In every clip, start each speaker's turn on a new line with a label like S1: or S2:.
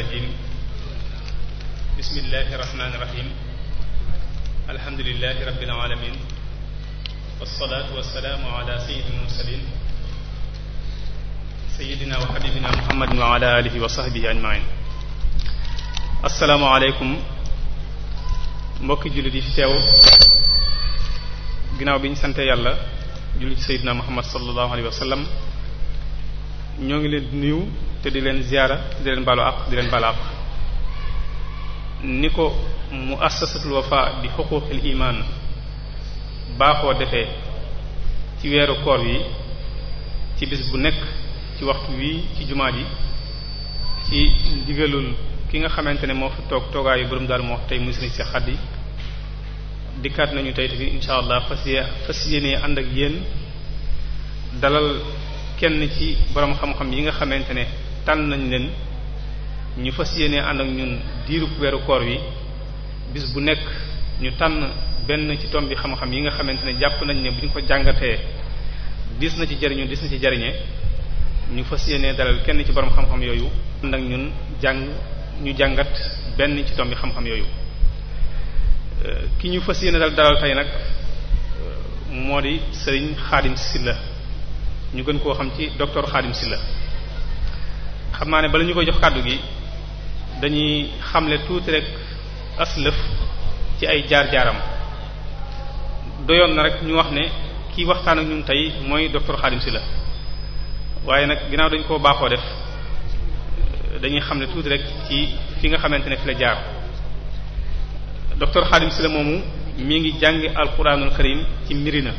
S1: rajiim bismillaahi rahmaani rahiim alhamdulillaahi rabbil aalamiin wassalaatu wassalaamu alaa sayyidil mursaliin sayyidinaa wa habiibinaa Muhammadin wa alaa aalihi wa sahbihi ajmaiin assalaamu aleykum mbokki jullit yi fi teew ginnaaw bi ñu sante yàlla jullit ci sayyidinaa Muhammad sallallahu alayhi wa sallam ñoo ngi leen di nuyu te di leen ziyaara di leen balu àq di leen balu àq ni ko muassasatul wafa bi xuquqil iman baaxoo defee ci weeru koor yi ci bis bu nekk ci waxtu wi ci jumaa ji ci ndigalul ki nga xamante ne moo fi toog toogaayu borom daal moo tey muy sëriñ si xaddi dikkaat nañu tey tamit insha allah fas fas yéene ànd ak yéen dalal kenn ci borom xam-xam yi nga xamante ne tànn nañ leen ñu fas yéene ànd ak ñun diirub weeru koor wi bis bu nekk ñu tànn benn ci tomb bi xam-xam yi nga xamante ne jàpp nañ ne bu ñu ko jàngatee dis na ci jariñu dis na ci jariñe ñu fas yéene dalal kenn ci borom xam-xam yooyu ànd ak ñun jàng ñu jàngat benn ci tomb bi xam-xam yooyu euh, ki ñu fës yéene dal dalal tey nag euh, moo di sëriñ Xaadim Silla ñu gën koo xam ci docteur Xaadim Silla xam naa ne bala ñu koy jox kàddu gi dañuy xamle tuuti rek aslëf ci ay jaar-jaaram doyoon na rek ñu wax ne kii waxtaan ak ñu tey mooy docteur Khadim Sylla waaye nag ginnaaw dañu koo baaxoo def dañuy xam ne tuuti rek ci fi nga xamante ne fi la jaar docteur Khadim Sylla moomu mi ngi jàngi alquranul karim ci Mirina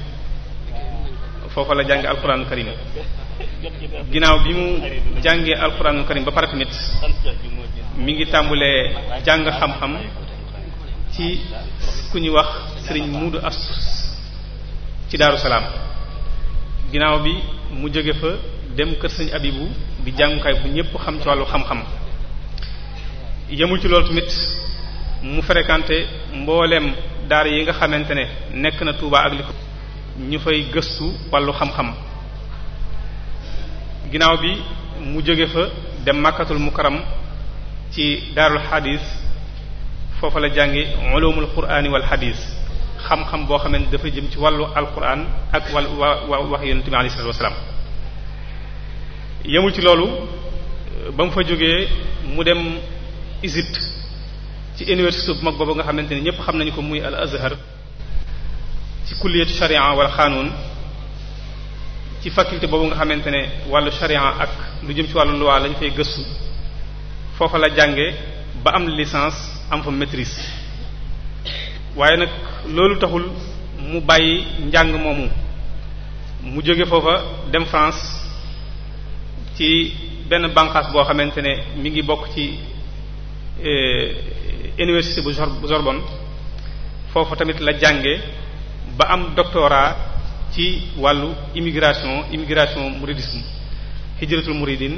S1: foofa la jàngi alquranul karim ginnaaw bi mu jàngee alxuraanul karim ba pare tamit mi ngi tàmbulee jàng xam-xam ci ku ñuy wax sëriñ Muudu As ci Daaru Salaam ginnaaw bi mu jóge fa dem kër sëriñ Abibu di jàngukaay bu ñëpp xam ci wàllu xam-xam yemul ci loolu tamit mu fréquenté mbooleem daara yi nga xamante ne nekk na Touba ak li ko ñu fay gëstu wàllu xam-xam ginnaaw bi mu jóge fa dem makkatul mukaram ci daarul xadis foofa la jàngi ulumul qur'ani wal xadis xam-xam boo xam ne dafa jëm ci wàllu alquran ak wàllu wa wax yonent bi alayhi salaatu wasalaam yemul ci loolu ba mu fa jógee mu dem Égypte ci université bu mag boobu nga xamante ni ñëpp xam nañu ko muy al azhar ci kulliyatu sharia wal xanuun ci faculté boobu nga xamante ne wàllu charia ak lu jëm ci wàllu loi lañ fay gëstu foofa la jànge ba am licence am fa maîtrise waaye nag loolu taxul mu bàyyi njàng moomu mu jóge foofa dem France ci benn banqaas boo xamante ne mi ngi bokk ci eh, université bu Sorbonne foofa tamit la jànge ba am doctorat ci wàllu immigration immigration mouridisme hijratul mouridine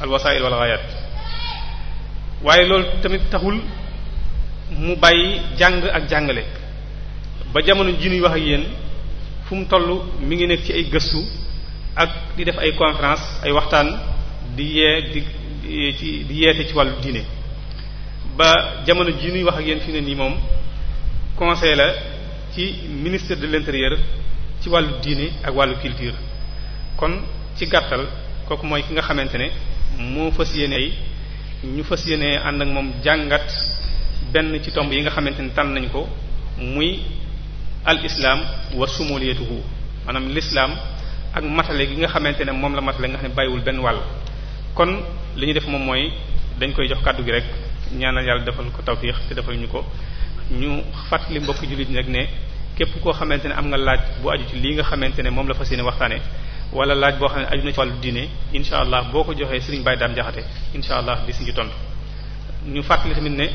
S1: al wasail wal ghayat waaye loolu tamit taxul mu bàyyi jàng ak jàngale ba jamono ji ñuy wax ak yéen fu mu toll mi ngi nekk ci ay gëstu ak di def ay conférence ay waxtaan di yee di ci yeete ci wàllu diine ba jamono ji ñuy wax ak yéen fi ne nii moom conseil la ci ministre de l'intérieur ci wàllu diine ak wàllu culture kon ci gàttal kooku mooy ki nga xamante ne moo fas yéene ay ñu fas yéene ànd ak moom jàngat benn ci tomb yi nga xamante ne tànn nañ ko muy al islam wa sumuliyatuhu maanaam lislaam ak matale gi nga xamante ne moom la matale nga xam ne bàyyiwul benn wàll kon li ñu def moom mooy dañ koy jox kàddu gi rek ñaanal yàlla defal ko tawfiix te defal ñu ko ñu fàttali mbokk jullit ñi rek ne képp koo xamante ne am nga laaj bu aju ci lii nga xamante ne moom la fas yéene waxtaane wala laaj boo xam ne aju na ci wàllu diine incha allah boo ko joxee Serigne Baye Dame Jaxate incha allah di si ñu ñu fàttali tamit ne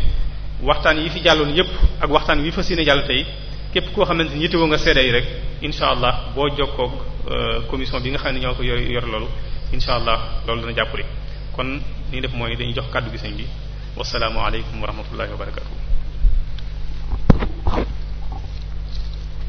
S1: waxtaan yi fi jàlloon yépp ak waxtaan wi fas yéene jàll tey képp koo xamante ni yittewoo nga seede yi rek incha allah boo jokkoog euh, commission bi nga xam ne ñoo ko yor yor loolu incha allah loolu dana jàppale kon li ñu def mooy dañuy jox kàddu gi sëñ bi wasalaamualeykum wa rahmatullahi wa barakatuh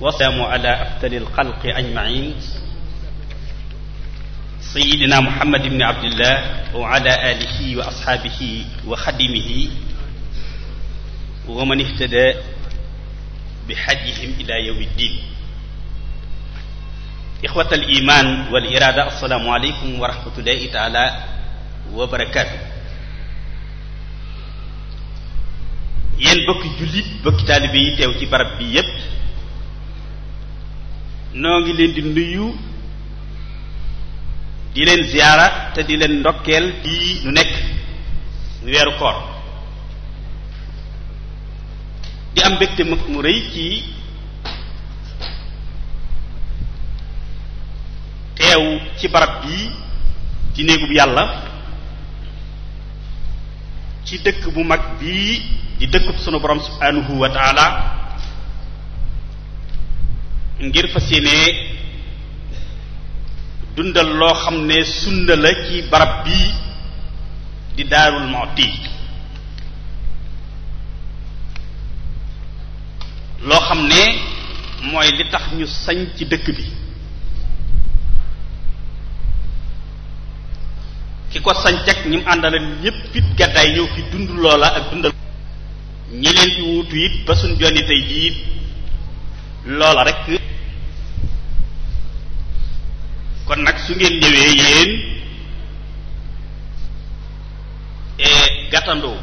S2: wasalaamu ala afdali alxalqi ajmain sayidina muhammad ibni abdillah wa ala alihi wa ashaabihi wa xadimihi wa man ihtada bi xajjihim ila yawmi ddin ixwat al iman wal irada assalaamu aleykum wa rahmatullahi taala wa barakaatu yéen bokki jullit bokki taalibe yi teew ci barab bi yépp noo ngi leen di nuyu di leen ziyaara te di leen ndokkeel yi nu nekk nu weeru koor di am mbégte mag mu rëy ci teew ci barab bii ci néegub yàlla ci dëkk bu mag bii di dëkkub sunu borom subhanahu wa ngir fas yéene dundal loo xam ne sunna la ci barab bii di Daarul Muxti loo xam ne mooy li tax ñu sañ ci dëkk bi ki ko sañ teg ñi mu àndale ñépp fit gàddaay ñëw fi dund loola ak dundal ñi leen di wuutu it ba jonni tey jii loola rek kon nag su ngeen ñëwee yéen e gàttandoo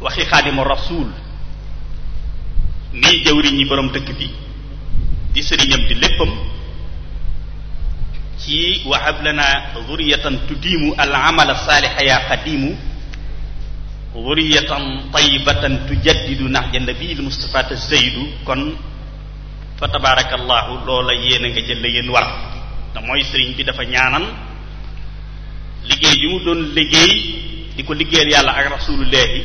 S2: waxi xaadimu rasuul nii jëwriñ ñi borom dëkk bi di sëriñam di léppam ci wahab lana zuriyatan tudiimu al amala saaliha ya qadiimu zuriyatan tayyibatan tujaddidu nahja nabiyil mustafa tazaydu kon fa tabarakallahu loola yéen nga jël la yéen war te mooy sëriñ bi dafa ñaanal liggéey bi mu doon liggéey di ko liggéeyal yàlla ak rasulullahi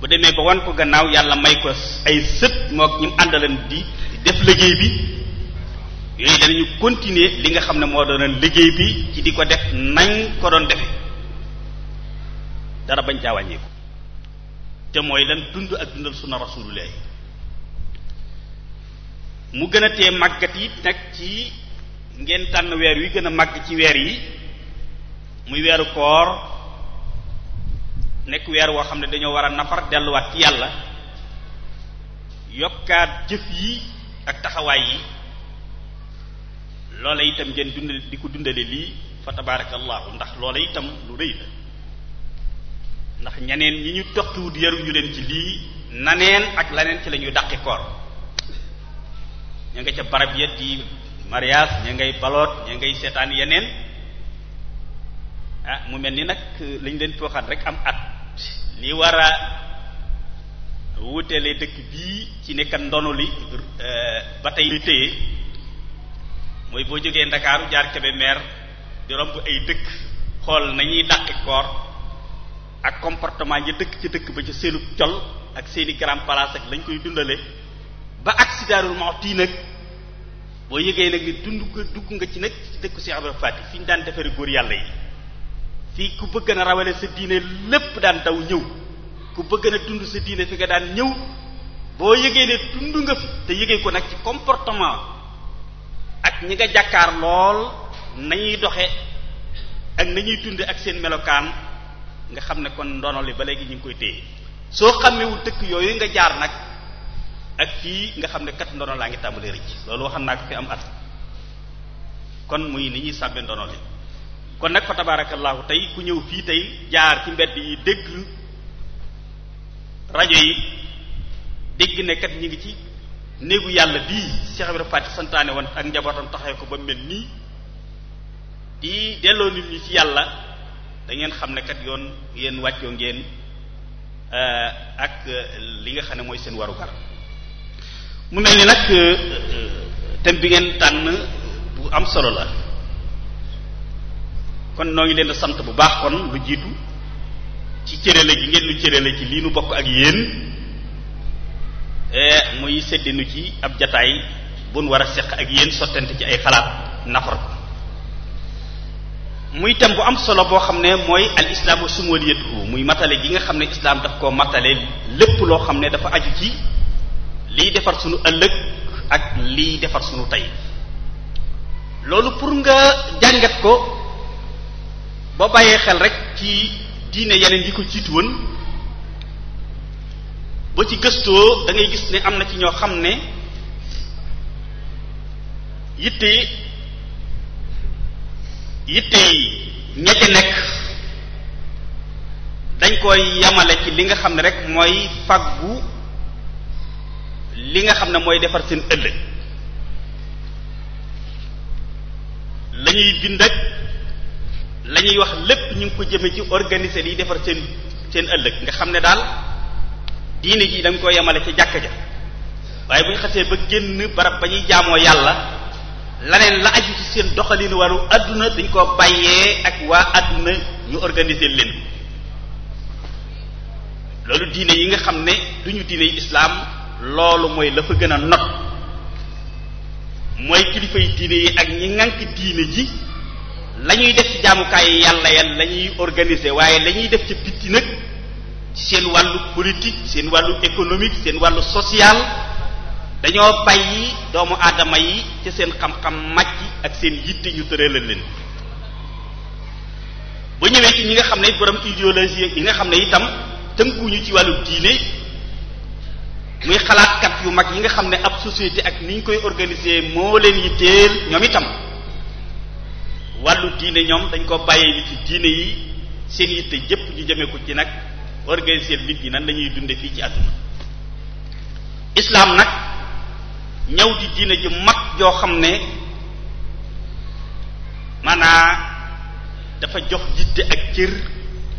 S2: bu demee ba wan ko gannaaw yàlla may ko ay sët mook ñu àndalan di def liggéey bi yooyu danañu continuer li nga xam ne moo doon liggéey bi ci di ko def nañ ko doon defe dara bañ caa wàññeeku te mooy lan dund ak dundal sunna rasulullahi mu gën a tee màggat yi nag ci ngeen tànn weer wi gën a màgg ci weer yi muy weeru koor nekk weer woo xam ne dañoo war a nafar delluwaat ci yàlla yokkaat jëf yi ak taxawaay yi loola itam ngeen dundal di ko dundale lii fa tabaarakallaahu ndax loola itam lu rëy la ndax ñeneen ñi ñu toqiwut yaruñu leen ci lii naneen ak laneen ci lañuy ñuy dàqi koor ña nga ca barab ya di mariage ña ngay baloot ña ngay seetaan yeneen ah mu mel ni nag lañ leen tooxaat rek am at li war a wuteele dëkk bii ci nekkat ndono li eh, ba tey lu téye mooy boo jógee ndakaaru jaar Kébémer di romb ay dëkk xool nañuy dàqi koor ak comportement ya dëkk ci dëkk ba ca seenu col ak seeni grand place ak lañ koy dundale ba accidentul moo tii nag boo yëgee nag ni dund nga dugg nga ci nag ci dëkku Cheikh Ibrahima Fati fi ñu daan defaree góor yàlla yi fii ku bëgg na rawale sa diine lépp daan daw ñëw ku bëgg na dund sa diine fi nga daan ñëw boo yëgee ne dund nga fi te yëgee ko nag ci comportement ak ñi nga jàkkaar lool nañuy doxe ak na ñuy dund ak seen melokaan nga xam ne kon ndono li ba léegi ñu ngi koy téye soo xamewul dëkk yooyu nga jaar nag ak kii nga xam ne kat ndono laa ngi tàmbalee rëcc loolu waxam naa ko fi am at kon muy ni ñuy sàbbe ndono li kon nag fa tabaarakallaahu tey ku ñëw fii tey jaar ci mbedd yi dégg rajo yi dégg ne kat ñu ngi ci néegu yàlla bii Cheikh Ibrahima Faty santaane woon ak njabootam taxee ko ba mel nii di delloo nit ñi ci yàlla da ngeen xam ne kat yoon yéen wàccoo ngeen eh, ak li nga xam ne mooy seen warugar mu mel ni nag euh, euh, thème bi ngeen tànn bu am solo la kon noo ngi leen di sant bu baax kon lu jiitu ci cërale gi ngeen lu la ci lii nu bokk ak yéen eh, muy seddinu ci ab jataay bu nu war a seq ak yéen sottante ci ay xalaat nafar muy thème bu am solo boo xam ne mooy al islaam wa sumaliyatu muy matale gi nga xam ne islaam daf koo matale lépp loo xam ne dafa aju ci liy defar sunu ëllëg ak liy defar sunu tey loolu pour nga jàngat ko boo bàyyee xel rek ci diine yeneen yi ko jiitu woon ba ci gëstoo dangay ngay gis ne am na ci ñoo xam ne yitte yitte yi ña ca nekk dañ koy yamale ci li nga xam ne rek mooy faggu li nga xam ne mooy defar seen ëllëg lañuy ñuy bind ak la ñuy wax lépp ñu ngi ko jëme ci organiser liy defar seen seen ëllëg nga xam ne daal diine ji dañ ko yemale ci jàkka ja waaye bu ñu xasee ba génn barab ba ñuy jaamoo yàlla laneen la aju ci seen doxalin waru adduna dañ ko bàyyee ak waa adduna ñu organiser leen loolu diine yi nga xam ne duñu diine yi islaam loolu mooy la fa gën a not mooy kilifa yi diine yi ak ñi ŋànk diine ji lañuy def ci jaamukaay yàlla yàlla la ñuy waaye lañuy def ci bitti nag ci seen wàllu politique seen wàllu économique seen wàllu social dañoo bàyyi doomu aadama yi ca seen xam-xam màcc ak seen yitte ñu tëralal leen ba ñëwee ci ñi nga xam ne borom idéologie yi nga xam ne itam tënkuñu ci wàllu diine muy xalaatkat yu mag yi nga xam ne ab société ak ni ñu koy organiser moo leen yitteel ñoom itam wàllu diine ñoom dañ ko bàyyee li ci diine yi seen yitte jëpp ñu jëmee ko ci nag organiser nit ñi nan lañuy dunde fii ci àdduna islaam nag ñëw di diine ji mag joo xam ne maanaa dafa jox yitte ak cër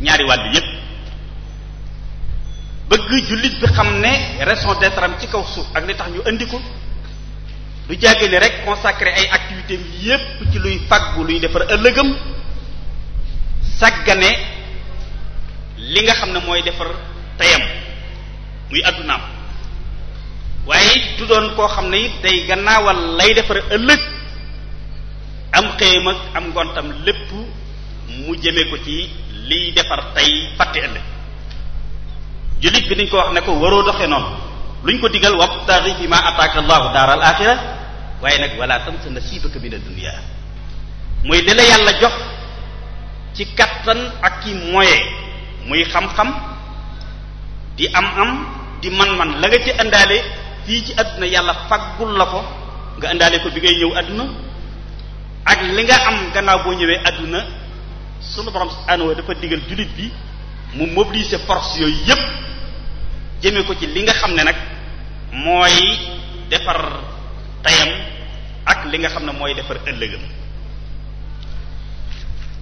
S2: ñaari wàllu yépp bëgg jullit bi xam ne raison d'être ci kaw suuf ak li tax ñu indi ko du jàgg ni rek consacré ay activités yépp ci luy fàggu luy defar ëllëgam sàggane li nga xam ne mooy defar teyam muy addunaam waaye du doon koo xam ne it day gannaawal lay defar ëllëg am xëyam ak am ngontam lépp mu jëme ko ci liy defar tey fàtte ëllëg jullit bi dañ ko wax ne ko waroo doxee noonu luñ ko digal wabtaxi fi ma ataaka allahu daaral axira waaye nag wala tansa bi mina dunya mooy li la yàlla jox ci kattan ak ki moyen muy xam-xam di am-am di man-man la nga ci indaale fii ci àdduna yàlla faggul la ko nga indaale ko bi ngay ñëw àdduna ak li nga am gannaaw boo ñëwee àdduna sunu borom subhaanahu dafa digal jullit bi mu mobiliser force yooyu yépp jëme ko ci li nga xam ne nag mooy defar tayam ak li nga xam ne mooy defar ëllëgam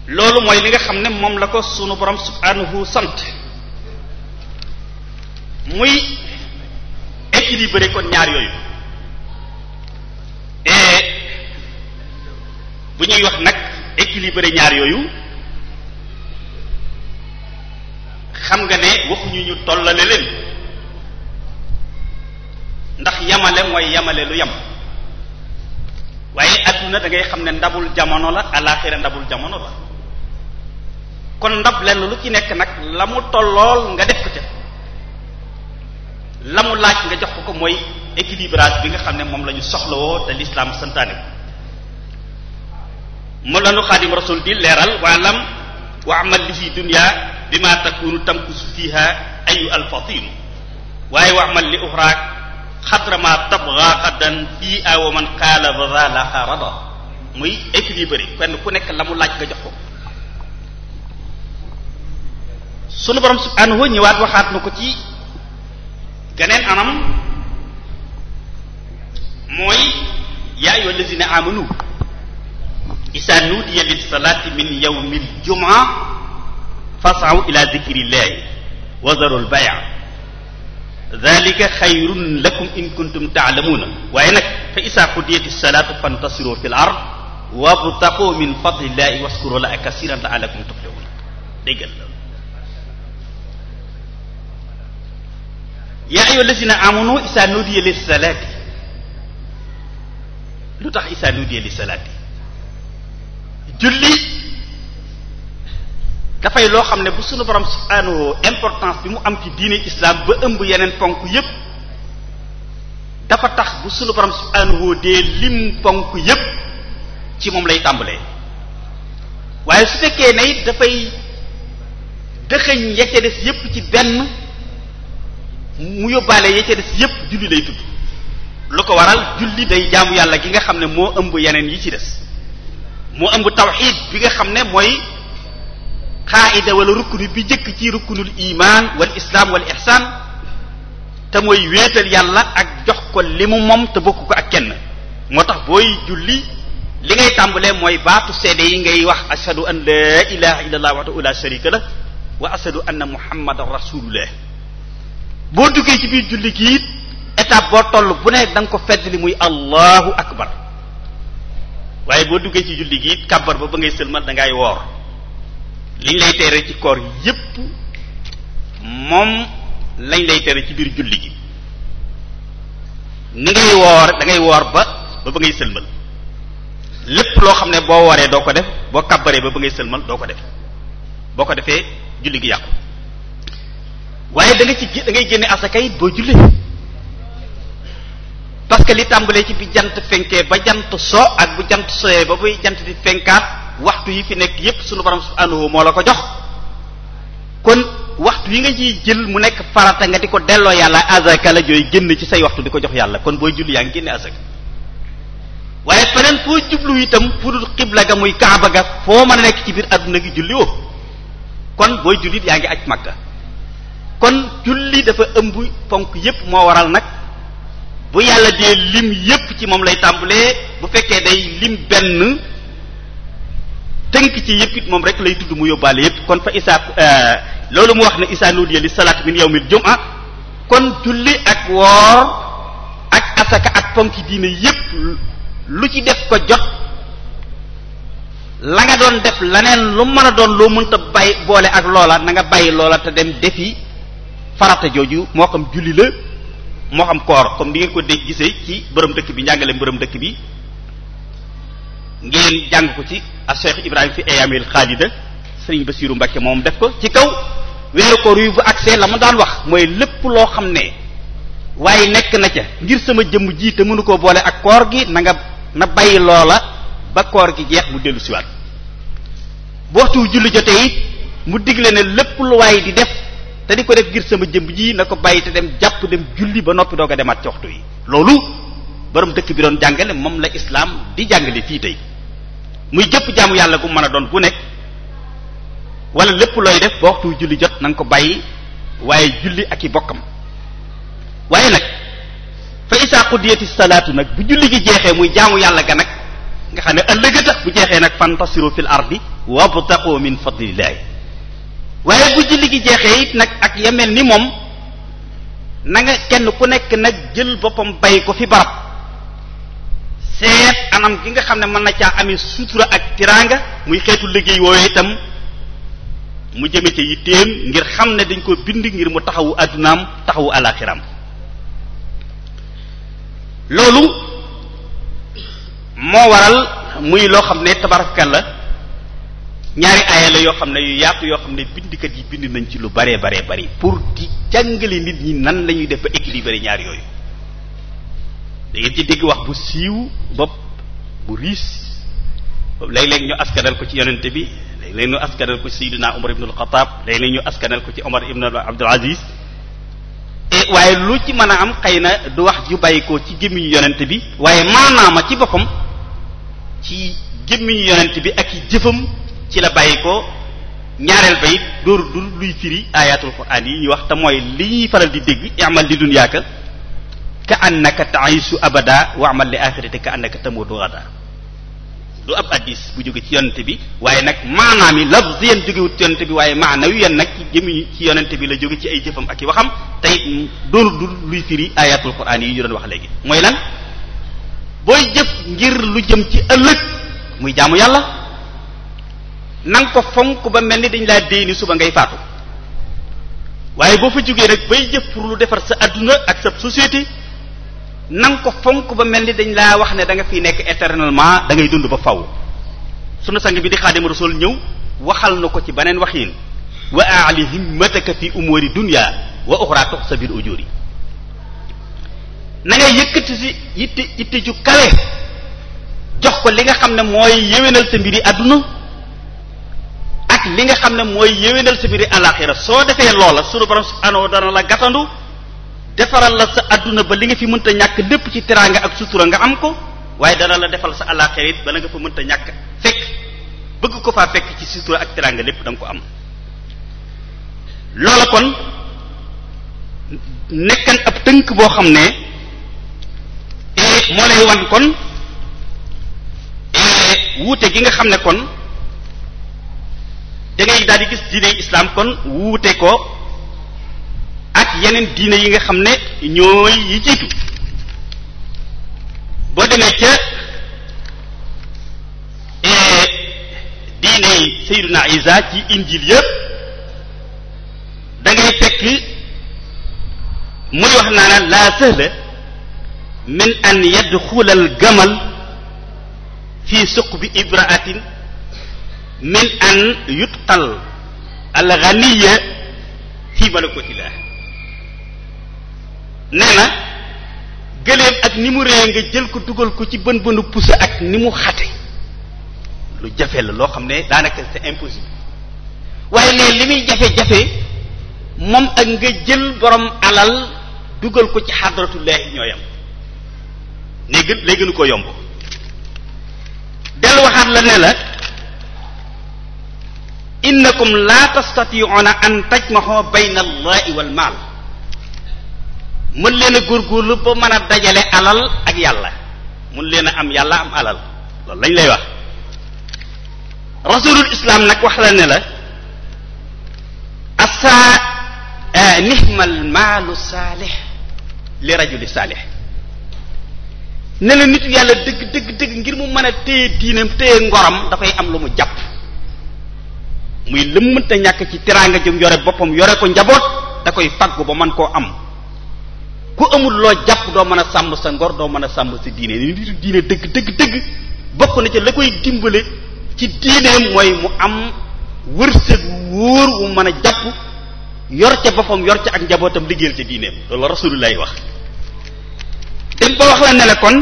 S2: loolu mooy li nga xam ne moom la ko sunu borom subhanahu sant muy équilibré koon ñaar yooyu bu ñuy wax nag équilibré ñaar yooyu xam nga ne waxuñu ñu tollale leen ndax yamale mooy yamale lu yam waaye adduna da ngay xam ne ndabul jamono la alaxira ndabul jamono la kon ndab lenn lu ci nekk nag la mu tollool nga def ko ca la mu laaj nga jox ko ko mooy équilibrage bi nga xam ne moom la ñu soxlawoo te l'islam santaane ko mu lanu xaadim rasul di leeral waalam wa amal lihi dunya bi ma takunu tamkusu fiha ayu alfatinu waaye waxmal li uxraak xadrama tabra xaddan fii wa man qaala vazalaha rada muy équilibré kenn ku nekk la laaj nga jox ko sunu borom subhanahu ñëwaat waxaat na ko anam mooy yaa ayyuha allazina amanu isa nuudiya lis salaati min yawmil jumaa fasaw ila dikrillahi wa zarul bay'a dalika xayrun lakum in kuntum taalamuuna waaye nag fa isa qudiyati salaatu fantasiru fi l ard wabtaqu min fadlillahi waskuru la kasiran laalakum tuflihun déggal yaa ayyuha allazina amanu isa nudiya li salaati lu tax isa nudiya li salaati julli dafay loo xam ne bu sunu borom subhaanahu importance bi mu am ci diine islaam ba ëmb yeneen ponk yépp dafa tax bu sunu borom subhaanahu dee lim ponk yépp ci moom lay tàmbalee waaye su fekkee ne dafay dëxëñ ya ca des yépp ci benn mu yóbbaale ya ca des yépp julli lay tudd lu ko waral julli day jaamu yàlla gi nga xam ne moo ëmb yeneen yi ci des moo ëmb tawxiid bi nga xam ne mooy xaayida wala rukkunu bi jëkk ci rukkunul iman wal islam wal ihsan te mooy wéetal yàlla ak jox ko li mu moom te bokk ko ak kenn moo tax booy julli li ngay tàmbalee mooy baatu seede yi ngay wax ashadu an la ilaha illallah wahdahu la sharika la wa ashadu anna muhammadan rasulullah boo duggee ci biir julli gi it étape boo toll bu ne danga ko fedd li muy allahu akbar waaye boo duggee ci julli gi it ba ba ngay sëlmal da ngay woor liñ lay tere ci koor yépp moom lañ lay tere ci biir julli gi ni ngay woor da ngay woor ba ba ba ngay sëlmal lépp loo xam ne boo waree doo ko def boo kàbbaree ba ba ngay sëlmal doo ko def boo ko defee julli gi yàqu waaye da nga ci da ngay génne asaka it boo jullee parce que li tàmbalee ci bi jant fenkee ba jant so ak bu jant soyee ba buy jant di fenkaat waxtu yi fi nekk yépp sunu borom subhanahu moo la ko jox kon waxtu yi nga ciy jël mu nekk farata nga di ko delloo yàlla azaka la jooy génn ci say waxtu di ko jox yàlla kon booy julli yaa ngi génne azaka waaye feneen foo jublu itam fu dul muy kaaba ga foo mën nekk ci biir adduna gi julli woo kon booy yaa ngi aj Makka kon julli dafa ëmb ponk yépp moo waral nag bu yàlla dee lim yépp ci moom lay tàmbalee bu fekkee day lim benn tënk ci yëpp moom rek lay tudd mu yóbbaale yëpp kon fa isaa euh, loolu mu wax ne isaa nudiya li salaat min yawmil jum'a kon julli ak woor ak asaka ak ponki diine yëpp lu ci def ko jot la nga doon def laneen lu mën a doon loo mënta bàyyi boole ak loola na nga bàyyi loola te dem defi farata jooju moo xam julli la moo xam koor comme li ngeen ko de gisee ci borom dëkk bi njàngale borom dëkk bi ngeen jàng ko ci a Cheikh Ibrahim fi ayamil xaalida sëriñ Basiiru Mbàkke moom def ko ci kaw weeru koor yu bu accès la ma daan wax mooy lépp loo xam ne waaye nekk na ca ngir sama jëmm ji te mënu koo boole ak koor gi na nga na bàyyi loola ba koor gi jeex mu dellu siwaat bu waxtu julli jotee it mu digle ne lépp lu waay di def te di ko def ngir sama jëmm jii na ko bàyyi te dem jàpp dem julli ba noppi doog a demaat ci waxtu yi loolu borom dëkk bi doon jàngale moom la islaam di jàngale fii tey muy jëpp jaamu yàlla gu mën a doon bu nekk wala lépp looy def ba waxtu julli jot na ko bàyyi waaye julli ak i bokkam waaye nag fa isaa qudiyati salaatu nag bu julli gi jeexee muy jaamu yàlla ga nag nga xam ne ëllëg a bu jeexee nag fantasiru fil ardi wabtaqu min fadlillahi waaye bu julli gi jeexee it nag ak mel ni moom na nga kenn ku nekk nag jël boppam bay ko fi barab seet anam gi nga xam ne mën na caa amee sutura ak tiraanga muy xeetu liggéey woowee itam mu jëme ca yitteem ngir xam ne dañ ko bind ngir mu taxawu addunaam taxawu alaxiram loolu moo waral muy loo xam ne tabarakallah ñaari aaya la yoo xam ne yu yaatu yoo xam ne bindkat yi bind nañ ci lu baree baree bari pour di jàngale nit ñi nan la ñuy def ba équilibré ñaar yooyu da ngeen ci dégg wax bu siiw bopp bu riis boobu léeg-léeg ñu askanal ko ci yonente bi léeg-léeg ñu askanal ko ci Seydina Omar ibn al-Khattab léeg-léeg ñu askanal ko ci Omar ibn Abdul Aziz e waaye lu ci mën a am xëy na du wax ju bàyyikoo ci gémmiñu yonente bi waaye maanaama ci boppam ci gémmiñu yonente bi ak i jëfam ci la bàyyi ko ñaareel ba it dóor du luy firi ayatul quran yi ñuy wax mooy li ñuy faral di dégg amal di dun yaaka ka annaka taisu abada waamal li axirati ka annaka tamutu gada du ab addis bu jóge ci yonent bi waaye nag maanaam yi lafziyan jógewut ci yonent bi waaye maana yu yan nag jëmi ci yonent bi la jóge ci ay jëfam ak i waxam tey doonu du luy firi ayatul quraan yi ñu doon wax léegi mooy lan booy jëf ngir lu jëm ci ëllëg muy jaamu yàlla nanga ko fonk ba mel ni dañ laa déy ni suba ngay faatu waaye boo fa jógee nag bay jëf pour lu defar sa àdduna ak sa nang ko fonk ba mel ni dañ laa wax ne danga nga nekk éternellement da dund ba faw sunu sang bi di xaadim rasul ñëw waxal na ko ci beneen waxiin wa aali himmataka fi umuri dunya wa uxra tuxsa bil ujuri na ngay yëkkati si itti itti ko li nga xam ne mooy yéwénal sa mbiri àdduna ak li nga xam ne mooy yéwénal sa mbiri alaxira soo defee loola sunu borom subhanahu dana la gatandu defaral la sa adduna ba li nga fi mënta ñàkk lépp ci teraanga ak sutura nga am ko waaye dana la defal sa àllaaxira it ba la nga fa mënta ñàkk fekk bëgg ko faa fekk ci sutura ak teraanga lépp da ko am loola kon nekkan ab tënk boo xam ne moo lay wan kon wuute gi nga xam ne kon da ngay daal di gis diine islaam kon wuute ko ak yeneen diine yi nga xam ne ñooy jiitu boo demee ca eh, diine yi Sayyiduna Isa ci injil yëpp da ngay fekk muy wax naana la sahla min an yadxula al gamal fi bi ibraatin min an yutqal al ghaniya fi malakotillah nee na gëléem ak ni mu réye nga jël ko dugal ko ci bën bënu pusa ak ni mu xate lu jafe la loo xam ne daanaka c'est impossible waaye ne li muy jafe-jafe moom ak nga jël borom alal dugal ko ci xadratullah ñooyam ne gën lay gënu ko yomb del waxaat la ne la innakum la tastati'una an tajmahu bayna allahi wal maal mën leen a góorgóorlu ba mën a dajale alal ak yàlla mën leen a am yàlla am alal loolu lañ lay wax rasulul islam nag wax la ne la asa nihmal eh, maalu saalih li rajuli saalih ne la nitu yàlla dëgg dëgg dëgg ngir mu mën a téye diinam téye ngoram dafay am lu mu jàpp muy lëmmënta ñàkk ci teraanga jëm yore boppam yore ko njaboot da koy faggu ba mën koo am ku amul loo jàpp doo mën a sàmm sa ngor doo mën a sàmm sa diine nitu diine dëgg dëgg dëgg bokk na ci la koy dimbale ci diineem mooy mu am wërsëg wóor wu mën a jàpp yor ca boppam yor ca ak njabootam liggéeyal ca diineem loolu la rasulullaay wax dem ba wax la ne kon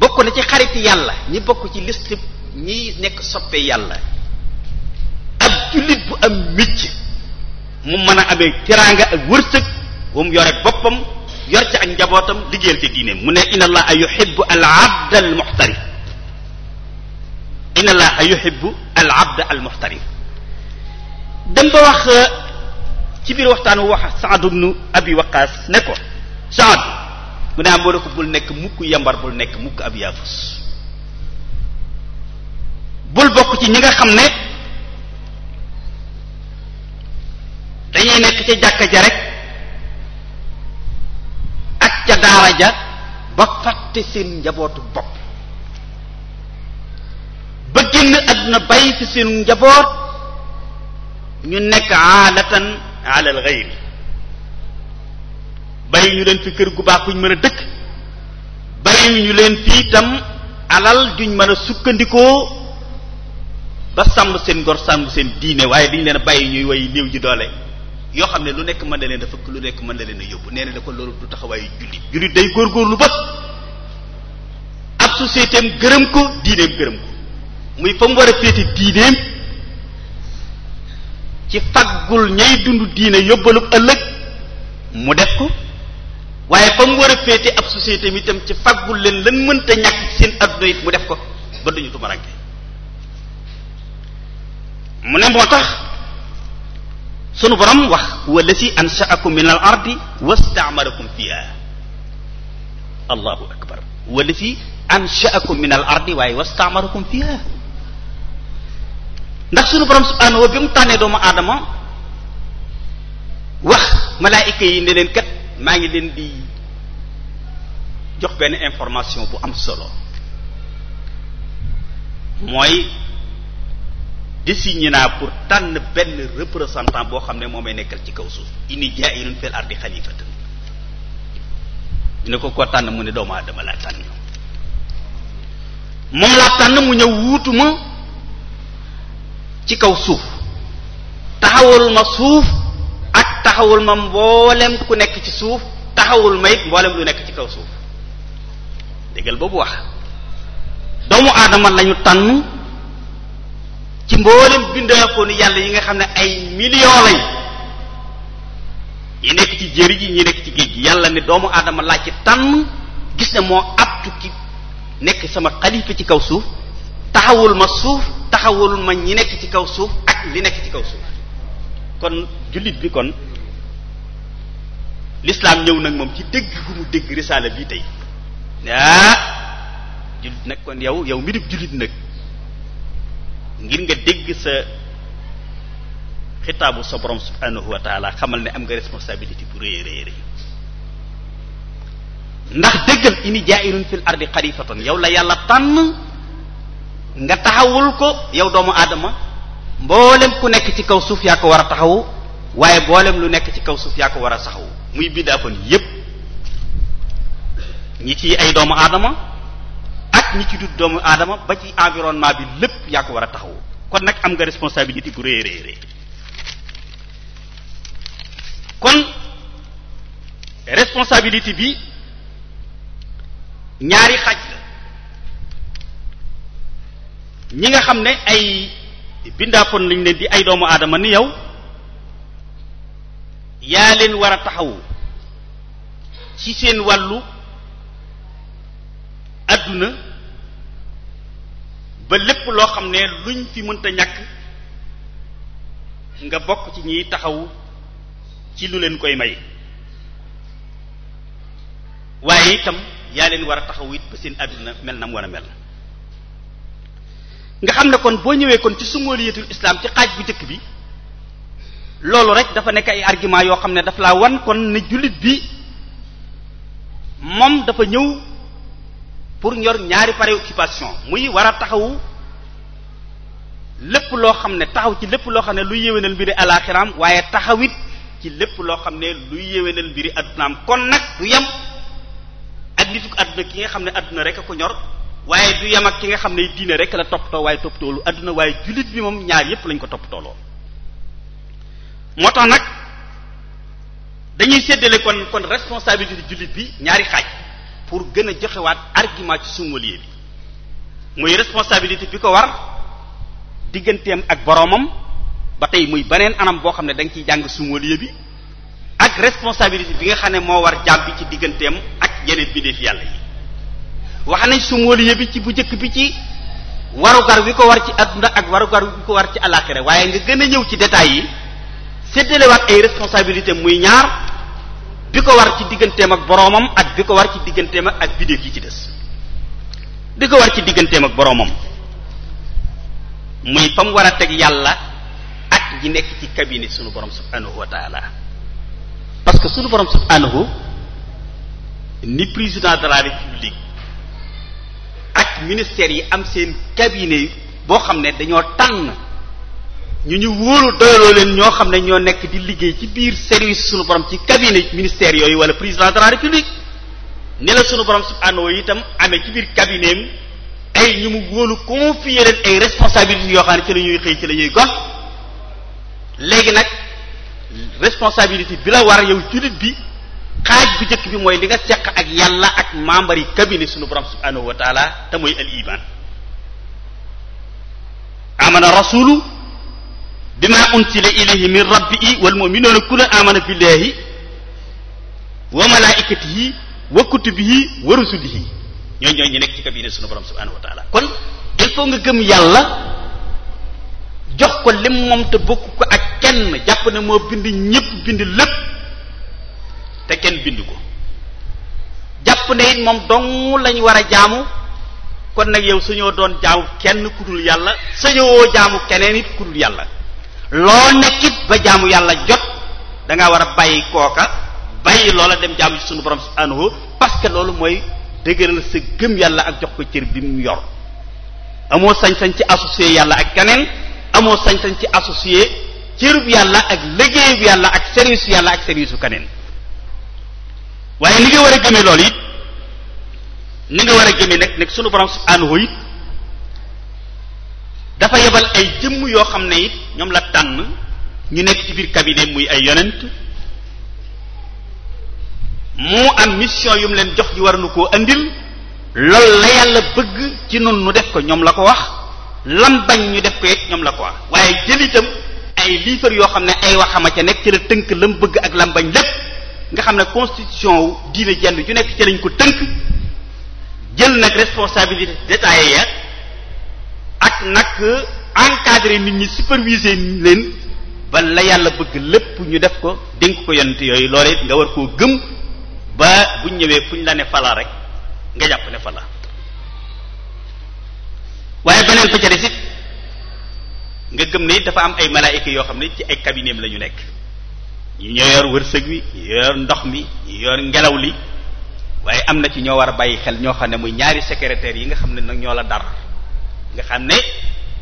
S2: bokk na ci xariti yàlla ñi bokk ci liste ñi nekk soppe yàlla ab jullit bu am micc mu mën a amee teraanga ak wërsëg ba mu yore boppam yor ci ak njabootam liggéeyal ci diineem mu ne inna allaha yuhibbu al abd al muxtarif inna allaha yuhibbu al abd al muxtarif dem ba wax ci biir waxtaan wu wax Saad ibn Abi Waqaas ne ko Saad mu ne am ne ko bul nekk mukk yambar bul nekk mukk ab yaafus bul bokk ci ñi nga xam ne dañuy nekk ca jàkka ja rek ak ca daara ja ba fàtte seen njabootu bopp ba génn àdduna bàyyi fi seen njaboot ñu nekk aalatan ala al ghayri bàyyi ñu leen fi kër gu baax kuñ mën a dëkk bàyyi ñu leen fi itam alal duñ mën a sukkandikoo ba sàmm seen ngor sàmm seen diine waaye dañ leen bàyyi ñuy way néew ji doole yoo xam ne lu nekk mën na leen a fëkk lu nekk mën na leen a yóbbu nee na da ko loolu du taxawaayu jullit jullit day góorgóorlu ba ab société gërëm ko diineem gërëm ko muy fa mu war a féete diineem ci faggul ñay dund diine yóbbalu ëllëg mu def ko waaye fa mu war a féete ab société mi itam ci faggul leen lan mënta ñàkk seen adduna it mu def ko ba duñu tumaranke mu ne moo tax sunu borom wax walasi anshaakum min al ardi wastaamalakum fiha allahu akbar walasi anshaakum min al ardi waaye wastaamalakum fiha ndax sunu borom subhanahu wa bi mu tànnee doomu aadama wax malaayika yi ne leen kat maa ngi leen di jox benn information bu am solo mooy désigné naa pour tànn benn représentant boo xam ne moo may nekkal ci kaw suuf inni jaa'ilun fil ardi xalifatan ñu ne ko ko tànn mu ne doomu aadama laa tànn moom laa tànn mu ñëw ma ci kaw suuf taxawul ma suuf ak taxawul ma mboolem ku nekk ci suuf taxawul ma it mboolem lu nekk ci kaw suuf déggal boobu wax doomu aadama lañu tànn ci mboolem bindaakoonu yàlla yi nga xam ne ay millions lañ yi nekk ci jëri ji ñi nekk ci géej gi yàlla ne doomu aadama laa ci tànn gis ne moo aptu ki nekk sama xalifa ci kaw suuf taxawul ma suuf taxawul ma ñi nekk ci kaw suuf ak li nekk ci kaw suuf kon jullit bi kon lislaam ñëw nag moom ci dégg gu mu dégg risaala bii tey ah jullit nag kon yow yow mi di jullit nag ngir nga dégg sa xitaabu sa borom subhanahu wa xamal ne am nga responsabilité bu rëy rëy rëy ndax déggal ini jaa'irun fil ardi xalifatan yow la yàlla tànn nga taxawul ko yow doomu aadama mboolem ku nekk ci kaw suuf yaa ko war a taxawu waaye mboolem lu nekk ci kaw suuf yaa ko war a saxawu muy biddaafan yépp ñi ci ay doomu aadama ak ñi ci dut doomu aadama ba ci environnement bi lépp yaa ko war a taxawu kon nag am nga responsabilité bu rëy rëy rëy kon responsabilité bi ñaari xaj la ñi nga xam ne ay bindaafoon lañ leen di ay doomu aadama ni yow yaa leen war a taxawu ci seen wàllu àdduna ba lépp loo xam ne luñ fi mënta ñàkk nga bokk ci ñiy taxaw ci lu leen koy may waaye itam yaa leen war a taxaw it ba seen àddina mel na mu war a mel nga xam ne kon boo ñëwee kon ci sungooliyatul islam ci xaaj bu njëkk bi loolu rek dafa nekk ay argument yoo xam ne daf laa wan kon ne jullit bi moom dafa ñëw pour ñor ñaari préoccupation muy war a taxawu lépp loo xam ne taxaw ci lépp loo xam ne luy yéwénal mbiri alaxiraam waaye taxawit ci lépp loo xam ne luy yéwénal mbiri addunaam kon nag du yem ak nitu adduna ki nga xam ne àdduna rek a ko ñor waaye du yem ak ki nga xam ne diine rek la toppatoo waaye toppatoo lu adduna waaye jullit bi moom ñaar yépp lañ ko topp lool moo tax nag dañuy séddale kon kon responsabilité jullit bi ñaari xaaj pour gën a joxewaat argument ci sommelier bi muy responsabilité bi ko war digganteem ak boroomam ba tey muy beneen anam boo xam ne da nga ciy jàng sommelier bi ak responsabilité bi nga xam ne moo war jàmm bi ci digganteem ak yeneen bindéef yàlla yi wax nañ sommelier bi ci bu njëkk bi ci warugar wi ko war ci adduna ak warugar wi ko war ci alaxira waaye nga gën a ñëw ci détails yi séddalewaat ay responsabilité muy ñaar bi ko war ci digganteem ak boroomam ak bi ko war ci digganteem ak bidéef yi ci des bi ko war ci digganteem ak boroomam muy fa mu war a teg yàlla ak yi nekk ci cabinet sunu borom subhanahu wa taala parce que sunu borom subhanahu ni président de la république ak ministère yi am seen cabinet boo xam ne dañoo tànn ñu ñu wóolu doyaloo leen ñoo xam ne ñoo nekk di liggéey ci biir service sunu borom ci cabinet ministère yooyu wala président de la république ni la sunu borom subhaanahu wa ci biir cabinet am ñu mu wóolu confier yoo xam ne ci la ñuy xëy ci la ñuy gox nag responsabilité bi la war yow jullit bi xaaj bu njëkk bi mooy li nga seq ak yàlla ak membre yi cabinet sunu borom subhaanahu wa taala te mooy al iman amana rasulu bima unsila ilayhi min rabbihi wal mu'minuna kullun amana billahi wa malaikatihi wa kutubihi wa rusulihi ñooy ñooy ñu nekk ci cabinet sunu borom subhanahu wa taala kon il faut nga gëm yàlla jox ko lim moom te bokk ko ak kenn jàpp ne moo bind ñépp bind lépp te kenn bind ko jàpp ne it moom dong lañ war a jaamu kon nag yow sañoo doon jaamu kenn ku dul yàlla sañoo jaamu keneen it ku yàlla loo nekkit ba jaamu yàlla jot da ngaa war a bàyyi kooka bàyyi loola dem jàmm suñu borom subhanahu parce que loolu mooy dëgëral sa gëm yàlla ak jox ko cër bi mu yor amoo sañ-sañ ci associé yàlla ak keneen amoo sañ-sañ ci associé cërub yàlla ak liggéeyub yàlla ak service yàlla ak service u keneen waaye li nga war a gëmee loolu it ni nga war a gëmee nag nag sunu borom subhanahu it dafa yebal ay jëmm yoo xam ne it ñoom la tànn ñu nekk ci biir cabinet muy ay yonent mu am mission yu mu leen jox yu war nu koo andil loolu la yàlla bëgg ci nun nu def ko ñoom la ko wax lam bañ ñu def ko it ñoom la ko wax waaye jël itam ay liifar yoo xam ne ay waxama ca nekk ci la tënk lam bëgg ak lam bañ lépp nga xam ne constitution wu diine jenn ju nekk ci lañ ko tënk jël nag responsabilité détaillée ya ak nag encadrer nit ñi ni leen ba la yàlla bëgg lépp ñu def ko dénk ko yonent yooyu loole it nga war koo gëm ba buñ ñëwee fuñ la ne fala rek nga jàpp ne fala waaye beneen fa ca nga gëm ne dafa am ay malaayika yoo xam ne ci ay cabineem la ñu nekk ñu ñoo yor wërsëg wi ñu yor ndox mi ñu yor ngelaw li waaye am na ci ñoo war a bàyyi xel ñoo xam ne muy ñaari secrétaire yi nga xam ne nag ñoo la dar nga xam ne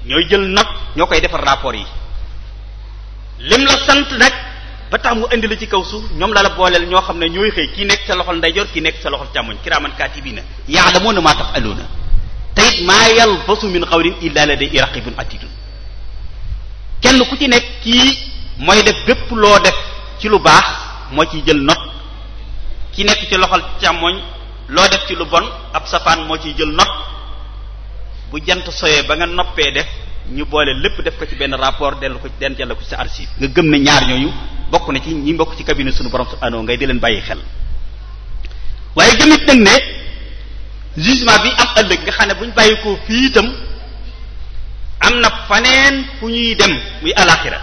S2: ñooy jël note ñoo koy defar rapport yi lim la sant nag ba tax mu indi la ci kaw suuf ñoom la la booleel ñoo xam ne ñooy xëy ki nekk sa loxol ndeyjoor ki nekk sa loxol càmmoñ kiraaman kaatibiina ya'lamuuna maa taf'aluuna te it maa yalfasu min qawlin illaa ladayhi raqiibun atiidun kenn ku ci nekk kii mooy def bépp loo def ci lu baax moo ciy jël note ki nekk ci loxol càmmoñ loo def ci lu bon ab safaan moo ciy jël note bu jant soyee ba nga noppee def ñu boole lépp def ko ci benn rapport dellu ko den jàll ko ci sa archive nga gëm ne ñaar ñooñu bokk na ci ñi bokk ci cabinet suñu borom subhanahu ngay di leen bàyyi xel waaye gëmit nag ne jugement bi am ëllëg nga xam ne bu ñu bàyyi ko fii itam am na faneen fu ñuy dem muy alaxira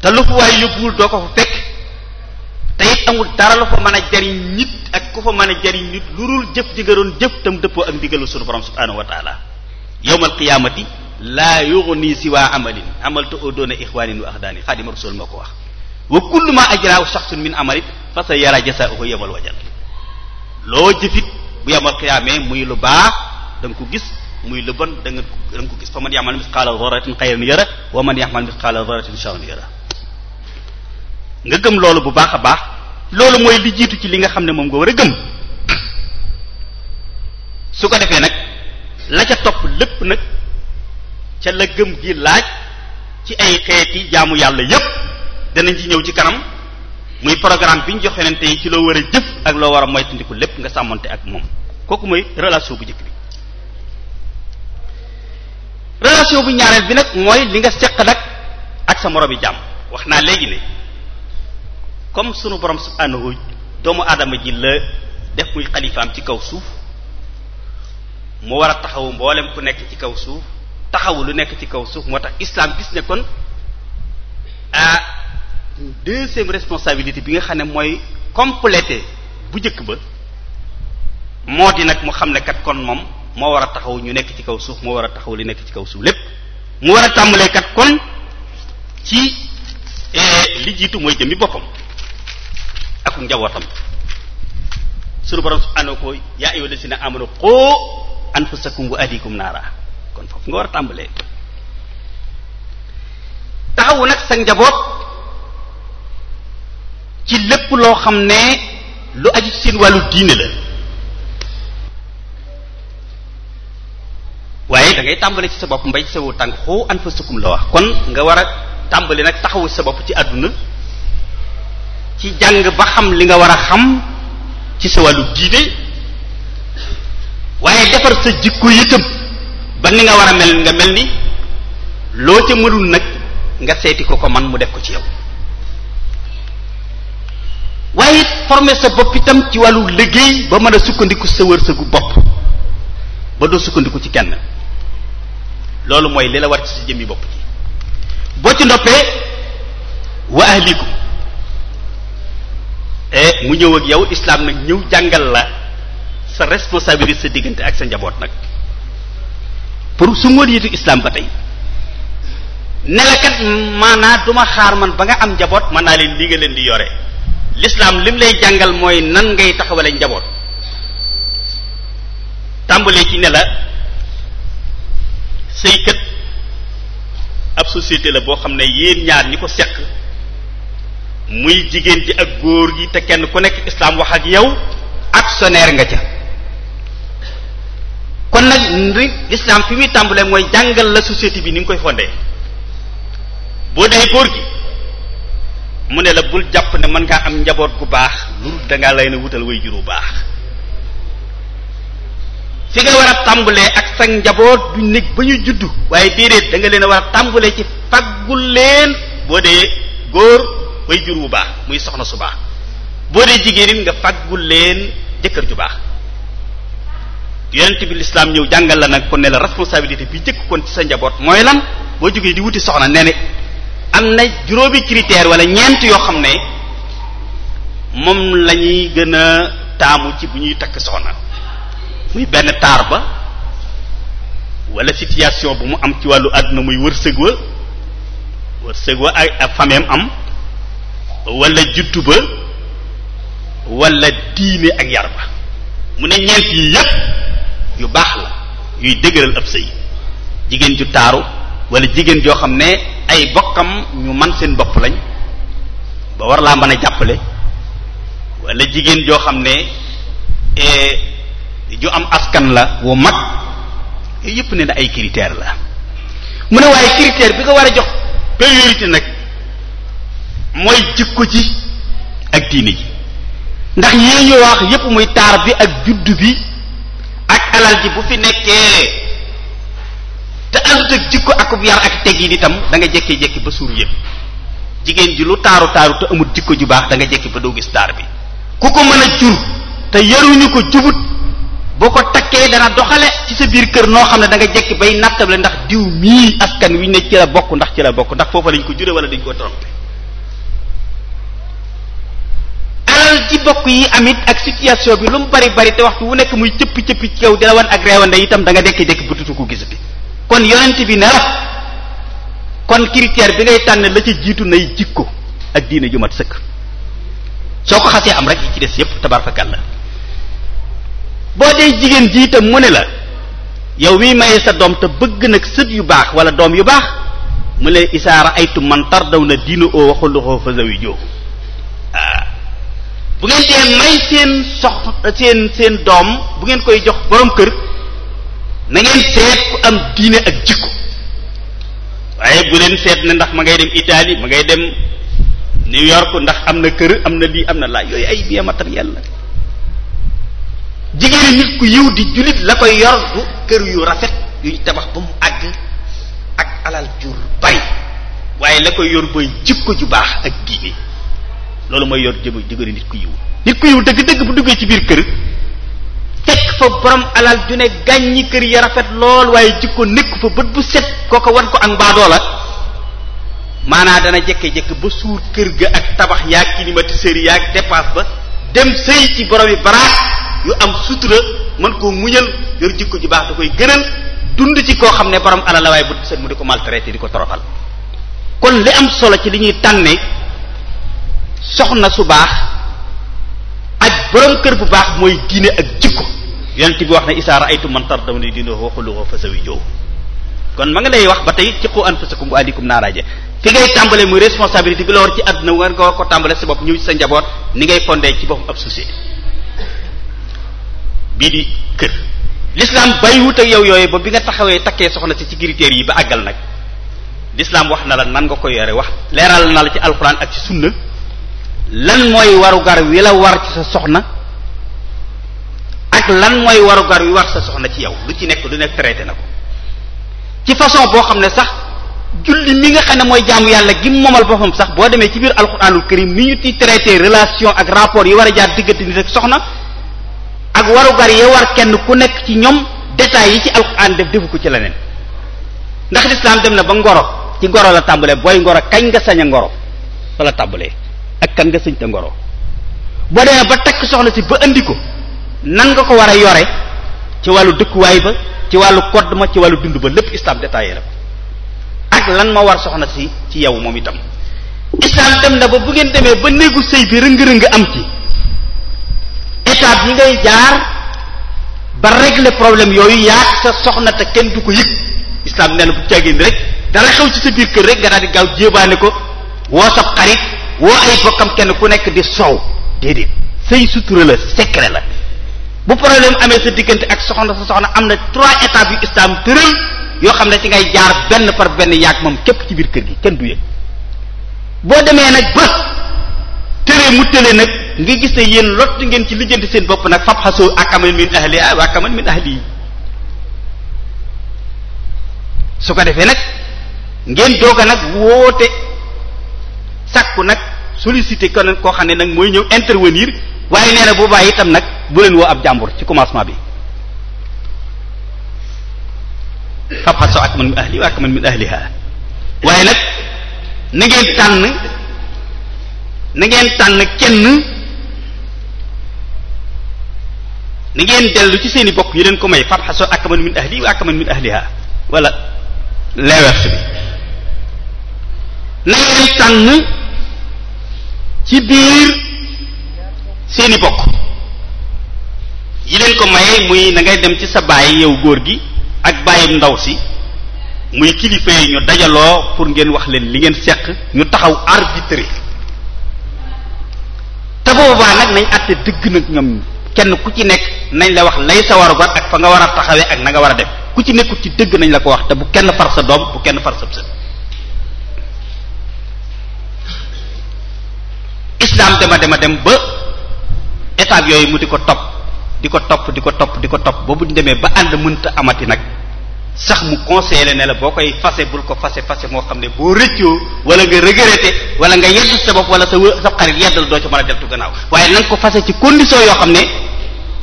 S2: te lu fu waaye yóbbuwul doo ko fekk te it amul dara lu fa mën a jariñ nit ak ko fa mën a jariñ nit lu dul jëf ji nga doon jëf tam dëppoo ak ndigalu sunu borom subhanahu wa taala yawmal qiyaamati laa yughni siwa amalin amaltu oo doona ixwaanin wa axdaani xaadima rasul moo ko wax wa kullu ma ajraahu shaxsun min amalit fa sa yara jasaa'uhu yawmal wajal loo jëfit bu yawmal qiyaamee muy lu baax da nga ko gis muy lu bon da ko gis fa man ya'mal misqaala dharratin xayran yara wa man ya'mal misqaala dharratin nga gëm loolu bu baax a baax loolu mooy li jiitu ci li nga xam ne moom nga war a gëm su ko defee nag la ca topp lépp nag ca la gëm gi laaj ci ay xeeti jaamu yàlla yépp danañ ci ñëw ci kanam muy programme bi ñu jox yonente yi ci loo war a jëf ak loo war a moytandiku lépp nga sàmmante ak moom kooku mooy relation bu njëkk bi relation bu ñaareel bi nag mooy li nga seq nag ak sa moroomi jàmm wax naa léegi ne comme sunu borom subhanahu doomu aadama ji la def muy xalifaam ci kaw suuf mu war a taxaw mboolem ku nekk ci kaw suuf taxaw lu nekk ci kaw suuf moo tax islam gis ne kon ah deuxième responsabilité bi nga xam ne mooy complété bu njëkk ba moo di nag mu xam ne kat kon moom moo war a taxaw ñu nekk ci kaw suuf moo war a taxaw li nekk ci kaw suuf lépp mu war a tàmbalee kat kon ci eh, li jiitu mooy jëmmi boppam ak njabootam sunu borom subhaanahu ko yaa ayyuhal lazina amanu qoo anfusakum wa ahlikum naara kon foofu nga war a tàmbalee taxawu nag sa njaboot ci lépp loo xam ne lu aju ci seen wàllu diine la waaye dangay ngay tàmbale ci sa bopp mbay ci sa wu tànk xoo anfusakum la wax kon nga war a tàmbali nag taxawu sa bopp ci àdduna ci jàng ba xam li nga war a xam ci sa wàllu diine waaye defar sa jikko yitam ba ni nga war a mel nga mel ni loo ca mënul nag nga seeti ko ko man mu def ko ci yow waaye former sa bopp itam ci wàllu liggéey ba mën a sukkandiku sa wërsëgu bopp ba doo sukkandiku ci kenn loolu mooy li la war ci sa jëmmi bopp ji boo ci ndoppee wa mu ñëw ak yow islam nag ñëw jàngal la sa responsabilité sa diggante ak sa njaboot nag pour su ngoon yitu islam ba tey ne kat maanaa duma xaar man ba nga am njaboot mën naa leen li nga leen di yore l'islam lim lay jàngal mooy nan ngay taxawale njaboot tàmbalee ci nela sëykat sëy ab société la boo xam ne yéen ñaar ñi ko seq muy jigéen ji ak góor gi te kenn ku nekk islaam wax ak yow actionnaire nga ca kon nag islam fi muy tàmbalee mooy jàngal la société bi ni nga koy fondee boo dee góor gi mu ne la bul jàpp ne mën ngaa am njaboot gu baax lu dangaa lay ne wutal way juru baax fi nga war a tàmbalee ak sa njaboot bu nekk ba ñu juddu waaye déedéet danga nga leen a war a tàmbalee ci faggul leen boo dee góor way jur wu baax muy soxna su baax boo dee jigéen it nga fàggul leen jëkkër ju baax yonent bi lislaam ñëw jàngal la nag kon ne la responsabilité bi jëkk kon ci sa njaboot mooy lan boo jógee di wuti soxna nee am na juróomi critère wala ñeent yoo xam ne moom lañuy ñuy gën a taamu ci bu ñuy takk soxna muy benn taar ba wala situation bu mu am ci wàllu àdduna muy wërsëg wa wërsëg ay ak fameem am wala jutuba walla wala diine ak yar ba mu ne ñeent yi yépp yu baax la yuy dëgëral ab sëy jigéen ju taaru wala jigéen joo xam ne ay bokkam ñu man seen bopp lañ ba war laa mën a jàppale walla jigéen joo xam ne e, ju am askan la wu mag yëpp yépp ne na ay critère la mu ne waaye critère bi nga war a jox priorité nag mooy jikko ci ak diine ji ndax yii ñu wax yépp muy taar bi ak juddu bi ak alal ji bu fi nekkee te àndut ak jikko akub yar ak teg yi itam da nga jékki-jékki ba suur yëpp jigéen ji lu taaru taaru te amul jikko ju baax da nga jékki ba doo gis taar bi ku ko mën a jur te yaruñu ko jubut boo ko takkee dana doxale ci sa biir kër noo xam ne danga jekki jékki bay nattable ndax diw mii askan wi ne ci la bokk ndax ci la bokk ndax foofa lañ ko jure wala dañ ko trompé dal ci bokk yi amit ak situation bi lu mu bari bari te waxtu wu nekk muy cëppi cëpp ci yow di la wan ak reewande itam da nga dekk-dekk bu tutu ko gisati kon yonent bi ne la kon critère bi ngay tànn la ci jiitu nay jikko ak diina ju mat sëkk soo ko xasee am rek ci des yépp la boo dee jigéen ji mu ne la yow miy maye sa doom te bëgg nag sët yu baax wala doom yu baax mu ne isaara aytu man tardaw na diina oo waxul loxoo fa zawi joo ah. bu ngeen dee may seen sox seen seen doom bu ngeen koy jox boroom kër na ngeen seet ku am diine ak jikko waaye bu leen seet ne ndax ma ngay dem Italie ma ngay dem New York ndax am na kër am na lii am na laa yooyu ay bien matériel la jigéenu nit ku yiw di jullit la koy yor bu kër yu rafet yuy tabax ba mu àgg ak alal jur bari waaye la koy yor booy jikko ju baax ak diine loolu mooy yor jëm jëgëri nit ku yiw nit ku yiw dëgg-dëgg bu duggee ci biir kër fekk fa borom alal ju ne gàññi kër ya rafet lool waaye jikko nekk fa bët bu set kooko wan ko ak mbaadoo la maanaa dana jekke-jekke ba suur kër gi ak tabax yaa yaag climatiseur yaag dépense ba dem sëy ci borom yi baraat yu am sutura mën koo muñal yor jikko ju baax da koy gënal dund ci koo xam ne borom alal la waaye bët bu set mu di ko maltraité di ko toroxal kon li am solo ci li ñuy soxna su baax ak borom kër bu baax mooy diine ak jikko yonent bi wax ne isaa raaytum man tardawna diinahu wa xuluqahu fazawijuhu kon ma nga day wax ba tey ci qu anfusakum wa ahlikum naaraaje fi ngay tàmbalee muy responsabilité bi la war ci àdduna war nga war ko tàmbalee sa bopp ñëw ci sa njaboot ni ngay fondé ci boppam ab société bii di kër l'islam bàyyiwut ak yow yooyu ba bi nga taxawee takkee soxna si ci critères yi ba àggal nag l'islam wax na la nan nga koy yore wax leeral na ci alxuraan ak ci sunna lan mooy warugar wi la war ci sa soxna ak lan mooy warugar wi war sa soxna ci yow lu ci nekk lu nekk traité na ko ci façon boo xam ne sax julli mi nga xam ne mooy jaamu yàlla gi moomal boppam sax boo demee ci biir alxuraanul karim ni ñu ci traité relation ak rapport yi war a jaar diggante nit ak soxna ak warugar yi war kenn ku nekk ci ñoom détails yi ci alxuraan def defu ko ci leneen ndax lislaam dem na ba ngoro ci ngoro la tàmbalee booy ngoro kañ nga sañ ngoro wala tàmbalee ak kan nga sëñ te ngoro boo demee ba takk soxna si ba indi ko nan nga ko war a yore ci wàllu dëkkuwaay ba ci wàllu kodd ma ci wàllu dund ba lépp islam détaillé la ko ak lan ma war soxna si ci yow moom itam islam dem na ba bu ngeen demee ba néegu sëy bi rëng-rëng am ci étape yi ngay jaar ba régler problème yooyu yaag sa soxna te kenn du ko yëg islam nee na bu caggéen rek dara xew ci sa biir kër rek nga daal di gaaw jéebaane ko woo sa xarit woo ay bokkam kenn ku nekk di soow déedéet say sutura la secret la bu problème amee sa diggante ak soxna sa soxna am na trois étapes yu islam tëral yoo xam ne si ngay jaar benn par benn yàgg moom képp ci biir kër gi kenn du yëg boo demee nag ba tëree mu tële nag nga gis ne yéen lott ngeen ci lijjanti seen bopp nag fab xasoo ak amal min ahli ah waa kamal min ahli su ko defee nag ngeen doog nag woote sakku nag sollicité keneen koo xam ne nag mooy ñëw intervenir waaye nee na bu bàyyi tam nag bu leen woo ab jàmbur ci commencement bi fabxat soo ak min ahli wa ak min waaye nag na ngeen tànn na ngeen tànn kenn na ngeen dellu ci seeni bokk yi leen ko may fabxat soo ak man min ahli wa ak man min ahliha tànn ci biir seeni bokk yi leen ko may muy na ngay dem ci sa baay yow góor gi ak baayam ndaw si muy kilifa yi ñu dajaloo pour ngeen wax leen li ngeen seq ñu taxaw arbitré te boobaa nag nañ àtte dëgg nag ñoom kenn ku ci nekk nañ la wax lay sa waru ak fa nga war a taxawee ak na nga war a def ku ci nekkul ci dëgg nañ la ko wax te bu kenn far sa doom bu kenn far sa sët islam dama dema dem ba étape yooyu mu di ko topp di ko topp di ko topp di ko topp boobu bu ñu demee ba ànd mënta amati nag sax mu conseillé ne la boo koy fase bul ko fase fase moo xam ne boo rëccoo wala nga regretté wala nga yedd sa bopp wala sa sa xarit yeddal doo ci mën a deltu gannaaw waaye na nga ko fase ci yoo xam ne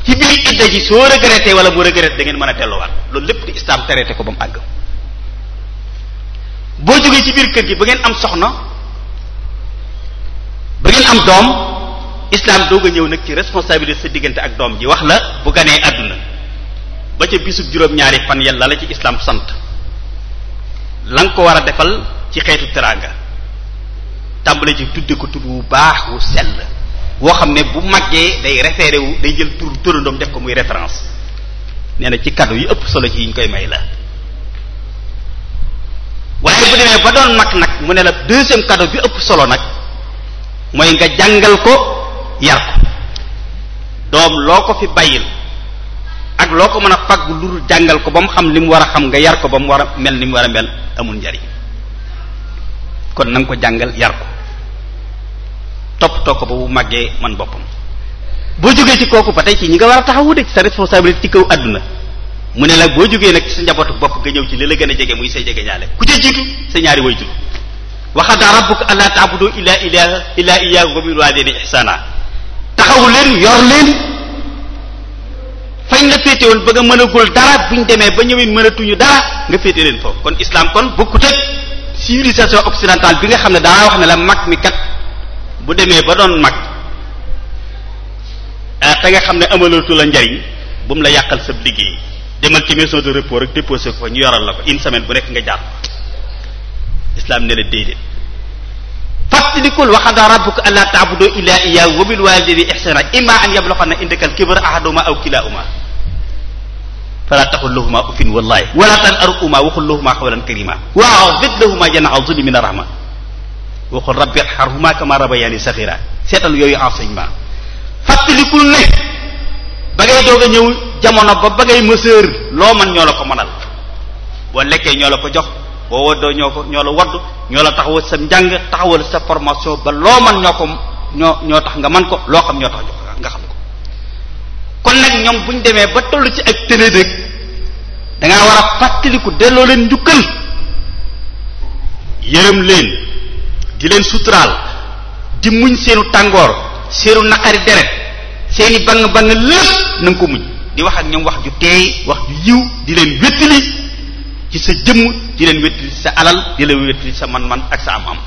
S2: ci biir idda ji soo regretté wala mu regretté da ngeen mën a delluwaat loolu lépp di islam traité ko ba mu àgg boo jógee ci biir kër gi ba ngeen am soxna ba ngeen am doom islam doog nga ñëw nag ci responsabilité sa diggante ak doom ji wax la bu ganee àdduna ba ca bisub juróom-ñaari fan yàlla la ci islam sant la ko war a defal ci xeetu teraanga tàmbale ci tudde ko tudd wu baax wu sell woo xam ne bu màggee day référé wu day jël tur turandoom def ko muy référence nee na ci cadeau yi ëpp solo ji yi ñu koy may la waaye bu demee ba doon mag nag mu ne la deuxième cadeau bi ëpp solo nag mooy nga jàngal ko yar ko doom loo ko fi bàyyil ak loo ko mën a fàgg lu jàngal ko ba mu xam li mu war a xam nga yar ko ba mu war a mel ni mu war a mel amul njariñ kon na ko jàngal yar ko toppatoo ko ba bu màggee man boppam boo jógee ci kooku ba tey ci ñi nga war a taxawu de ci sa responsabilité ci kaw àdduna mu ne la boo jógee nag ci sa njabootu bopp nga ñëw ci li la gën a jege muy say jege ñaale ku ca jiitu sa ñaari way waxadaa rabbuka allaa taabudu illa ila illa iyyahu wa bil waalidayni ihsana taxaw leen yor leen fañ la féete woon ba nga mënagul dara buñ demee ba ñëwee mënatuñu dara nga féete leen foofu kon islam kon bokkut ak civilisation occidentale bi nga xam ne daa wax ne la mag mi kat bu demee ba doon mag ah, te nga xam ne amalatu la njariñ bu mu la yàqal sa liggéey demal ci maison de repos rek déposé ko fa ñu yoral la ko une semaine bu nekk nga jaar islam ne la déedéet fastidikul waxada rabbuka alla taabudu illa iyyahu wa bil walidayni ihsana imma an yablughanna indaka al kibra ahaduhuma aw kilahuma fala taqul lahuma uffin wallahi wala tanharhuma wa qul lahuma qawlan karima waxfid lahuma janaha zulli min rahma wa rabbi irhamhuma kama rabbayani saghira seetal yooyu enseignement fàttalikul ne ba ngay doog a ñëw jamono ba ba ngay mësër loo man ñoo la ko mënal ñoo la ko boo waddoo ñoo ko ñoo la wadd ñoo la taxawal sa njàng taxawal sa formation ba loo man ñoo ko ñoo ñoo tax nga man ko loo xam ñoo tax nga xam ko kon nag ñoom bu ñu demee ba tollu ci ak tële dëkk dangaa war a fàttaliku delloo leen njukkal yërëm leen di leen suturaal di muñ seenu tàngoor seenu naqari deret seeni bang bang lépp na nga ko muñ di wax ak ñoom wax ju teey wax ju yiw di leen wéttali ci sa jëmm di leen wéttali sa alal di leen wéttali sa man-man ak sa am-am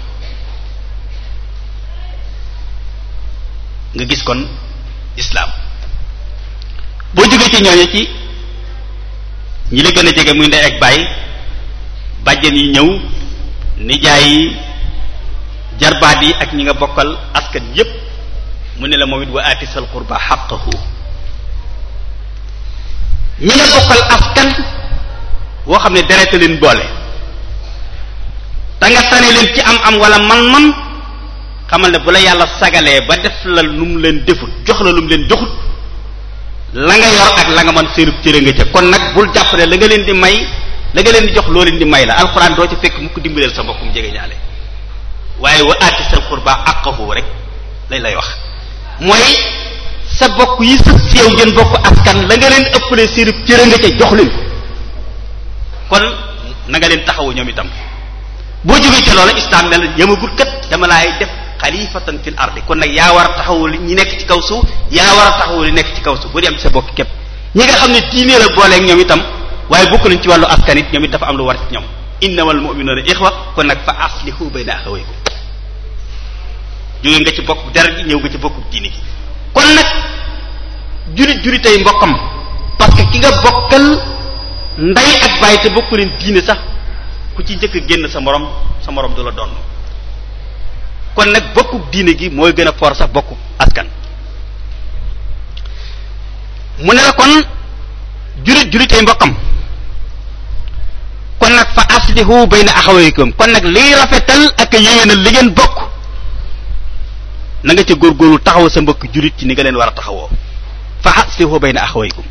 S2: nga gis kon islaam boo jógee ci ñooñu ci ñi la gën a jege muy ndey ak baay bàjjen yi ñëw nijaay yi jarbaat ak ñi nga bokkal askan yépp mu ne la moom it wa aati sal qurba xaqahu ñi nga bokkal askan boo xam ne deret leen boole danga nga leen ci am am wala man-man xamal ne bu la yàlla sagalee ba def la lu mu leen defut jox la lu mu leen joxut la nga yor ak la nga mën seenub cëre nga ca kon nag bul jàpp ne la nga leen di may la nga leen di jox loo leen di may la alxuraan doo ci fekk mu ko dimbaleel sa mbokkum jege ñaale waaye wa aati sal ak aqahu rek lañ lay wax mooy sa bokk yi sëf si yow ngeen bokk askan la nga leen ëppalee seenub cëre nga ca jox kon na nga leen taxawu ñoom itam boo jógee ca loola islam mel na yëmagul dama laay def xalifatan fil ardi kon nag yaa war a taxawu ñi nekk ci yaa war a li nekk ci kaw suuf bu dem sa bokk képp ñi nga xam ne diine la booleeg waaye bokk nañ ci wàllu askan it ñoom it dafa am lu war ci ñoom innamal mu'minuna ixwa kon nag fa aslihu bayna axawaykum jóge nga ci bokk dara gi ñëw nga ci bokku diine gi kon nag juri juri tey mbokkam parce que ki nga bokkal ndey ak bàyyi te bokku diine sax ku ci njëkk génn sa morom sa morom du la doon kon nag bokku diine gi mooy gën a for sax bokk askan mu ne la kon julit julit ay mbokkam kon nag fa aslihu bayna axawaykum kon nag liy rafetal ak yéwénal li ngeen bokk na nga góor góorgóorlu taxaw sa mbokk julit ci ni nga leen war a taxawoo fa aslihu bayna axawaykum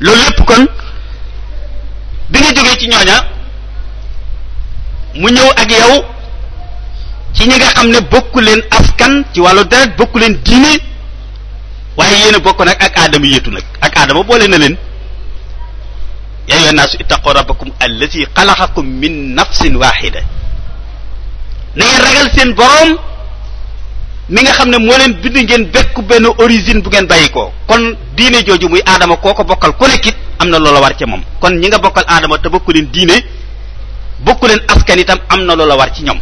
S2: loolu lépp kon bi nga jógee ci ñooña mu ñëw ak yow ci ñi nga xam ne bokk leen askan ci wàllu deret bokku leen diine waaye yéen a bokk nag ak aadama yéetu nag ak aadama boole na leen yaa ayyuhan naasu ittaqu rabbakum allazi min nafsin waxida na ngeen ragal seen boroom mi nga xam ne moo leen bind ngeen bekk benn origine bu ngeen bàyyi ko kon diine jooju muy aadama koo ko bokkal ku am na loola war ca moom kon ñi nga bokkal aadama te bokku leen diine bokku leen askan itam am na loola war ci ñoom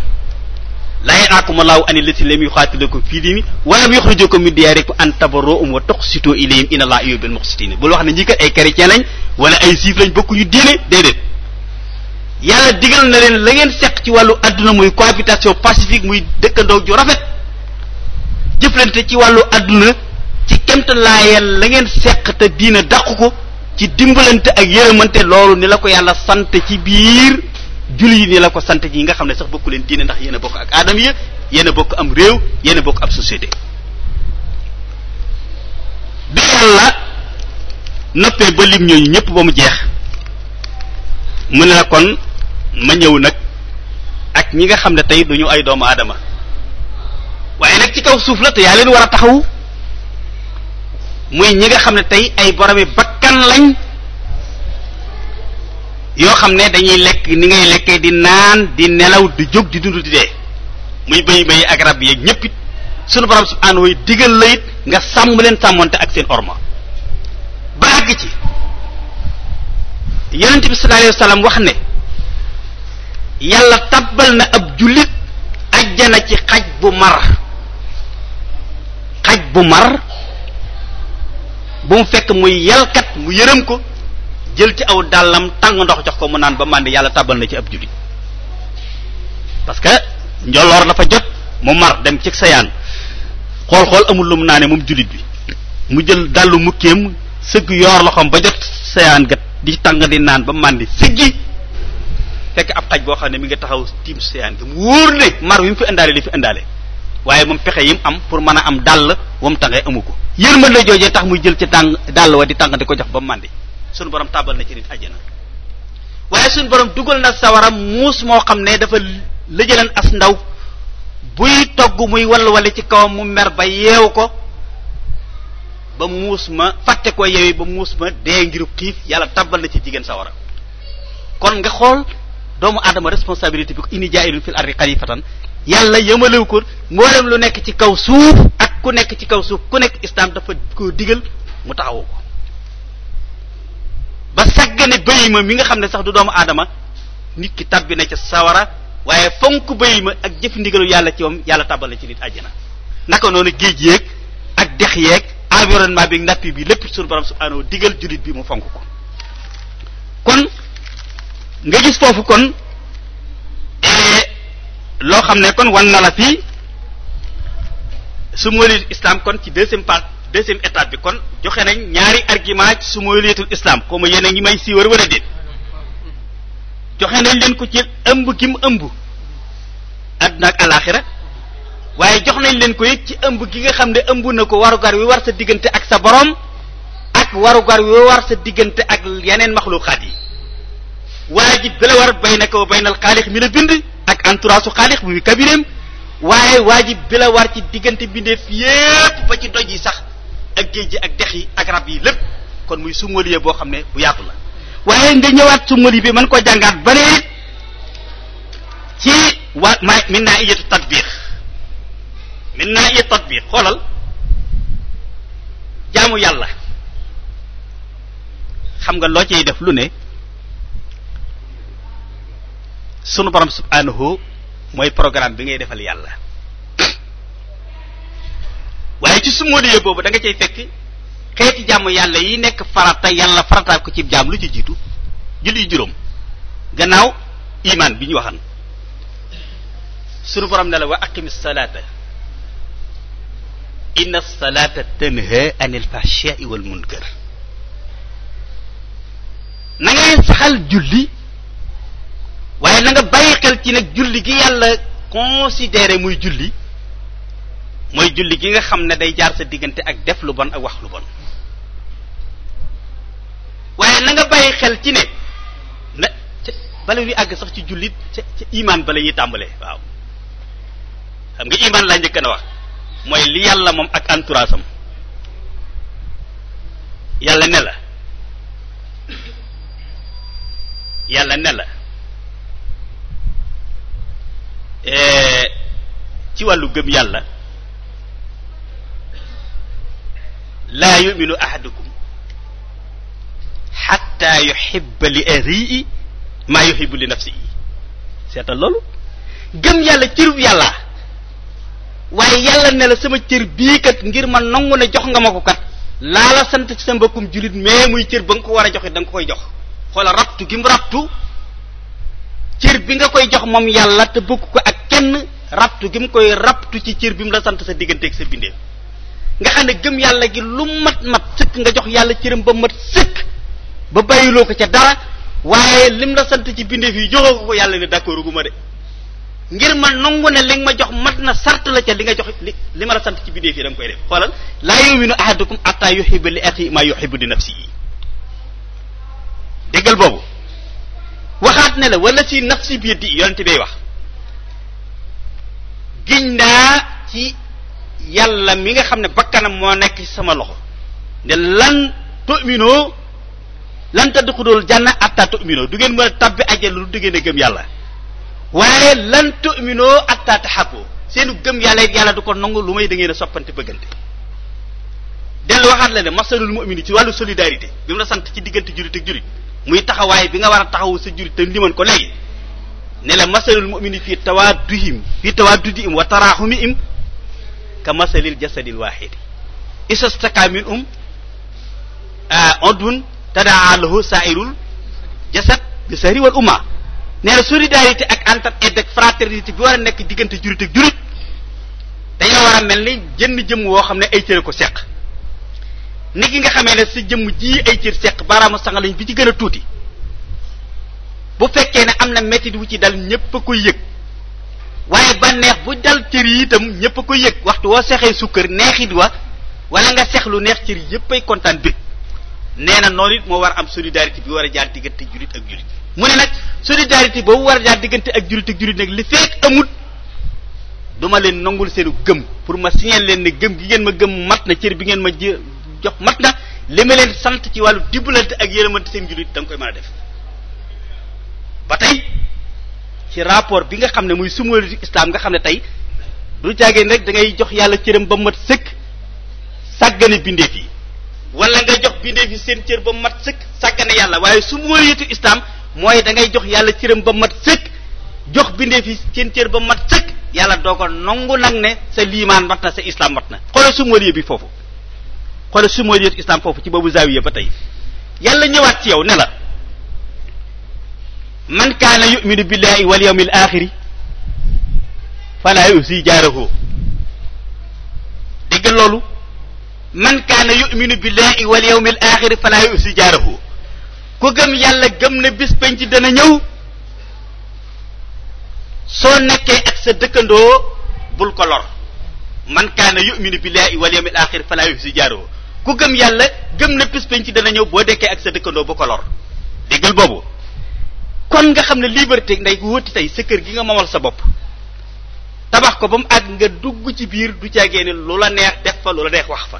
S2: laa yanhaakumullahu ani lati lam yuqaatilukum fii diini walam yuxrijukum min diyaarikum an tabarruuhum wa tuqsituu ilayhim inna allaha yuhibbul muqsitiin bul wax ne ñi kat ay chrétien a wala i juif lañ bokkuñu diine déedéet yàlla digal na leen la ngeen seq ci wàllu adduna muy cohabitation pacifique muy dëkkandoo ju rafet jëflante ci wàllu àdduna ci kemtalaayal la ngeen seq te diina daq ko ci dimbalante ak yërëmante loolu ni la ko yàlla sant ci biir julli yi ni la ko sant yi nga xam ne sax bokku leen diine ndax yéen bokk ak aadam ya yenn a bokk am réew yéen bokk ab société bi yàlla noppee ba lim ñooñu ñëpp ba mu jeex mu ne la kon ma ñëw nag ak ñi nga xam ne tey duñu ay doomu aadama waaye nag ci kaw suuf la te yaa leen war a taxawu muy ñi nga xam ne tey ay boromi bakkan lañ yoo xam ne dañuy lekk ni ngay lekkee di naan di nelaw di jóg di dund di dee muy bay bay ak rab yeeg ñëpp it sunu borom subhaanahu wa digal la it nga sàmm leen sàmmoonte ak seen orma ba àgg ci yonent bi sallallahu alayhi wa wax ne yàlla tabbal na ab jullit ajjana ci xaj bu mar bu mar bu mu fekk muy yalkat mu yërëm ko jël ci aw dàllam tàng ndox jox ko mu naan ba màndi yàlla tàbbal na ci ab jullit parce que njoloor dafa jot mu mar dem ci sayaan xool-xool amul lu mu naane moom jullit bi mu jël dàllu mukkéem sëgg yoor loxoom ba jot sayaan gat di tàng di naan ba màndi siggi fekk ab xaj boo xam ne mi ngi taxaw tiim sayaan ga mu wóor ne mar wi mu fi indaale li fi indaale waaye moom pexe yi mu am pour mën a am dàll wa mu tàngee amu ko yërmande joojee tax mu jël ci tàng dàll wa di tàng di ko jox ba mu màndi suñu borom tàbbal na ci nit àjjana waaye suñu borom dugal na sawara muus moo xam ne dafa lëjaleen as ndaw buy togg muy walwale ci kawam mu mer ba yeewu ko ba muus ma fàtte ko yeewi ba muus ma dee ngir xiif yàlla tàbbal na ci jigéen sawara kon nga xool doomu adama responsabilité bi ko ini jaayilun fil ardi yàlla yëmalew ko mboolem lu nekk ci kaw suuf ak ku nekk ci kaw suuf ku nekk islaam dafa koo digal mu taxawu ko ba saggane bayima mi nga xam ne sax du doomu aadama nit ki tabbi na ca sawara waaye fonk bayima ak jëf ndigalu yàlla ci moom yàlla tàbbal ci nit àjjana naka noonu géej yeeg ak dex yeeg environnement bi nappi bi lépp suñu borom subhanahu digal jullit bi mu fonk ko kon nga gis foofu kon eh, loo xam ne kon wan na la fii sumuliyatul islam kon ci deuxième part deuxième étape bi kon joxe nañ ñaari argument ci sumuliyatul islam xaw ma yéen a ngi may siiwar wala déet joxe nañ leen ko ci ëmb gi mu ëmb àdduna ak alaxira waaye jox nañ leen ko it ci ëmb gi nga xam ne ëmb na ko warugar wi war sa diggante ak sa borom ak warugar wi war sa diggante ak yeneen maxluqaat yi waajib gëla war bay na ko baynal xaalix mi la bind ak entourage su xaalix muy kabireem waaye waa bi la war ci diggante bindeef yépp ba ci doj yi sax ak géej ji ak dex yi ak rab yi lépp kon muy sumaliye boo xam ne bu yaatu la waaye nga ñëwaat sumali bi mën ko jàngaat ba ne ci waa ma min naa iyatu tatbiq min naa iyatu tatbiq xoolal jaamu yàlla xam nga loo ciy def lu ne sunu borom subhanahu mooy programme bi ngay defal yàlla waaye ci sumóodiyee boobu danga nga cay fekk xeeti jàmm yàlla yi nekk farata yàlla farataal ko ci jàmm lu ci jiitu julli juróom gannaaw iman bi ñu waxan sunu borom ne la wa aqimi salaata inna salaata tanha anil fahshaai wal munkar na ngay saxal julli waaye nanga nga bàyyi xel ci nag julli gi yàlla considéré muy julli mooy julli gi nga xam ne day jaar sa diggante ak def lu bon ak wax lu bon waaye na nga bàyyi xel ci ne na bala ñuy àgg sax ci jullit ca imaan bala ñuy tàmbalee waaw xam nga imaan laa njëkk a wax mooy li yàlla moom ak entourage yàlla ne la yàlla ne la Eh, ci wàllu gëm yàlla laa yuminu ahadukum xatta yuhibba li arii maa yuhibbu li nafsi seetal loolu gëm yàlla cërub yàlla waaye yàlla ne la sama cër bii kat ngir ma nangu ne jox nga ma ko kat laa la sant ci sa mbokkum jullit mais muy cër ba nga ko war a joxe danga nga koy jox xoola rattu gi mu rattu bi nga koy jox moom yàlla te bëgg ko kenn rabtu gi mu koy rabtu ci ciir bi mu la sant sa digganteeg sa bindee nga xam ne gëm yàlla gi lu mat mat sëkk nga jox yàlla cëram ba mat sëkk ba bàyyiloo ko ca dara waaye lim la sant ci bindeef yi joxoo ko ko yàlla ne d'accord gu ma de ngir ma nangu ne li nga ma jox mat na sart ca li nga jox li li ma la sant ci bindeef yi da koy def xoolal laa yuminu ahadukum atta yuhibbu li axi ma yuhibbu li nafsihi déggal boobu waxaat ne la wala si nafsi bi yonent bay wax giñ naa ci yàlla mi nga xam ne bakkanam moo nekk ci sama loxo ne lan tu'minu lan tadxulul janna atta tu'minu du ngeen mën a tabbi ajjal lu du ngeen a gëm yàlla waaye lan tu'minu atta taxaqu seenu gëm yàlla it yàlla du ko nangu lu may da ngeen a soppante bëggante dellu waxaat la ne masalul mu'mini ci wàllu solidarité bi mu sant ci diggante jurit ak jurit muy taxawaay bi nga war a taxawu sa jurit te liman ko léegi ne la masalul mumini fii tawaaduhim fii tawaadudihim wa taraaxumihim ka masalil jasadil waaxidi isastaka min um ondun tadaa lahu saairul jasad bi sahri umma nee na solidarité ak entraide ak fraternité bi war a nekk diggante jurit ak jurit dañoo war a mel ni jënn jëmm woo xam ne ay cëre ko seq nit ki nga xamee ne sa jëmm ji ay cër seq baaraamu sanga bi ci gën a tuuti bu fekkee ne am na métit wu ci dal ñépp a koy yëg waaye bànneex bu dal cër yi itam ñépp a koy yëg waxtu woo sexee sukkër neexit wa wala nga sex lu neex cër yépp ay kontaan bi nee na noonu it moo war a am solidarité bi war a jaar diggante julit ak julit mu ne nag solidarité boobu war a jaar diggante ak julit ak julit nag li fekk amut duma leen nangul seenu gëm pour ma signal leen ne gëm gi ngeen ma gëm mat na cër bi ngeen ma jox mat na li ma leen sant ci wàllu dimbalante ak yërëmante seen julit da koy mën def ba tey ci rapport bi nga xam ne muy sumologique islam nga xam ne tey du jàggeen rek da ngay jox yàlla cëram ba mat sëkk sàggane bindeef yi wala nga jox bindeef yi seen cër ba mat sëkk sàggane yàlla waaye sumologique islam mooy da ngay jox yàlla cëram ba mat sëkk jox bindeef yi seen cër mat sëkk yàlla doo ko nangu nag ne sa liimaan mat na sa islam mat na xoolal sumologique bi foofu xoolal sumologique islam foofu ci boobu zaawiya ba tey yàlla ñëwaat ci yow ne la man kaana yuminu billahi wal yawmil axiri fala yusi jaarahu dégg loolu man kaana yuminu billahi wal yawmil axiri fala si jaarahu ku gëm yàlla gëm na bis penc dana ñëw soo nekkee ak sa dëkkandoo bul ko lor man kaana yuminu billahi wal yawmil axiri fala si jaarahu ku gëm yàlla gëm na bis penc dana ñëw boo dekkee ak sa dëkkandoo bu ko lor déggal boobu kon nga xam ne liberté ndey ku wóoti tey sa kër gi nga moomal sa bopp tabax ko ba mu nga dugg ci biir du caagee ne lu la neex def fa lu la neex wax fa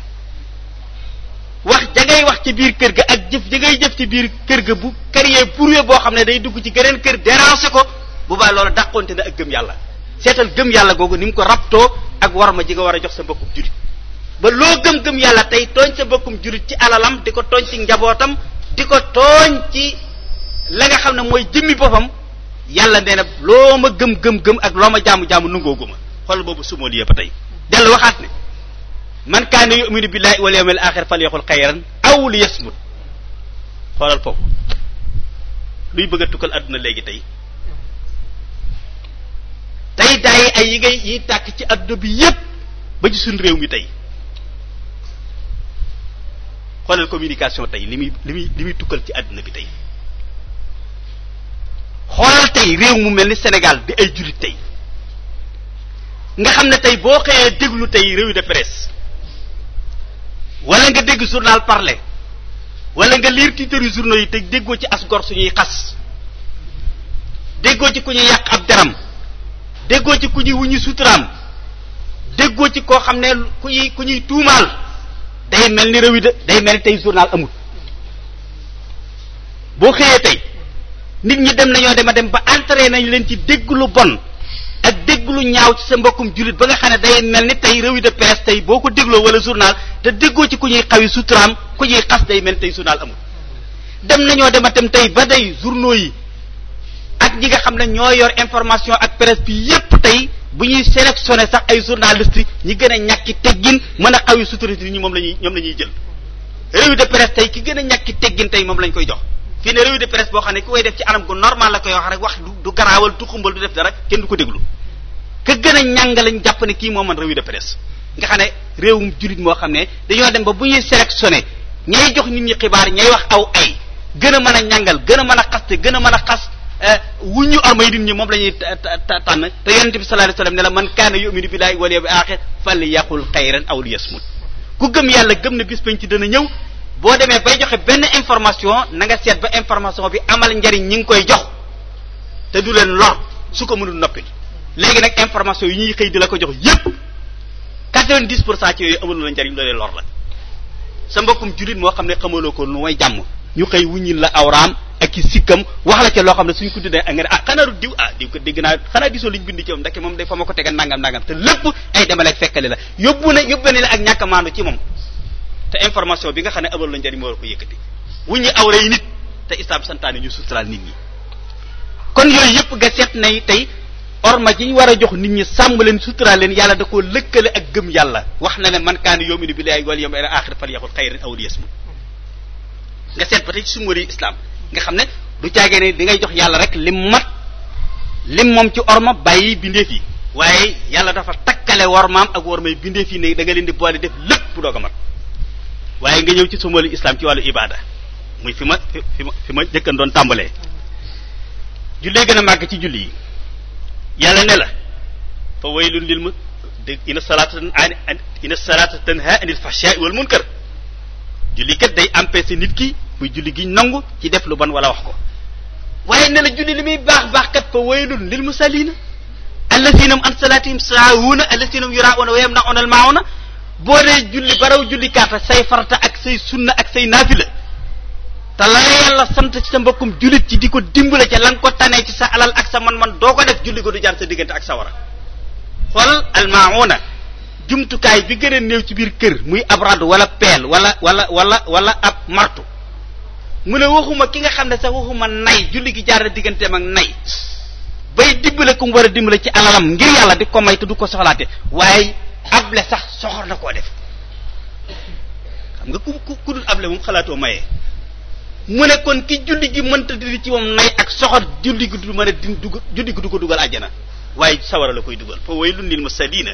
S2: wax ja wax ci biir kër ga ak jëf ja ngay jëf ci biir kër ga bu créer pourwe boo xam ne day dugg ci geneen kër déranger ko bu baa loolu dàqonte na ak gëm yàlla seetal gëm yàlla googu ni mu ko rabtoo ak war ma ji nga war a jox sa mbokkum jullit ba loo gëm-gëm yàlla tey tooñ sa mbokkum jullit ci alalam di ko tooñ ci njabootam di la nga xam ne mooy jëmmi boppam yàlla nee na loo ma gëm gëm gëm ak loo ma jaamu jaamu nungooguma xool boobu sumool yëpp tey dellu waxaat ne man kaana yuminu billahi wal yawmil axir falyaqul xayran aw liyasmut xoolal foofu luy bëgg a tukkal àdduna léegi tey tey daay ay yi ngay yi tàkk ci àdduna bi yépp ba ci suñ réew mi tey xoolal communication tey li muy li muy li muy tukkal ci àdduna bi tey xoolal tey réew mu mel ni Sénégal di ay jullit tey nga xam ne tey boo xëyee déglu tey revue de presse wala nga dégg journal parle walla nga lire titre yu journaux yi te déggoo ci as gor suñuy xas déggoo ci ku ñuy yàq ab deram déggoo ci ku ñuy wuñu suturaam déggoo ci koo xam ne ku ñuy tuumaal day mel ni revue de day mel ni tey journal amul boo xëyee tey nit ñi dem nañoo dem a dem ba entraîné nañ leen ci dégg lu bon ak dégg lu ñaaw ci sa mbokkum jullit ba nga xam ne day mel ni tey revue de presse tey boo ko dégloo wala journal te déggoo ci ku ñuy xawi suturaam ku ñuy xas day mel tey journal amul dem nañoo dem a dem tey ba day journaux yi ak ñi nga xam ne ñoo yor information ak presse bi yépp tey bu ñuy sélectionné sax ay journalistes ñi gën a ñàkki teggin mën a xawi sutura nit ñu moom la ñuy ñoom la ñuy jël revue de presse tey ki gën a ñàkki teggin tey moom lañ koy jox fii ne revue de presse boo xam ne ku koy def ci anam gu normal la koy wax rek wax du garaawal du xumbal du def dara kenn du ko déglu ka gën a ñàng lañ jàpp ne kii moo mën revue de xam ne réewum jullit moo xam ne dañoo dem ba bu ñuy sélectionné ñay jox nit ñi xibaar ñay wax aw ay gën a mën a ñàngal gën a mën a xaste gën a mën a xas euh, wuñ ñu armay nit ñi moom la ñuy tànn te yonente bi sallallahu alayhi wasallam ne la man kaana yu'minu billahi wal yawmil akhir falyaqul xayran aw liyasmut ku gëm yàlla gëm na bis bañ ci dana ñëw boo demee bay joxe benn information nanga seet ba information bi amal njariñ ñi ngi koy jox te du leen lor su ko mënul noppi léegi nag information yi ñuy xëy di la ko jox yépp quatre-vingt-dix pour cent ci ne xamaloo loo xam ne suñ ko tuddee ak nga a ah xanaaru diw ah diw ko dégg naa xanaa gisoo liñ bind ci moom ndeke moom day ma ko tegal nangam nangam te lépp ay demaleeg fekkale la yóbbu na yóbbu na ak ñàkk ci moom te information bi nga xam ne amal la njariñ moo war ko yëkkati wu ñu awra yi nit te islam santaane ñu suturaal nit ñi kon yooyu yëpp nga seet na tey orma ji ñu war a jox nit ñi sàmm leen suturaal leen yàlla da koo lëkkale ak gëm yàlla wax na leen man kaana yuminu billahi wal yawmil axir falyaqul xayran aw liyasmut nga seet ba tey ci sumari islam nga xam ne du caagee ne ngay jox yàlla rek lim mat lim moom ci orma bàyyi bindeef yi waaye yàlla dafa takkale wormaam ak wormay bindeef yi ne da nga leen di boole def lépp bu doog a mat waaye nga ñëw ci sumalu islam ci wàllu ibada muy fi ma fi ma fi ma jëkkan doon tàmbalee jullee gën a màgg ci julli yi yàlla ne la fa waylun lil mu dégg ina salaata an ina salaata tanha anil fahsha'i wal munkar julli kat day empêcher nit ki muy julli gi nangu ci def lu ban wala wax ko waaye ne la julli li muy baax baax kat fa waylun lil musallina allatheena an salatihim saahuna allatheena yura'una wa yamna'una al ma'una boo dee julli baraw julli kaata say farta ak say sunna ak say naafila te la la yàlla sant ci sa mbokkum jullit ci di ko dimbale ca la nga ko tanee ci sa alal ak sa man-man doo ko def julli ko du jaar sa diggante ak sa wara xool almauna jumtukaay bi gën a néew ci biir kër muy ab rado wala peel wala wala wala wala ab martu mu ne waxuma ki nga xam ne sax waxuma nay julli gi jaar na digganteem ak nay bay dimbale ku mu war a dimbale ci alalam ngir yàlla di ko du ko soxlaate waaye able sax soxor na koo def xam nga ku ku dul able moom xalaatoo maye mu nekkoon kon ki julli gi mënta dindi ci moom nay ak soxor julli gi du mën a julli gi du ko dugal àjjana waaye sawara la koy dugal fa waylun lil musallina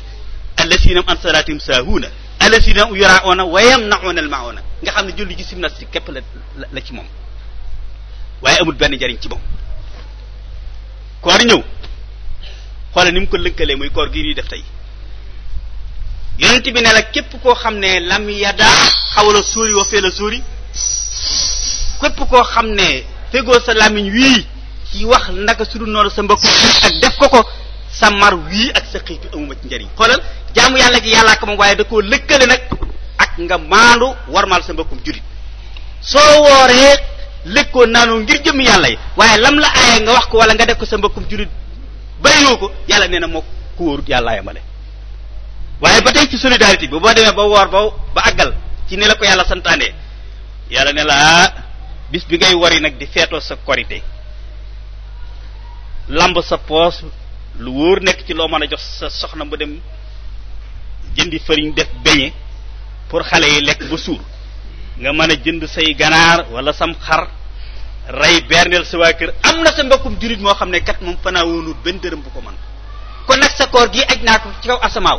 S2: allasina an salatihim saahuuna allasina yurauna wa yamnauna al mauna nga xam ne julli gi simnas ci képp la la ci moom waaye amul benn njariñ ci moom koor ñëw xoole ni mu ko lëkkalee muy koor gi ñuy def tey yonent bi ne képp koo xam ne lam yada xawala suuri wa la suuri képp koo xam ne fegoo sa lamiñ wii ci wax naka su dul noonu sa mbokku ak def ko ko sa mar wii ak sa xiif bi amuma ci njariñ xoolal jaamu yàlla gi yàllaa ko waaye da koo lëkkale nag ak nga war warmaal sa mbokkum jullit soo wooree lëkkoon naanoo ngir jëm yàlla yi waaye lam la aaye nga wax ko wala nga def ko sa mbokkum jullit bàyyoo ko yàlla nee na moo ko wóorut yàlla yamale waaye ba tey ci solidarité bi boo demee ba woor ba ba àggal ci ni la ko yàlla santaane yàlla ne la ah, bis bi ngay wari nag di feetoo sa korité làmb sa poos lu wóor nekk ci loo mën a jox sa soxna mu dem jëndi fariñ def beñe pour xale yi lekk ba suur nga mën a jënd say ganaar wala sam xar rey berneel sa waa kër am na sa mbokkum jullit moo xam ne kat moom fanaa benn dërëm bu ko man kon nag sa koor gi aj naa ko ci kaw asamaaw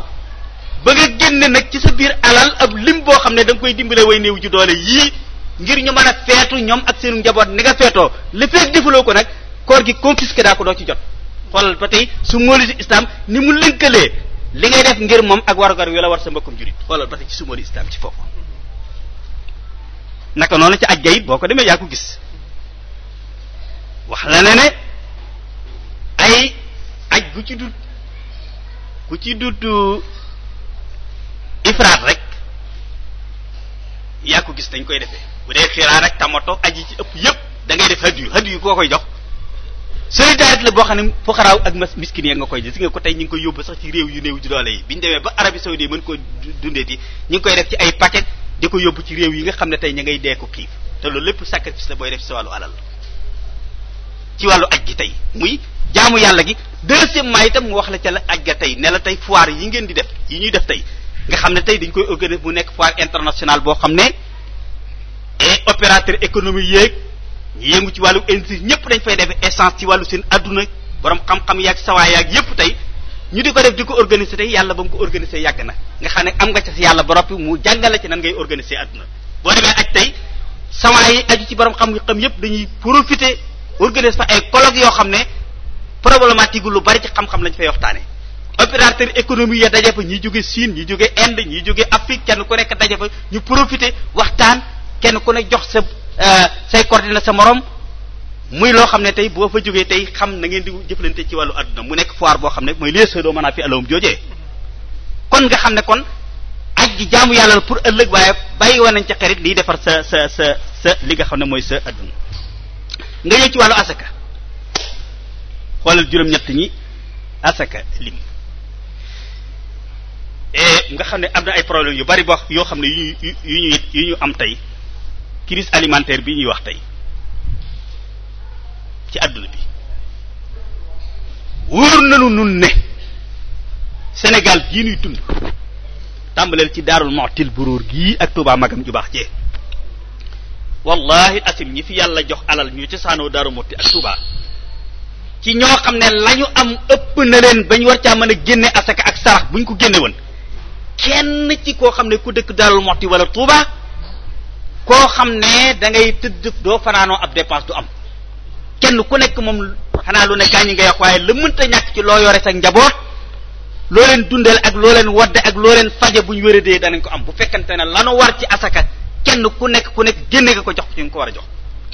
S2: ba nga génne nag ci sa biir alal ab lim boo xam ne da koy dimbale way néew ji doole yii ngir ñu mën a feetu ñoom ak seenu njaboot ni nga feetoo li fekk defaloo ko nag koor gi confisqué daa ko doo ci jot xoolal ba tey su móoli islam ni mu lënkalee li ngay def ngir moom ak warugar wi la war sa mbokkum jurit xoolal ba tey ci su móoli islam ci foofu naka noonu ci aj gay boo ko demee yaa ko gis wax la ne ne ay aj gu ci dut ku ci dut ifraat rek yaa ko gis dañ koy defee bu dee xiraa rek tamato aji ci ëpp yëpp da ngay def hadiyu hadiyu koo koy jox solidarité la boo xam ne fuqaraaw ak mas miskin ya nga koy gis nga ko tey ñu ngi koy yóbbu sax ci réew yu néew ji doole yi bi ñu demee ba Arabie saoudite mën koo dundeeti ngi koy def ci ay paquet di ko yóbbu ci réew yi nga xam ne tey ña ngay dee ko kiif te loolu lépp sacrifice la booy def ci wàllu alal ci wàllu aj gi tey muy jaamu yàlla gi deuxièmement itam mu wax la ca la aj ga tey ne la tey foire yi ngeen di def yi ñuy def tey nga xam ne tey dañ koy organiser mu nekk foire internationale boo xam ne et opérateur économie yeeg ñu yëngu ci wàllu industrie ñëpp dañ fay def essence ci wàllu seen adduna borom xam-xam yaag sawaay yaag yëpp tey ñu di ko def di ko organiser tey yàlla ba mu ko organiser yàgg na nga xam ne am nga ca si yàlla ba noppi mu jàngale ci nan ngay organiser adduna boo demee aj tey sawaay yi aju ci borom xam-xam yëpp dañuy profiter organiser fa ay colloques yoo xam ne problématique lu bari ci xam-xam fay waxtaanee. opérateur économique ya daje fa ñi jóge Chine ñi jóge Inde ñi jóge Afrique kenn ku nekk daje fa ñu profiter waxtaan kenn ku ne jox sa euh, say coordonnées sa morom muy loo xam ne tey boo fa jógee tey xam na ngeen di jëflante ci wàllu adduna mu nekk boo xam ne mooy liy seedoo mën a fi alawum kon nga xam ne kon ak gi jaamu yàlla pour ëllëg waaye bàyyi woon nañ ca xarit liy defar sa sa sa sa li nga xam ne mooy sa adduna nga ñëw ci wàllu asaka xoolal juróom-ñett ñi asaka lim Eh, nga xam ne am na ay problème yu bari boo yoo xam ne yu ñu yu ñu yu ñu am tey crise alimentaire bi ñuy wax tey ci àdduna bi wóor nañu nun ne Sénégal gii nuy tund tàmbaleel ci Daarul Muxtil buróor gii ak Touba magam ju baax jee wallahi asim ñi fi yàlla jox alal ñu ci saanoo Daarul Muxti ak Touba ci ñoo xam ne lañu am ëpp na leen ba ñu war caa mën a génne asaka ak sarax bu ñu ko génne woon kenn ci koo xam ne ku dëkk Darou Moukhty wala Touba koo xam ne da ngay tëdd doo fanaanoo ab dépense du am kenn ku nekk moom xanaa lu ne gaañ nga yàq waaye la mënta ñàkk ci loo yore sa njaboot loo leen dundal ak loo leen ak loo leen faje bu ñu wëree wéradee danañ ko am bu fekkante ne lanu war ci asaka kenn ku nekk ku nekk génne nga ko jox ci nga ko war a jox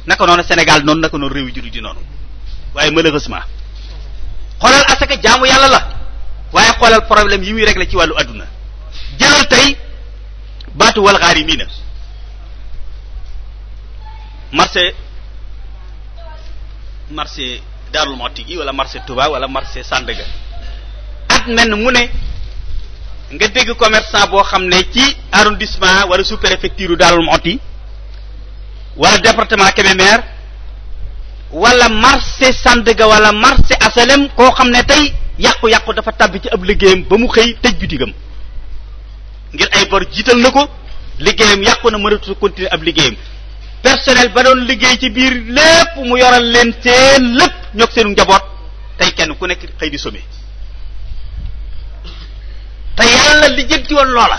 S2: naka noonu Sénégal noonu naka noonu réew yi juru di noonu waaye malheureusement xoolal asaka jaamu yàlla la waaye xoolal problème yi muy régler ci wàllu adduna jëlal tey baatu wal xaarimiina marché marché Darou Moukhty gi wala marché Touba wala marché Sandaga at menn mu ne nga dégg commerçant boo xam ne ci arrondissement wala sous préfecture Darou Moukhty wala département Kébémer wala marché Sandaga wala marché Asalem koo xam ne tey yàqu-yàqu dafa tàbbi ci ab liggéeyam ba mu xëy tëj bitigam ngir ay bor jiital na ko liggéeyam yàqu na mënatu continuer ab liggéeyam personnel ba doon liggéey ci biir lépp mu yoral leen seen lépp ñoog seenu njaboot tey kenn ku nekk xëy di some te yàlla li jëg ci woon loola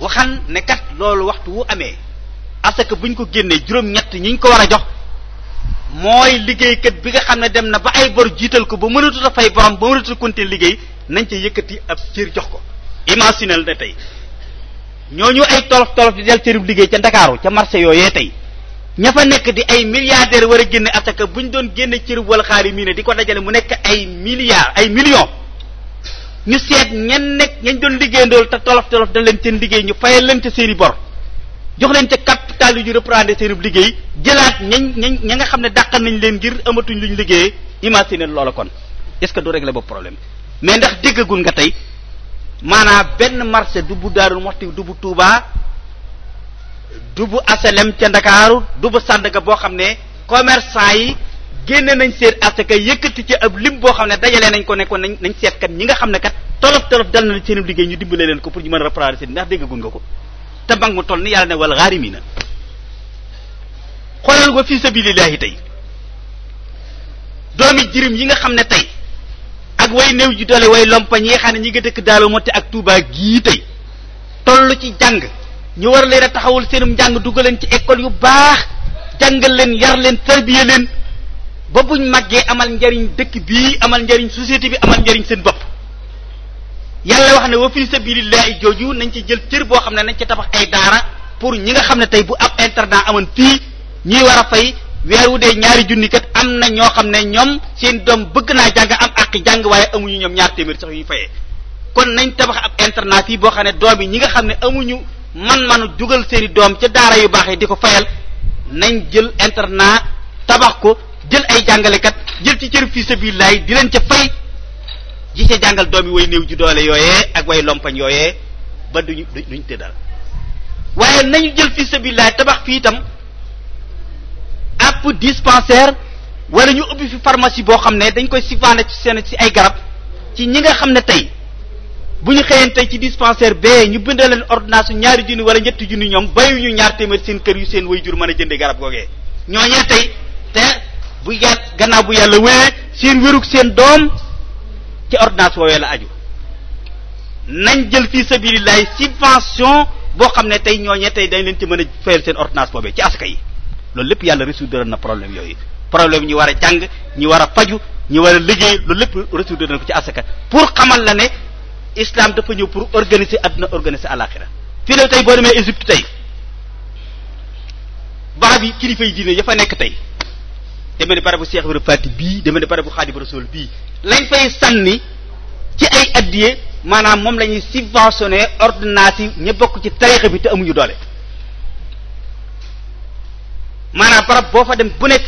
S2: waxan ne kat loolu waxtu wu amee asaka buñ ko génnee juróom-ñett ñi ñu ko war a jox mooy liggéeykat bi nga xam ne dem na ba ay bor jiital ko ba mënatut a fay borom ba mënatut a continuer liggéey nañ ca yëkkati ab cër jox ko imaginel de tey ñoo ñu ay tolof tolof di del cërub liggéey ca ndakaaru ca marché yooyee tey ña fa nekk di ay milliardaire war a génne asaka bu ñu doon génne cërub wala xaalis mii ne di ko dajale mu nekk ay milliards ay million ñu seet ñeen nekk ñañ doon liggéeyandool te tolof tolof dañ leen seen liggéey ñu fayal leen ca seen i bor jox leen ca capital yu ñu reprendre seen liggéey jëlaat ñañ ñañ ña nga xam ne dàqal nañ leen ngir amatuñ luñ liggéeyee imaginer loola kon est-ce que du régler boobu problème mais ndax déggagun nga tey maanaam benn marché du bu Daaru Muxti du bu Touba du bu aselem ca Ndakaaru du bu Sandaga boo xam ne commerçant yi génne nañ seen asaka yëkkati ci ab lim boo xam ne dajalee nañ ko nekkoon nañ nañ seet kat ñi nga xam ne kat tolof tolof dal na seen liggéey ñu dimbale leen ko pour ñu mën a reprendre seen ndax dégg gun nga ko te mag mu toll ni yàlla ne wal gharimina xoolal ko fi sabilillahi tey doomi jirim yi nga xam ne tey ak way new ji doole way lompañ yi xam ne ñi nga dëkk Daaru Muxti ak Touba gii tey toll ci jàng ñu war leen a taxawul seenum njàng dugaleen ci école yu baax jàngal leen yar leen tarbiya leen ba buñ màggee amal njariñ dëkk bii amal njariñ société bi amal njariñ seen bopp yàlla wax ne wa fi sabilillahi jooju nañ ci jël cër boo xam ne nañ ci tabax ay daara pour ñi nga xam ne tey bu ab internat amoon fii ñuy war fay weer wu dee ñaari junni am na ñoo xam ne ñoom seen doom bëgg naa jàng am àqi jàng waaye amuñu ñoom ñaar téeméer sax yu ñu kon nañ tabax ab internat yi boo xam ne doom yi ñi nga xam ne amuñu man-manu dugal seeni doom ca daara yu baax yi di ko fayal nañ jël internat tabax ko jël ay jàngalekat jël ci cër fii sa sabilillah di leen ca fay ji ca jàngal doom yi way néew ju doole yooyee ak way lompañ yooyee ba duñu duñ tëddal waaye nañu jël fii sabilillah tabax fii itam bépp dispensaire wala ñu ubbi fi pharmacie boo xam ne dañ koy sifaane ci seen ci ay garab ci ñi nga xam ne tey bu ñu xëyeen tey ci dispensaire bee ñu bindal leen ñaari junni wala ñetti junni ñoom bayuñu ñaar téeméer seen kër yu seen wayjur mën a jënde garab googee ñooñee tey te bu yàgg gannaaw bu yàlla wéyee seen wéruk seen doom ci ordonnance woowee la aju nañ jël fii sabilillahi subvention boo xam ne tey ñooñee tey dañ leen ci mën a fayal seen ordonnance boobee ci aska yi loolu lépp yàlla résoudre na problème yooyu problème ñu war a jàng ñu war a faju ñu war a liggéey loolu lépp résoudre na ko ci asaka pour xamal la ne islam dafa ñëw pour organiser adduna organiser alaxira fii la tey boo demee Égypte tey barab yi kilifa yi diine ya fa nekk tey deme ne barabu Cheikh Ibrahima Fati bii deme ne barabu Xaadimu Rasuul bii lañ fay sànni ci ay addiye maanaam moom la ñuy subventionné ordonnance ñu bokk ci tarixa bi te amuñu doole maanaam barab boo fa dem bu nekk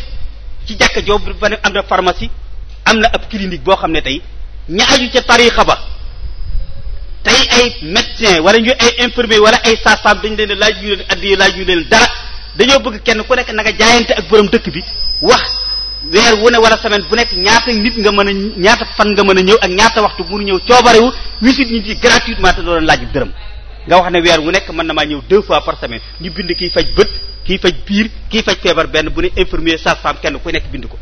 S2: ci jàkka joobu ba ne am na pharmacie am na ab clinique boo xam ne tey ña aju ca tariixa ba tey ay médecin wala ñu ay infirmier wala ay sage-femme dañu leen laaj ñu leen addiye laaj ñu leen dara dañoo bëgg kenn ku nekk na nga jaayante ak borom dëkk bi wax weer wu ne wala semaine bu nekk ñaata nit nga mën a ñaata fan nga mën a ñëw ak ñaata waxtu bu ñëw coobarewu visite nit yi gratuitement te doo leen laaj dërëm nga wax ne weer wu nekk mën na maa ñëw deux fois par semaine ñu bind kiy faj bët kii faj biir kii faj feebar benn bu ne infirmier sage-femme kenn ku nekk bind ko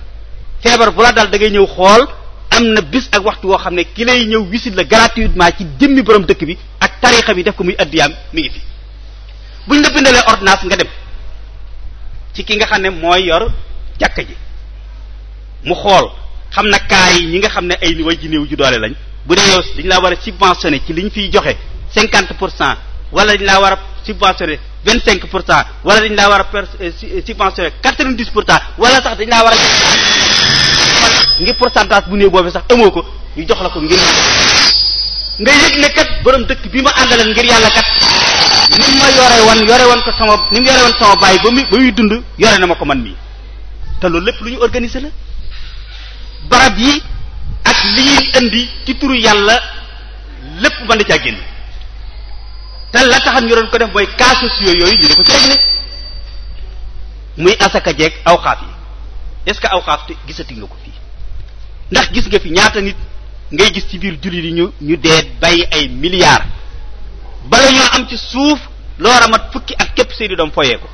S2: feebar bu la dal dangay ñëw xool am na bis ak waxtu woo xam ne ki lay ñëw wisit la gratuitement ci jëmmi boroom dëkk bi ak tarixa bi def ko muy addiyaam mi ngi fi buñ la bindalee ordonnance nga dem ci ki nga xam ne mooy yor jàkka ji mu xool xam na kaa yi ñi nga xam ne ay ni way ji ju doole lañ bu dee yow dañ laa war a subventionné ci li ñu fiy joxe cinquante pour cent wala dañ laa war a subventionné vingt-cinq pour cent wala dañ laa war a per eh, eh, subventionné quatre-vingt-dix pour cent wala sax dañ laa war a ngir pourcentage bu néew boobu sax amoo ko ñu jox la ko ngir nga yëg nekkat kat borom dëkk bi ma àndaleen ngir yàlla kat ni ma yore woon yore woon ko sama ni mu yore woon sama bàyyi ba muy ba muy dund yore na ma ko man mii te loolu lépp lu ñu organiser la barab yi ak li ñuy indi ci turu yàlla lépp mën na caa génn te la taxat ñu doon ko def mooy cas sociaux yooyu ñu di ko ci réglé muy asaka jeeg awxaaf yi est-ce que awxaaf te gisati nga ko fii ndax gis nga fi ñaata nit ngay gis ci biir jullit yi ñu ñu dee bàyyi ay milliards bala ñoo am ci suuf loo ramat fukki ak képp seeni doom foyee ko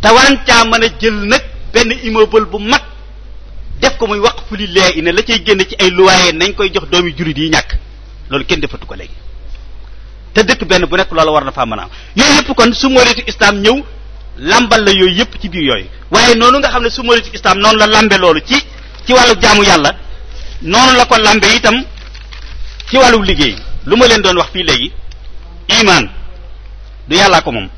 S2: te waran caa mën a jël nag benn immeuble bu mag def ko muy waqfu lillaahi ne la cay génn ci ay luwaaye nañ koy jox doomi jullit yi ñàkk loolu kenn defatu ko léegi te dëkk benn bu nekk loolu war na faa a am yooyu yëpp kon su moritu islam ñëw lambal la yooyu yëpp ci biir yooyu waaye noonu nga xam ne su moritu islam noonu la lambe loolu ci ci wàllu jaamu yàlla noonu la ko lambe itam ci wàllu liggéey lu ma leen doon wax fii léegi iman du yàllaa ko moom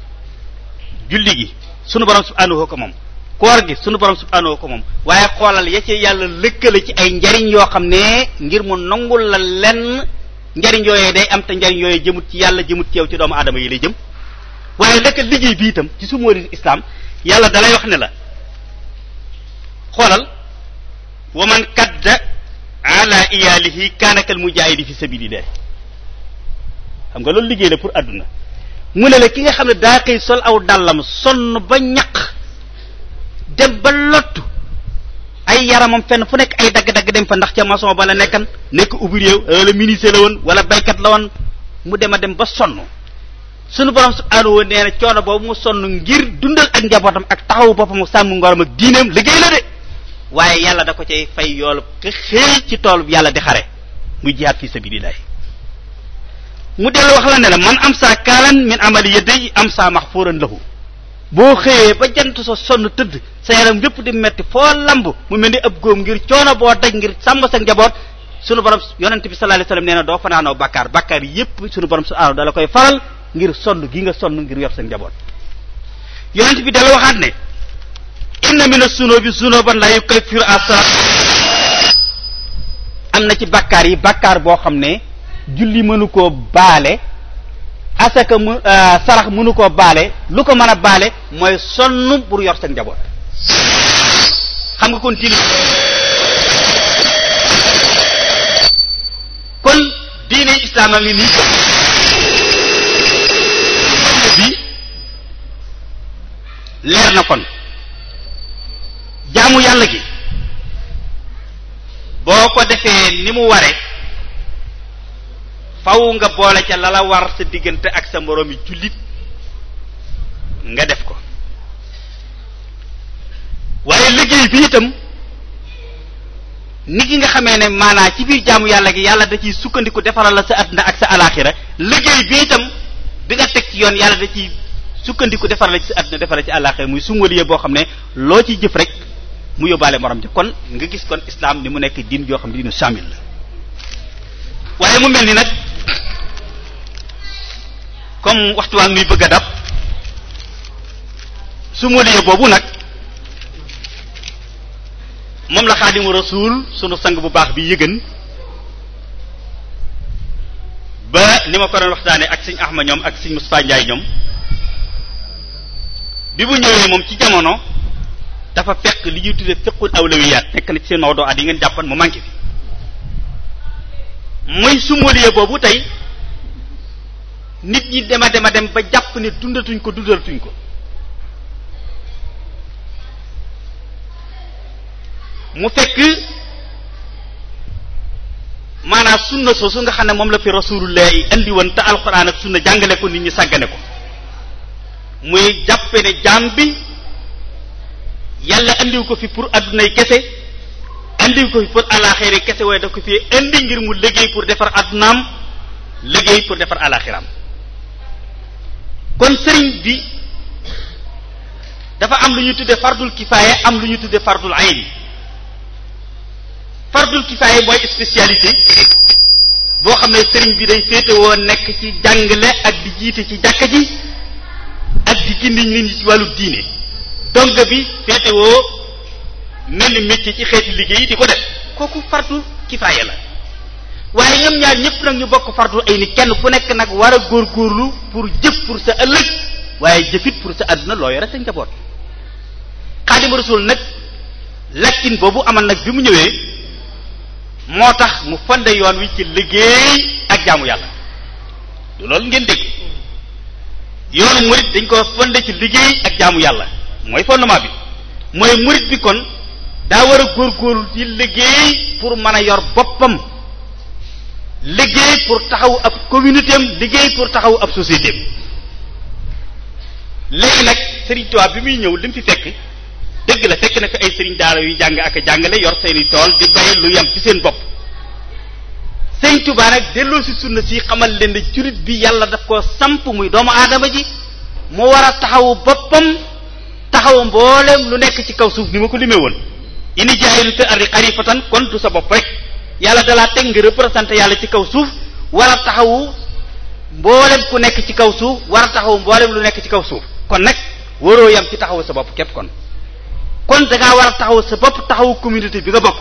S2: julli gi sunu borom subhaanahu ko moom koor gi sunu borom subhaanahu ko moom waaye xoolal ya ci yàlla lëkkale ci ay njariñ yoo xam ne ngir mu nangul la lenn njariñ yooyee day am te njariñ yooyee jëmut ci yàlla jëmut ci yow ci doomu aadama yi lay jëm waaye naka liggéey bi itam ci su sumóori islam yàlla dalay wax ne la xoolal wa man kadda ala iyaalihi kaanakal mujaahidi fi sabilillah xam nga loolu liggéey la pour àdduna mu ne la ki nga xam ne daa xëy sol aw dàllam sonn ba ñaq dem ba lottu ay yaramam fenn fu nekk ay dagg-dagg dem fa ndax ca maçon ba la nekkan nekk ouvrier wala euh, ministre la woon wala baykat la woon mu dem a dem ba sonn sunu borom subhaanahu boobu mu sonn ngir dundal ak njabootam ak taxawu boppam sàmm ngoram ak diineem liggéey la de waaye yàlla da ko cay fay yoolub ke ci toolu yàlla di xare muy jihaad fi sabilillah mu dellu wax la ne la man am saa kaalan min amali yëdday am saa max maxfuuran lahu boo xëyee ba jant sa sonn tëdd sa yaram lépp di metti foo lamb mu mel ni ab góom ngir coono boo daj ngir sàmm sa njaboot sunu borom yonant bi sallallahu alayhi wasallam nee na doo fanaanoo bakkaar bakkaar yépp sunu borom dala koy faral ngir sonn gi nga sonn ngir yor sa njaboot yonent bi dala waxaat ne inna mina sunubi sunuban la yukaffiru asar am na ci bakkaar yi bakkaar boo xam ne julli mënu koo baale asaka mu euh, sarax mënu koo baale lu ko mën a baale mooy sonn pour yor sa njaboot xam nga kon tilif kon diine islaam a ngi nii bi leer na kon jaamu yàlla gi boo ko defee ni mu ware faw nga boole ca la la war sa diggante ak sa moroomi jullit nga def ko waaye liggéey bi itam nit ki nga xamee ne maanaa ci biir jaamu yàlla gi yàlla da ciy sukkandiku defaral la sa àdduna ak sa alaxira liggéey bi itam bi nga teg yoon yàlla da ciy sukkandiku defaral la ci sa àdduna defaral ci muy sumaliye boo xam ne loo ciy jëf rek mu yóbbaale morom ja kon nga gis kon islam ni mu nekk diin joo xam ne diinu shamil la waaye mu mel ni nag comme waxtu waa nuy bëgg a dab su moliye boobu nag moom la xaadimu rasuul sunu sang bu baax bi yëgën ba ni ma ko doon waxtaane ak sëñ Ahma ñoom ak sëñ Moustapha ñoom bi bu ñëwee moom ci jamono dafa fekk li ñuy tuddee fiqul awlawiyaat nekk na ci seen mawdoo at yi ngeen jàppoon mu manqué fi mooy sumaliya boobu tey nit ñi dema dema dem ba jàpp ni dundatuñ ko dundatuñ ko mu fekk maanaam sunna soosu nga xam ne moom la fi rasulullah yi andi woon te alxuraan ak sunna jàngale ko nit ñi sàggane ko muy jàpp ne jaam bi yàlla andiw ko fi pour àdduna addunay kese andiw ko fi pour alaxira kese wooy daf ko fi indi ngir mu liggéey pour defar addunaam liggéey pour defar alaxiraam kon sëriñ bi dafa am lu ñu tudde fardul kifaaya am lu ñu tudde fardul ayni fardul kifaaya mooy spécialité boo xam ne sëriñ bi day féetewoo nekk ci jàngale ak di jiite ci jàkka ji ak di gindi nit ñi ci wàllu diine dong bi féetewoo mel ni métier ci xeeti liggéey di ko def kooku fardu kifaaya la waaye ñoom ñaar ñëpp nag ñu bokk fardu ay nit kenn ku nekk nag war a góor góorlu pour jëf pour sa ëllëg waaye jëfit pour sa àdduna loo yore sa njaboot xaadima rasul nag lakkin boobu amal nag bi mu ñëwee moo tax mu fonde yoon wi ci liggéey ak jaamu yàlla du loolu ngeen dégg yoonu murit dañ ko fonde ci liggéey ak jaamu yàlla mooy fondement bi mooy murit bi kon daa war a góor di liggéey pour mën a yor boppam liggéey pour taxaw ab communauté am liggéey pour taxaw ab société am léegi nag Sëriñ Tuubaa bi muy ñëw lim fi fekk dëgg la fekk na fi ay sëriñ daara yuy jàng ak a jàngale yor seeni tool di bay lu yam ci seen bopp Sëriñ Tuubaa nag delloo si sunna si xamal leen ne jullit bi yàlla daf ko samp muy doomu aadama ji mu war a taxawu boppam taxaw mboolem lu nekk ci kaw suuf ni ma ko limee woon ini jaayilu fil ardi xarifatan kon du sa bopp rek yàlla dalaa teg nga représenté yàlla ci kaw suuf war a taxawu mboolem ku nekk ci kaw suuf war a taxawu mboolem lu nekk ci kaw suuf kon nag waroo yam ci taxawu sa bopp képp kon kon da war a taxawu sa bopp taxawu communauté bi nga bokk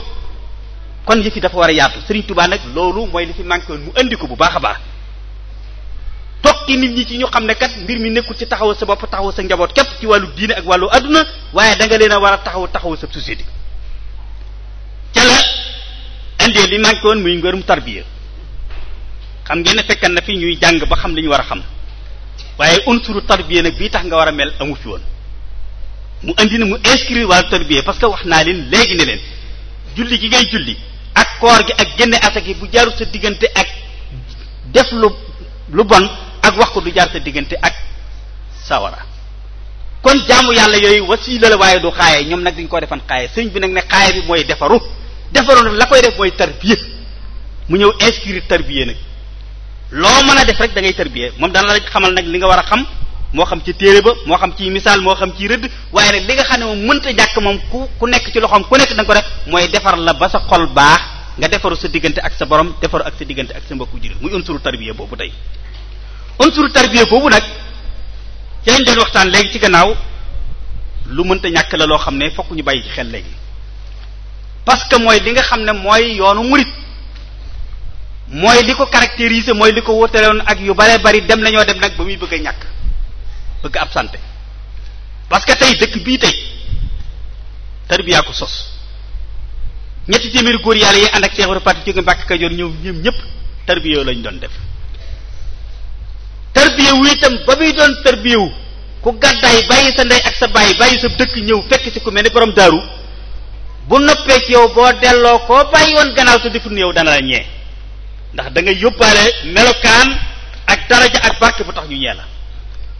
S2: kon yëf dafa war a yaatu Serigne Touba nag loolu mooy li fi manqué mu andi ko bu baax a baax tokki nit ñi ci ñu xam ne kat mbir mi nekkul ci taxawu sa bopp taxawu sa njaboot képp ci wàllu ak wàllu adduna waaye da nga leen a war a taxawu taxawu sa société ca la indee li manqué woon muy ngërum tarbiya xam ngeen ne fekkan na fi ñuy jàng ba xam li war a xam waaye unsuru tarbiya nag bii tax nga war a mel amu fi woon mu indi na mu inscrire wàllu tarbiya parce que wax naa leen léegi ne leen julli gi ngay julli ak koor gi ak génne asaki bu jaarul sa diggante ak def lu bon ak wax ko du jaar sa diggante ak sawara kon jaamu yàlla yooyu wasiila la waaye du xaaye ñoom nag dañ koo defan xaaye sëñ bi nag ne xaaye bi mooy defaru defaroon la koy def mooy tarbiya mu ñëw inscrire tarbiya nag loo mën a def rek da ngay moom dana la xamal nag li nga war a xam moo xam ci téere ba moo xam ci misaal moo xam ci rëdd waaye li nga xam ne moom mënta ñàkk moom ku ku nekk ci loxoom ku nekk da ko rek mooy defar la ba sa xol baax nga defaru sa diggante ak sa borom defaru ak sa diggante ak sa mbokku jullit muy unsuru tarbiya boobu tey unsuru tarbiya boobu nag ci lañ doon waxtaan léegi ci gannaaw lu mënta la loo xam ne fokk ñu bàyyi ci xel léegi parce que mooy li nga xam ne mooy yoonu murit mooy li ko caractériser mooy li ko wóotalewoon ak yu bare bari dem nañoo dem nag ba muy bëgg a ñàkk bëgg ab santé parce que tey dëkk bii tey tarbiyaa ko sos ñetti téeméeri góor yàlla yi ànd ak Cheikh Ibra Faty jóge Mbàkke Kajoor ñëw ñoom ñëpp tarbiya lañu doon def tarbiya wu itam ba muy doon tarbiya wu ku gàddaay bàyyi sa ndey ak sa bàyyi bàyyi sa dëkk ñëw fekk ci ku mel ni borom daaru bu noppee ci yow boo delloo koo bàyyi woon gannaaw te deful yow dana la ñee ndax da nga yóbbaale melokaan ak daraja ak barke bu tax ñu ñee la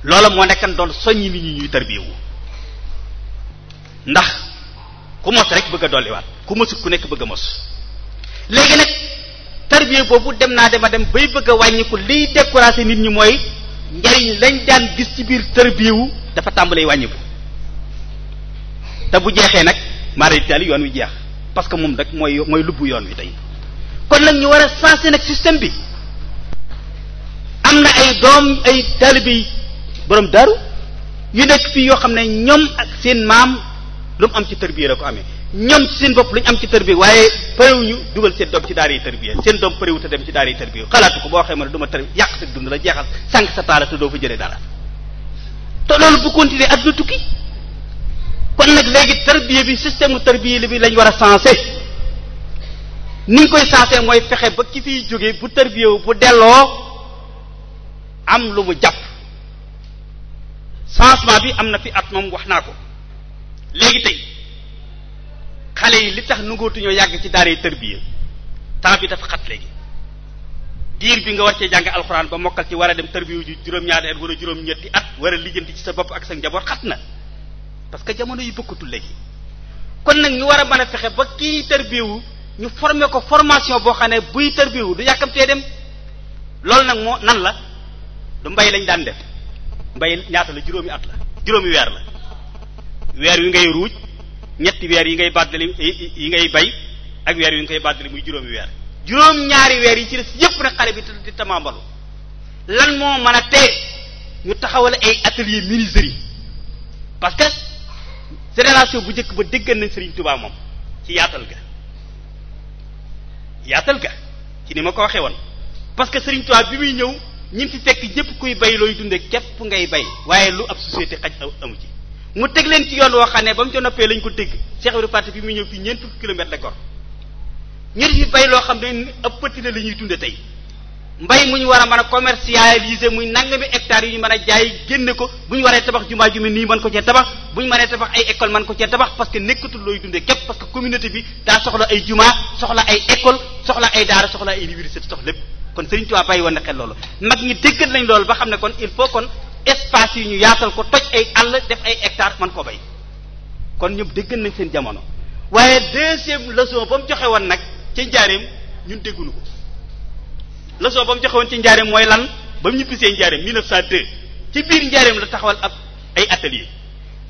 S2: loola moo nekkan doon soññi nit ñi ñuy tarbiyewu ndax ku mos rek bëgg a dolliwaat ku mosut ku nekk bëgg a mos léegi nag tarbiye boobu dem naa a dem bay bëgg a wàññiku liy décourager nit ñi mooy njariñ lañ daan gis ci biir tarbiyewu dafa tàmbalee wàññiku te bu jeexee nag maara taali yoon wi jeex parce que moom rek mooy mooy lubbu yoon wi tey kon nag ñu war a sensé nag système bi am na ay doom ay taalibe boroom daaru yu nekk fii yoo xam ne ñoom ak seen maam lu mu am ci tërbiya la ko amee ñoom ci seen bopp lu ñu am ci tërbiya waaye ñu dugal seen doom ci daara yi tërbiya seen doom parewu te dem ci daara yi tërbiya xalaatu ko boo xee ma ne du ma tërbiya yàq sa dund la jeexal sànq sa taala te doo fa jëlee dara te loolu bu continuer adduna tukki kon nag léegi tarbiya bi système mu tarbiya bi lañ war a sensé ni koy sensé mooy fexe ba ki fiy jóge bu tarbiya bu delloo am lu mu jàpp changement bi am na fi at moom wax naa ko léegi tey xale yi li tax nangootuñoo yàgg ci daaray tarbiya temps bi dafa xat léegi diir bi nga war cee jàng alxuraan ba mokkal ci war a dem tarbiya ju juróom-ñaari at wala juróom-ñetti at war a lijjanti ci sa bopp ak sa njaboot xat na parce que jamono yi bëkkatul léegi kon nag ñu war a mën a fexe ba kii tarbiwu ñu formé ko formation boo xam ne buy tarbiwu du yàkkamtee dem loolu nag moo nan la du mbay lañ daan def mbay ñaata la juróomi at la juróomi weer la weer wi ngay ruuj ñetti weer yi ngay bàddali yi ngay bay ak weer wi nga koy bàddali muy juróomi weer juróom ñaari weer yi ci des yëpp nag xale bi di tamaambalu lan moo mën a te ñu taxawal ay atelier menuiserie parce génération bu njëkk ba déggal nañ Serigne Touba moom ci yaatal ga yaatal ga ci ni ma ko waxee woon parce que Serigne Touba bi muy ñëw ñin fi fekk ñëpp kuy bay looy dundee képp ngay bay waaye lu ab société xaj amu ci mu teg leen ci yoon woo xam ne ba mu ca noppee lañ ko dégg Cheikh Ibrahima Faty bi muy ñëw fii ñeent fukki kilomètres la gor ñetti fi bay loo xam ne ëppati na li ñuy dundee tey mbay mu ñu war a mën a commercialiser muy nangami hectares yu ñu mën a jaay génne ko bu ñu waree tabax jumaa ju mel nii mën ko cee tabax bu ñu mënee tabax ay école mën ko cee tabax parce que nekkatul looy dundee képp parce que communauté bi daa soxla ay jumaa soxla ay école soxla ay daara soxla ay université soxla lépp kon Serigne Touba bàyyi woon na xel loolu mag ñi déggat nañ loolu ba xam ne kon il faut kon espace yi ñu yaatal ko toj ay àll def ay hectares mën koo bay kon ñoom déggat nañ seen jamono waaye deuxième leçon ba mu joxe woon nag ca njaareem ñun dégguñu leçon ba mu joxewoon ci njaareem mooy lan ba mu ñibbisee njaareem 1902 ci biir njaareem la taxawal ab ay atelier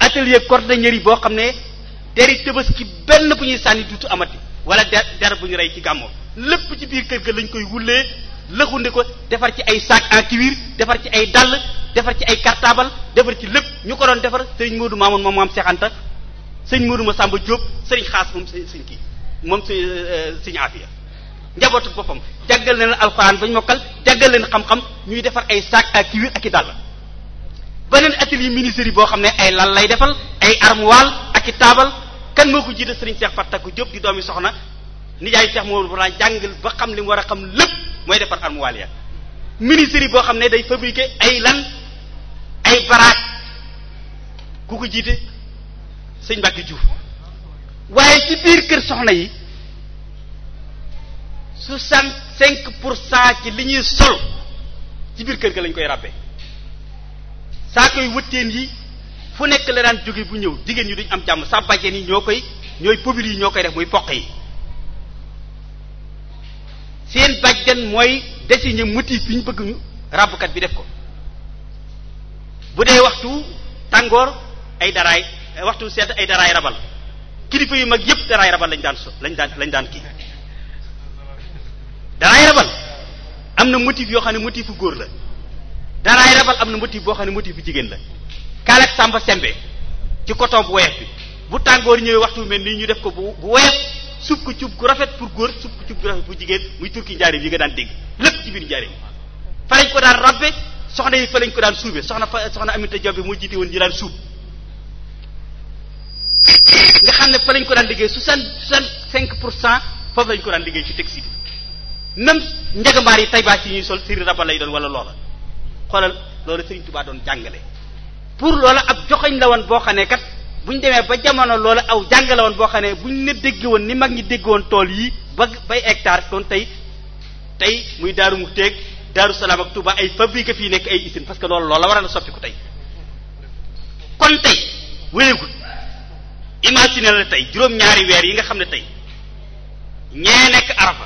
S2: atelier cordonnier boo xam ne deri tabaski benn bu ñuy sànni duutu amati wala der der bu ñu rey ci gàmmoo lépp ci biir kër gi lañ koy wullee lëxunde ko defar ci ay sac en cuir defar ci ay dàll defar ci ay cartable defar ci lépp ñu ko doon defar sëñ Modou amoon moom am Cheikh Anta sëñ Modou Massamba Diop sëñ Xaas moom sëñ kii moom sëñ njabootu boppam jàggal leen alxuraan bañ mokkal jàggal leen xam-xam ñuy defar ay saak ak kiwir ak i dàll beneen atelier ministère boo xam ne ay lal lay defal ay armoire ak i taabal kenn moo ko jiite sëriñ Cheikh Fatakou Diop di doomi soxna nijaayu Cheikh Mawlou Bourhan jàngal ba xam li mu war a xam lépp mooy defar armoire ya ministère boo xam ne day fabriquer ay lan ay baraak ku ko jiite sëñ Mbacke Diouf waaye ci biir kër soxna yi soixante cinq pour cent ci li ñuy sol ci biir kër gi lañu koy ràbbe saa koy wëtteen yi fu nekk la daan jóge bu ñëw jigéen ñi duñ am jàmm sàbbajeen yi ñoo koy ñooy pobile yi ñoo koy def muy poq yi seen bajjan mooy désigner motif bi ñu bëgg ñu ràbbkat bi def ko bu dee waxtu tàngoor ay daraay waxtu seet ay daraay rabal kilifa yu mag yëpp daraay rabal lañ daan so lañ daan daan kii danaay rabal am na motif yoo xam ne motif bu góor la danaay rabal am na motif boo xam ne motif bu jigéen la kaalak sàmba sembe ci coton bu woyof bi bu tàngoor ñëwee waxtu mel nii ñu def ko bu bu woyof suuf ko cub gu rafet pour góor suuf ko cub gu rafet pour jigéen muy turki njaarim yi nga daan dégg lépp ci biir njaarim fa lañ ko daan rabbe soxna yi fa ko daan suube soxna fa soxna Aminata Diop bi moo jiite woon ñi daan suub nga xam ne fa lañ ko daan liggéey soixante soixante cinq pour cent foofu lañ ko daan liggéey ci textile même njëgëmbaar yi tay baa ci ñuy sol siri raba lay doon wala loola xoolal loolu Sëriñ tubaa doon jàngale pour loola ab joxañ la woon boo xam ne kat buñ demee ba jamono loola aw jàngale boo xam ne buñ la dégg woon ni mag ñi dégg tool yi ba bay hectare kon tey tey muy daaru mu teeg daaru salaam ak Touba ay fabrique fii nekk ay usine parce que loolu loola war a ko tey kon tey wéreegul imaginer tey juróom-ñaari weer yi nga xam ne tey ñee nekk arafa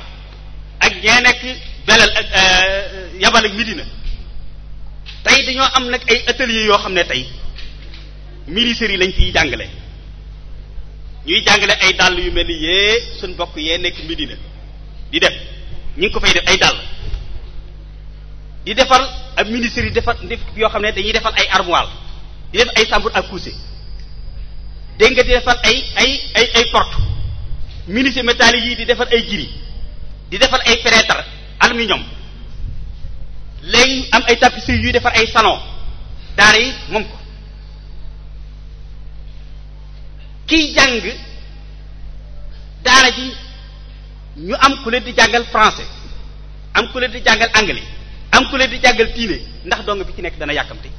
S2: ak ñee nekk belal ak euh, euh, yabal ak Medina tey dañoo am nag ay atelier yoo xam ne tey menuiserie lañ ciy jàngale ñuy jàngale ay dàll yu mel ni yee suñ bokk yee nekk Medina di def ñu ngi ko fay def ay dàll di defar ak menuiserie defar yoo xam ne dañuy defal ay armoire di def ay chambre ak coucher dégg nga di defal ay ay ay ay porte menuisier métallique yi di defar ay giri di defar ay fenêtre aluminium léegi am ay tapisserie yuy defar ay salon daara yi moom ko kiy jàng daara ji ñu am ku di jàngal français am ku di jàngal anglais am ku di jàngal diine ndax dong bi ci nekk dana yàkkamti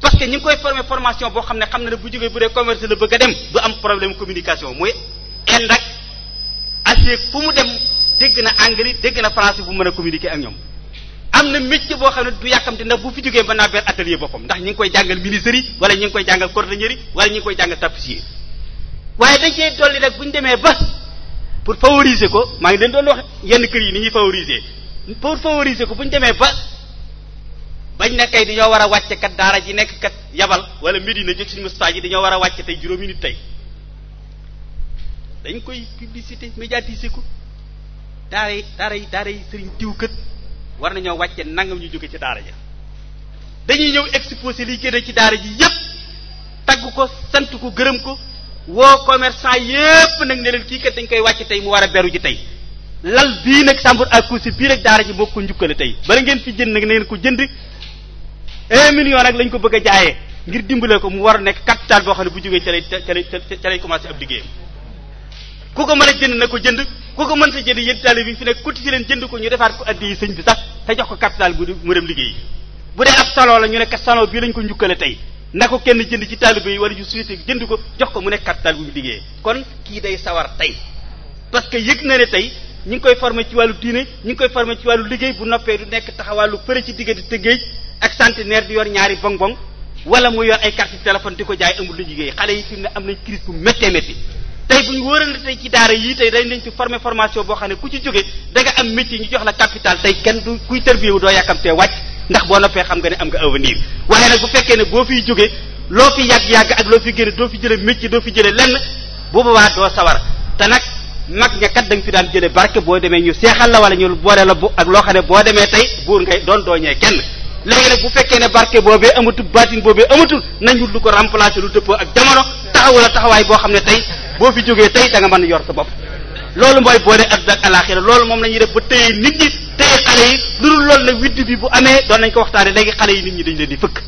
S2: parce que ñu ngi koy former formation boo xam ne xam na ne bu jógee bu dee commerce la bëgg a dem du am problème communication mooy end ak fu mu dem dégg na anglais dégg na français bu mën a communiqué ak ñoom am na métier boo xam ne du yàkkamte ndax bu fi jógee mën naa ber atelier boppam ndax ñi ngi koy jàngal ministère yi wala ñi ngi koy jàngal cordonnier yi wala ñi ngi koy jàngal tapissier waaye dañ cee dolli rek bu ñu demee ba pour favoriser ko maa ngi leen doon wax yenn kër yi ni ñuy favoriser pour favoriser ko bu ñu demee ba bañ na kay dañoo war a wàcce kat daara ji nekk kat yabal wala Medina jóg suñu Moustapha ji dañoo war a juróomi tey dañ koy publicité médiatiser ko daara yi daara yi daara yi sëriñ diw kët war nañoo wàcce nangam ñu jóge ci daara ja dañuy ñëw exposé liy génne ci daara ji yépp tagg ko sant ko gërëm ko woo commerçant yépp nag ne leen kii kat dañ koy wàcce tey mu war a beru ji tey lal bii nag Sambour ak Kousi bii rek daara ji moo ko njukkale tey bala ngeen fi jënd nag na ngeen ko jënd un million nag lañ ko bëgg a jaayee ngir dimbale ko mu war a nekk capital boo xam ne bu jógee ca lay ca lay ca lay commencé ku ko mën a jënd na ko jënd ku ko mën sa jënd yéen taalibe bi fi nekk kuti ci leen jënd ko ñu defaat ko addi yi sëñ bi sax te jox ko capital gu mu dem liggéey bu dee ab salon la ñu nekk salon bii lañ ko njukkale tey na ko kenn jënd ci taalibe yi wala ñu société jënd ko jox ko mu nekk capital gu liggéey kon kii day sawar tey parce que yëg na ne tey ñu ngi koy forme ci wàllu diine ñu ngi koy formé ci wàllu liggéey bu noppee du nekk taxawàllu fëre ci diggante tëggéej ak centenaire di yor ñaari bonbon wala mu yor ay carte téléphone di ko jaay amul lu liggéey xale yi fi mu tey bu ñu wóorante tey ci daara yii tey day leen ci former formation boo xam ne ku ci jóge da nga am métier ñu jox la capital tey kenn du kuy tërbiye wu doo yàkkamtee wàcc ndax boo noppee xam nga ne am nga avenir waaye nag bu fekkee ne boo fiy jógee loo fi yàgg-yàgg ak loo fi génne doo fi jële métier doo fi jële lenn bu boobaa doo sawar te nag mag ña kat da nga fi daan jële barke boo demee ñu seexal la wala ñu boole la bu ak loo xam ne boo demee tey buur ngay doon dooñee kenn léegi nag bu fekkee ne barke boobee amatul baatin boobee amatul nañu lu ko remplacer lu dëppoo ak jamono taxawu la taxawaay boo xam ne tey boo fi jógee tey da nga mën a yor sa bopp loolu mooy boole adduna ak alaxira loolu moom la ñuy def ba téye nit ñi téye xale yi lu dul loolu nag widd bi bu amee doon nañ ko waxtaane léegi xale yi nit ñi dañ leen di fëkk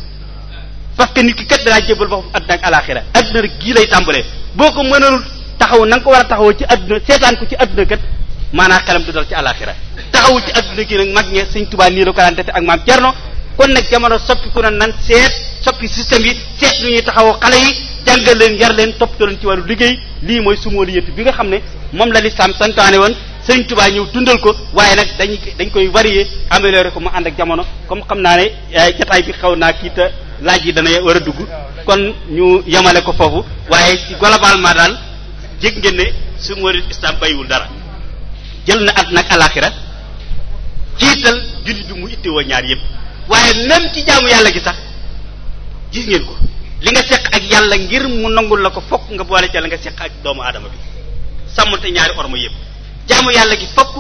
S2: parce que nit ki kat danaa jébal boppam adduna ak alaxira adduna gii lay boo ko mënalul taxaw na nga ko war a taxawu ci adduna seetaan ko ci adduna kat maanaam xelam du dal ci alaxira taxaw ci adduna gi nag mag ñe sëñ Tuubaa nii la ko daan defe ak kon nag jamono soppiku na nan seet soppi système yi seet lu ñuy taxawoo xale yi jàngal leen yar leen toppatoo leen ci wàllu liggéey lii mooy sumooliyatu bi nga xam ne moom la lislaam santaane woon sëriñ Tuubaa ñëw dundal ko waaye nag dañ dañ koy varier améliorer ko mu ànd ak jamono comme xam naa ne eh, jataay bi xaw naa kii te laaj yi dana war a dugg kon ñu yamale ko foofu waaye ci globalement daal jég ngeen ne sumooli bayiwul dara jël na at nag alaxira jiital mu ittewoo ñaar yëpp waaye même ci jaamu yàlla gi sax gis ngeen ko li nga seq ak yàlla ngir mu nangul la ko fokk nga boole ca la nga seq ak doomu aadama bi sàmmante ñaari orma yëpp jaamu yàlla gi fokk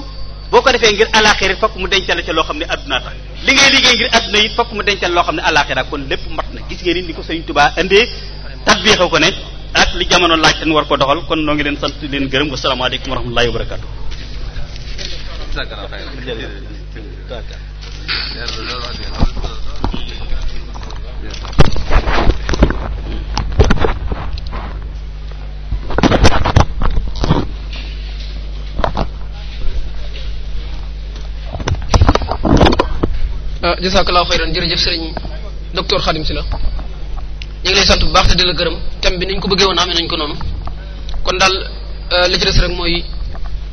S2: boo ko defee ngir alaxira fokk mu dencal la ci loo xam ne àdduna tax li ngay liggéey ngir adduna yi fokk mu dencal loo xam ne alaxira kon lépp mat na gis ngeen ni ko Sëriñ Tuubaa indee tatbiixoo ko ne ak li jamono laaj leen war ko doxal kon noo ngi leen sant leen gërëm wasalaamaaleykum wa rahmatullahi wa barakatu Euh,
S1: jazakallahu xayran jërëjëf sëriñ
S3: docteur Khadim Sylla ñu ngi lay sant bu baax te di la gërëm thème bi niñ ko bëggee woon amee nañ ko noonu kon daal euh, li ci des mooy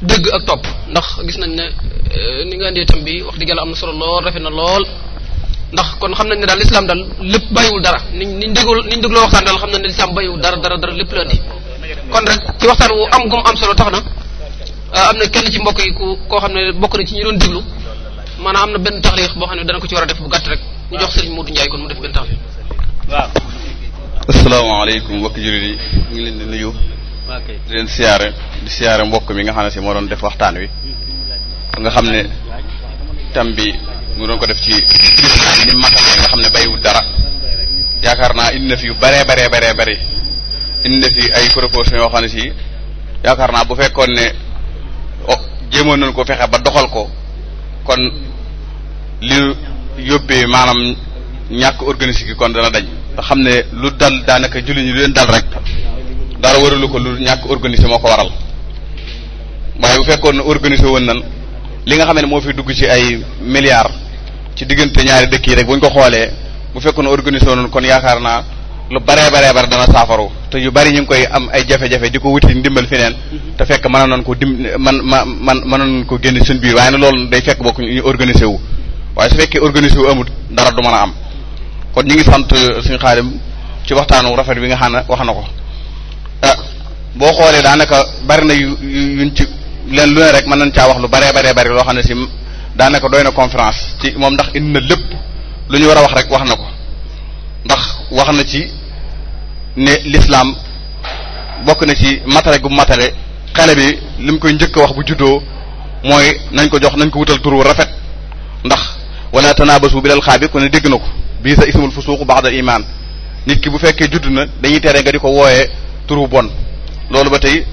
S3: dëgg ak topp ndax gis nañ ne Euh, ni nga indee tam bi wax dëgg yàlla am na solo lool rafet na lool ndax kon xam nañ ne daal lislaam daal lépp bàyyiwul dara niñ niñ déggul niñ dégloo waxtaan daal xam nañ ne lislaam bàyyiwul dara dara dara lépp la di kon rek ci waxtaan wu am gum am solo tax na euh, am na kenn ci mbokk yi ku koo xam ne bokk na ci ñu doon déglu maanaam am na benn taxriix boo xam ne dana ko ci war a def bu gàtt rek ñu jox Serigne Modou Ndiaye kon mu def benn taxriix
S4: waaw asalaamaaleykum mbokki jullit ñu ngi leen di nuyu di leen siyaare di mi nga xam ne si moo doon def waxtaan wi nga xam ne tam bi mu doon ko def ci ni matale nga xam ne bayiwul dara yaakaar naa indi na fi yu baree baree baree bëri indi na fi ay propositions yoo xam ne si yaakaar naa bu fekkoon ne oh jéemoon nañu ko fexe ba doxal ko kon li yóbbee maanaam ñàkk organique gi kon dana dañ te xam ne lu dal daanaka julli ñu leen dal rek dara waralu ko lu ñàkk organiser moo ko waral waaye bu fekkoon ne organiser nan li nga xam ne moo fi dugg ci ay milliards ci diggante ñaari dëkk yi rek bu ñu ko xoolee bu fekkoon organisé woon kon yaakaar naa lu baree baree bare dana saafaru te yu bari ñu ngi koy am ay jafe-jafe di ko wuti ndimbal feneen mhm. te fekk mën a nañu ko dim man ma man mën nañu ko génn seen biir waaye nag loolu day fekk bokk ñu organisé wu waaye su fekkee organisé wu amut dara du mën a am kon ñu ngi sant suñu xaadim ci waxtaanu rafet wi nga xam ne wax na ko ah, boo xoolee daanaka bari na yu yuñ ci leen lu ne rek mën nañ caa wax lu baree bare bari loo xam ne si daanaka doy na conférence ci moom ndax indi na lépp lu ñu war a wax rek wax na ko ndax wax na ci ne lislaam bokk na ci matale gu matale xale bi li mu koy njëkk wax bu juddoo mooy nañ ko jox nañ ko wutal turu rafet ndax wala tanabasu bilal xaabi ku ne dégg na ko bii sa ismul baax ba'da iman nit ki bu fekkee judd na dañuy tere nga di ko wooyee turu bon loolu ba tey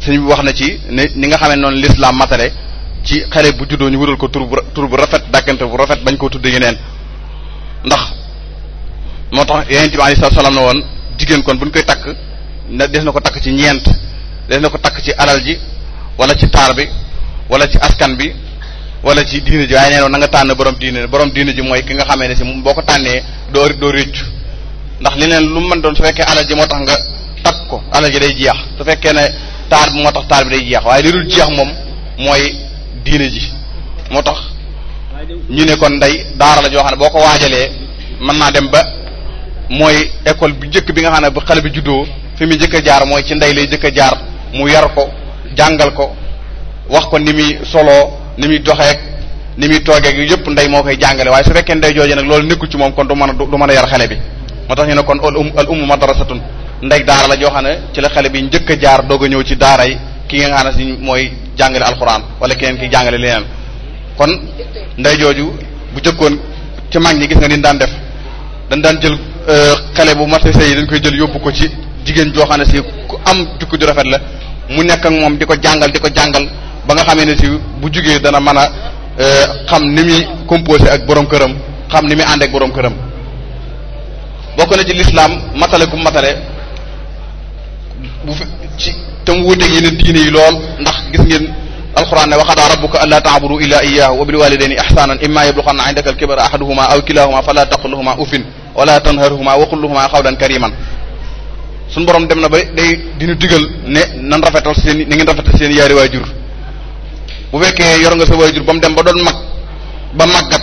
S4: sëñ wax na ci ne ni nga xamee noonu l'islam matale ci xale bu juddoo ñu wutal ko tur bu bu rafet dàkkante bu rafet bañ koo tudd yeneen ndax moo tax yonent bi alayhi salaam na woon jigéen kon bu ñu koy takk na des na ko takk ci ñeent des na ko takk ci alal ji wala ci taar bi wala ci askan bi wala ci diine ji waaye nee na nga tànn borom diine borom diine ji mooy ki nga xamee ne si boo ko tànnee doo doo réccu ndax li neen lu mën doon su fekkee alal ji moo tax ko alal ji day jeex taar bi moo tax taar bi day jeex waaye li dul jeex moom mooy diine ji moo tax ñu ne kon ndey daara la joo ne boo ko waajalee mën naa dem ba mooy école bi njëkk bi nga xam ne bu xale bi juddoo fi mu njëkk jaar mooy ci ndey lay jëkk a jaar mu yar ko jàngal ko wax ko ni muy soloo ni muy doxeek ni muy toogeek yëpp ndey moo koy jàngale waaye su fekkee ndey jooje nag loolu nekkul ci moom kon du mën a yar xale bi moo tax ñu ne kon al um al dara madrasatun ndey daara la joo xam ne ci la xale bi njëkk jaar doog a ñëw ci daara yi ki nga xam ne mooy jàngale alxuraan wala keneen ki jàngale leneen kon ndey jooju bu jëkkoon ci mag ñi gis nga ni daan def dañ daan jël euh, xale bu mate sey dañ koy jël yóbbu ko ci jigéen joo xam ne si ku am jukku ju rafet la mu nekk ak moom di ko jàngal di ko jàngal ba nga xamee ne si bu jugee dana mën a euh, xam ni muy composé ak borom këram xam ni muy ànd boroom borom këram bokk na ci lislaam matale ku matale bu fe ci tam wuuteeg yeneen diine yi lool ndax gis ngeen alquran ne waxadaa rabbuka allaa taabudu illa iyyahu wa bil walidayni ihsanan imma yablughanna indaka al-kibara ahaduhuma aw kilahuma fala taqul lahuma uffin wala tanharhuma wa qul lahuma qawlan kariman suñu borom dem na ba day diñu digal ne nan rafetal seen na ngeen rafetal seen yaari waajur bu fekkee yor nga sa waajur ba mu dem ba doon mag ba màggat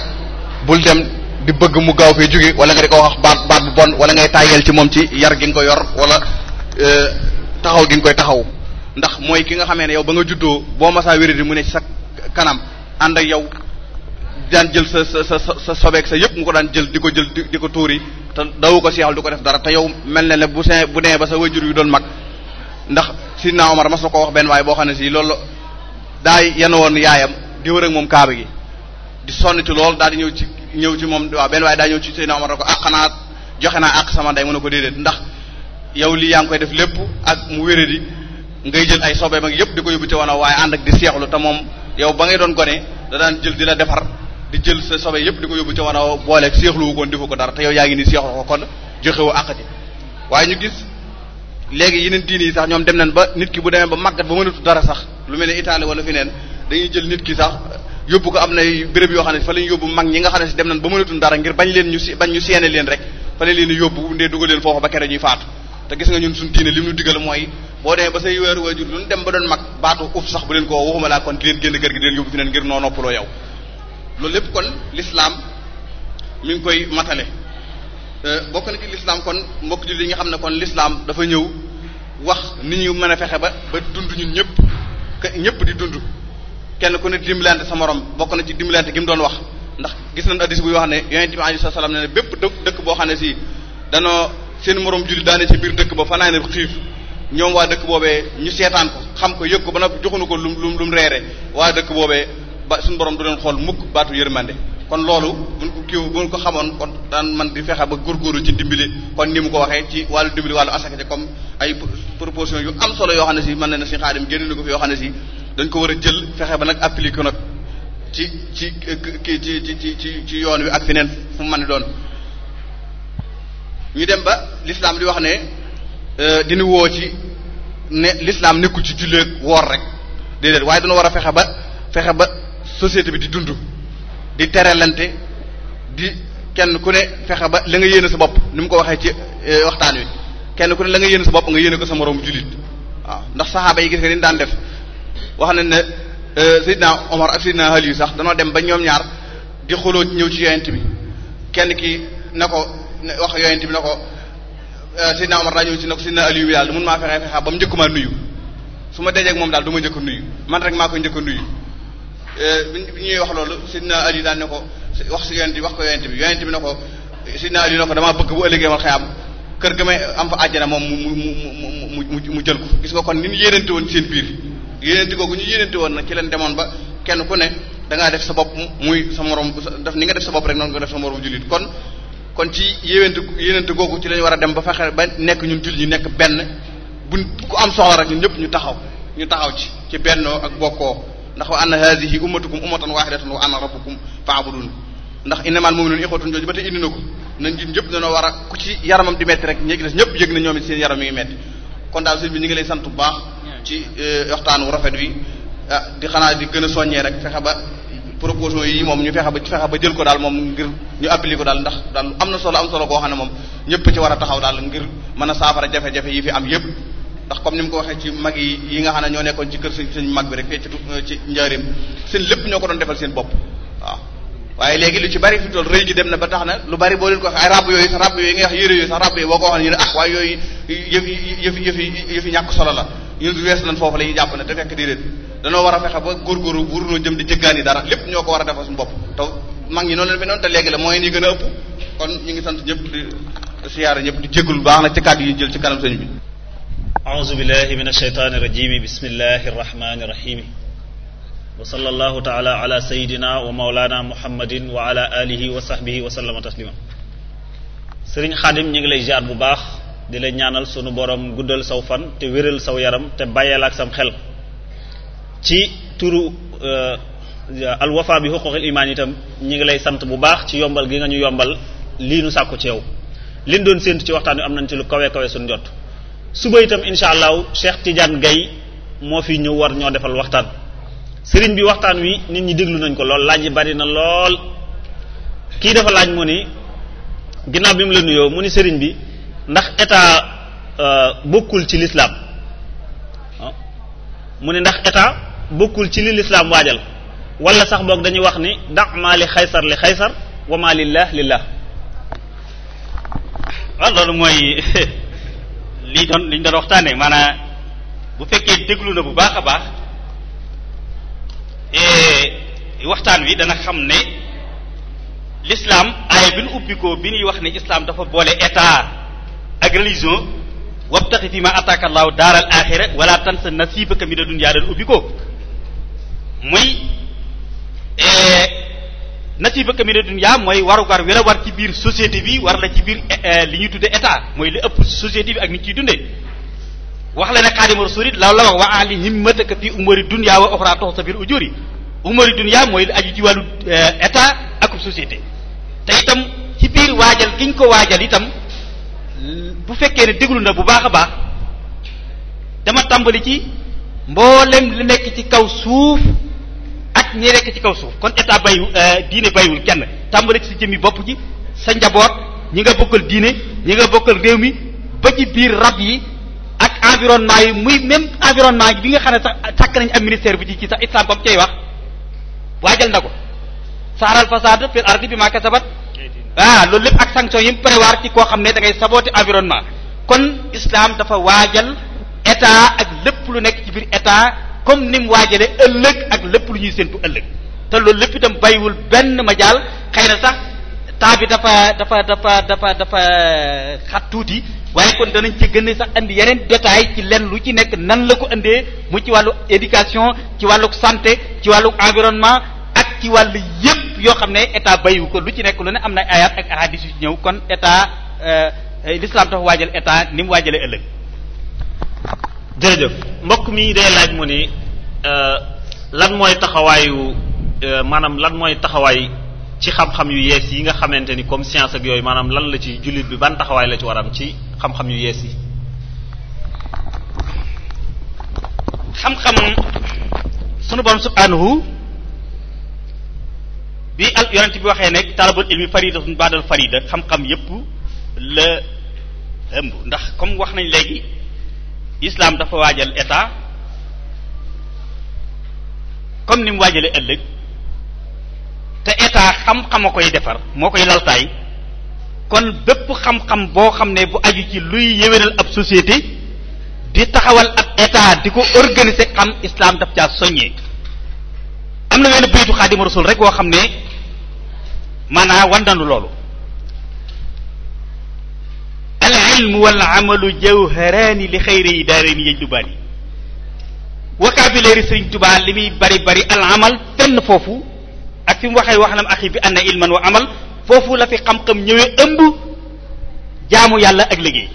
S4: bul dem di bëgg mu gaaw fee jóge wala nga di ko wax baat baat bu bon wala ngay tàyyeel ci moom ci yar gi ko yor wala Euh, taxaw gi nga koy taxaw ndax mooy ki nga xamee ne yow ba nga juddoo boo masaa wéradi mu ne ci sa kanam ànd ak yow daan jël sa sa sa sa sobeek sa yëpp mu ko daan jël di ko jël di ko tuuri te dawu ko seexal du ko def dara te yow mel na ne bu see bu nee ba sa wajur wi doon mag ndax Sidna Omar mas na ko wax benn waaye boo xam ne si loolu daay yenn woon yaayam di wër moom kaaba gi di sonn ci lool daal di ñëw ci ñëw ci moom waaw benn waaye daa ñëw ci Sidna Omar ne ko ah xanaa joxe naa ak sama ndey mu ko déedéet ndax yow lii yaa ngi koy def lépp ak mu wéradi ngay jël ay sobe mag yëpp di ko yóbbu ci wanoo waaye ànd ak di seexlu te moom yow ba ngay doon gone da daan jël di la defar di jël sa sobe yëpp di ko yóbbu ci wanoo booleeg seexluwu koon defu ko dara te yow yaa ngi ni seexlu ko kon joxewu àq ji waaye ñu gis léegi yeneen diini yi sax ñoom dem nañ ba nit ki bu demee ba màggat ba mënatu dara sax lu mel ne Italie wala feneen dañuy jël nit ki sax yóbbu ko am na béréb yoo xam ne fa lañ yóbbu mag ñi nga xam ne si dem ba mënatu dara ngir bañ leen ñu si bañ ñu seene leen rek leen yóbbu ndee dugal leen foofu ba kere ñuy faatu te gis nga ñun suñ diine li mu digal mooy boo demee ba say weeru waajur lu ñu dem ba doon mag baatu uf sax bu leen ko waxuma laa kon di leen génn kër gi di leen yóbbu fi neen ngir noo noppaloo yow loolu lépp kon l'islam mi ngi koy matale euh, bokk na ci l'islam kon mbokk jullit yi nga xam ne kon l'islam dafa ñëw wax ni ñu mën a fexe ba ba dund ñun ñëpp ñëpp di dund kenn ku ne dimbalante sa morom bokk na ci dimbalante gi mu doon wax ndax gis na nañ addis buy wax ne yonent bi sa salaam ne bépp dëkk boo xam ne si danoo seen moroom julli daane ci biir dëkk ba fanaane xiif ñoom waa dëkk boobee ñu seetaan ko xam ko yëg ko ba noppi joxuñu ko lum lum lum reere waa dëkk boobee ba suñu borom du leen xool mukk baatu yërmande kon loolu buñ ko kiiw buñ ko xamoon kon daan man di fexe ba góorgóorlu ci dimbali kon ni mu ko waxee ci wàllu dimbali wàllu asaka ci comme ay proposition yu am solo yoo xam ne si mën na ne si xaadim génn na ko fi yoo xam ne si dañ ko war a jël fexe ba nag appliqué ko nag ci ci ci ci ci ci yoon wi ak feneen fu mën a doon ñu dem ba l'islam di wax ne euh, dina woo ci ne l'islam nekkul ci julleeg woor rek déedéet waaye dina war a fexe ba fexe ba société bi di dund di terelante di kenn ku ne fexe ba la nga yéene sa bopp ni mu ko waxee ci euh, waxtaan wi kenn ku ne la nga yéene sa bopp nga yéene ko sa moroom jullit waaw ndax saxaaba yi gis nga ni daan def wax nañ ne euh, Seydina Omar ak Seydina Ali sax danoo dem ba ñoom ñaar di xuloo ñëw ci yonent bi kenn ki na ko wax yonent bi na ko eh, Sidna Omar daa si ne ko Sidna Aliyu bi daal mun maa fexe fexe ba mu njëkk maa nuyu su ma dajee ak moom daal du ma njëkk nuyu man rek maa koy njëkk a nuyu eh, bi ñuy wax loolu Sidna Aliyu daal ne ko wax si yonent bi wax ko yonent bi yonent bi na ko Sidna Aliyu na ko damaa bëgg bu ëllëgee wal xayaam kër ga may am fa àjjana moom mu mu mu mu mu jël ko gis nga kon ni ñu yéenante woon seen biir yéenante googu ñu yéenante woon nag ci leen demoon ba kenn ku ne da def sa bopp muy sa morom def ni nga def sa bopp rek noonu nga def sa morom jullit kon kon ci yéwénte yéwénte googu ci lañu war a dem ba fexe ba nekk ñun jullit ñu nekk benn bu ku am soxla rek ñun ñëpp ñu taxaw ñu taxaw ci ci bennoo ak bokkoo ndax wa anna haadihi ummatukum ummatan waahidatan wa ana rabbukum fa'budun ndax innamal mu'minuna ikhwatun jooju ba tey indi na ko nañ ñun ñëpp dañoo war a ku ci yaramam di metti rek ñi des ñëpp yëg na ñoom it seen yaram mi ngi ñu ngi lay sant bu baax ci euh, waxtaanu rafet wi ah, di xanaa di gën a soññee rek fexe ba propositions yi moom ñu fexe ba fexe ba jël ko daal moom ngir ñu appliquer ko daal ndax daal am na solo am solo koo xam ne moom ñëpp ci war a taxaw daal ngir mën a saafara jafe-jafe yi fi am yépp ndax comme ni mu ko waxee ci mag yi nga xam ne ñoo nekkoon ci kër sëñ sëñ mag bi rek fee ci ci njaarim seen lépp ñoo ko doon defal seen bopp waaw waaye léegi lu ci bari fi tool rëy gi dem na ba tax na lu bari boo leen ko waxee rab yooyu sax rab yooyu nga wax yére yooyu sax rab yooyu boo ko waxee ñu ne ah waaye yëf yëf yëf yëf solo la ñun wees nañ foofu la ñuy jàpp ne te fekk déedéet danoo war a fexe ba góorgóorlu wurunoo jëm di jëggaani dara lépp ñoo ko war a defal suñu bopp te mag ñi noonu leen menoon te léegi la moyens yi gën a ëpp kon ñu ngi sant ñëpp di siyaara ñëpp di jégalu baax na ci kàddu yi jël ci kanam sëñ bi a'uuzu billahi min
S3: ashaytaani rajim bismillahi rahmani rahim wa sallallahu taala ala sayidina wa maulana muhammadin wa ala alihi wa sahbihi wa sallama taslima sëriñ xaadim ñu ngi lay ziar bu baax di lay ñaanal sunu borom guddal saw fan te wéral saw yaram te bàyyeel ak sam xel ci turu euh, alwafa bi xuquqil imaan itam ñi ngi lay sant bu baax ci yombal gi nga ñu yombal lii nu sàkku ci yow liñ doon séentu ci waxtaan wi am nañ ci lu kawe kawe suñu jot suba itam incha allahu Cheikh Tidiane Gaye moo fi ñëw war ñoo defal waxtaan sëriñ bi waxtaan wi nit ñi déglu nañ ko lool laaj yi bari na lool kii dafa laaj mu ni ginnaaw bi mu la nuyoo mu ni sëriñ bi ndax état euh, bokkul ci lislaam ah. mu ne ndax état bokkul ci li lislaam waajal walla sax boog dañuy wax ni dax maa li xaysar li xaysar wa maa lillah lillah
S2: waaw loolu mooy li doon li ñu doon waxtaanee maanaam bu fekkee déglu na bu baax a baax eh, waxtaan wi dana xam ne l'islam aaya bi nu ubbi bi ñuy wax ne islam dafa boole état ak religion wabtaxi fi ma ataaka allahu daaral axira wala tansa nasibaka mina dunya dal ubbi ko muy eh, nasibaka mina dunya mooy warugar wi la war ci biir société bi war la ci biir eh, li ñuy tudde état mooy li ëpp société bi ak nit ciy dundee wax la ne xaadima rasul law la wax wa ahli himmataka fi umari dunya wa oxra tox sa biir ujuri umari dunya mooy li aju ci wàllu eh, état ak société te tam ci biir waajal giñ ko waajal itam bu fekkee ne déglu na bu baax a baax dama tàmbali ci mboolem lu nekk ci kaw suuf ak ñi nekk ci kaw suuf kon état bayu euh, diine bayul kenn tàmbali ci sa jëmmi bopp ji sa njaboot ñi nga bokkal diine ñi nga bokkal réew mi ba ci biir rab yi ak environnement yi muy même environnement bi nga xam ne sax sàkk nañu am ministère bi ci ci sax islam comme cay wax waajal na ko saaral fasaad fil bi maa kasabat ah loolu lépp ak sanction yi mu prévoir ci koo xam ne da ngay saboter environnement kon islam dafa waajal état ak lépp lu nekk ci biir état comme ni mu waajalee ëllëg ak lépp lu ñuy séntu ëllëg te loolu lépp itam bàyyiwul benn ma jaal xëy na sax temps bi dafa dafa dafa dafa dafa xat tuuti waaye kon danañ ci gën sax andi yeneen détail ci lenn lu ci nekk nan la ko indee mu ci wàllu éducation ci wàllu santé ci wàllu environnement ak ci wàll yëpp yoo xam ne état bayiwu ko lu ci nekk lu ne am na ayat ak ahadis yu ñëw kon état euh, euh, l'islam waa waajal état ni waa waajalee ëllëg. jërëjëf
S3: mbokk mi day laaj mu ni euh, lan mooy taxawaayu maanaam lan mooy taxawaay ci xam-xam yu yees yi nga xamante ni comme science ak yooyu maanaam lan la ci jullit bi ban taxawaay la ci war ci xam-xam yu yees yi.
S2: xam-xam sunu borom subhanahu bi al yonent bi waxee nekk talabul ilmi faridatun ba'dal farida xam-xam yépp la ëmb ndax comme wax nañ léegi islam dafa waajal état comme ni mu waajalee ëllëg te état xam a koy defar moo koy laltaay kon bépp xam-xam boo xam ne bu aju ci luy yéwénal ab société di taxawal ab état di ko organiser xam islam daf caa soññee am na wenn baytu xaadima rasul rek woo xam ne maanaam wandanu loolu al ilmu wal amalu jawharaani li xayri yi daareeni yajlubaani vocabulaire Sëriñ tubaa li muy bari bari al amal fenn foofu ak fi mu waxee wax lam axi bi anna ilman wa amal foofu la fi xam-xam ñëwee ëmb jaamu yàlla ak liggéey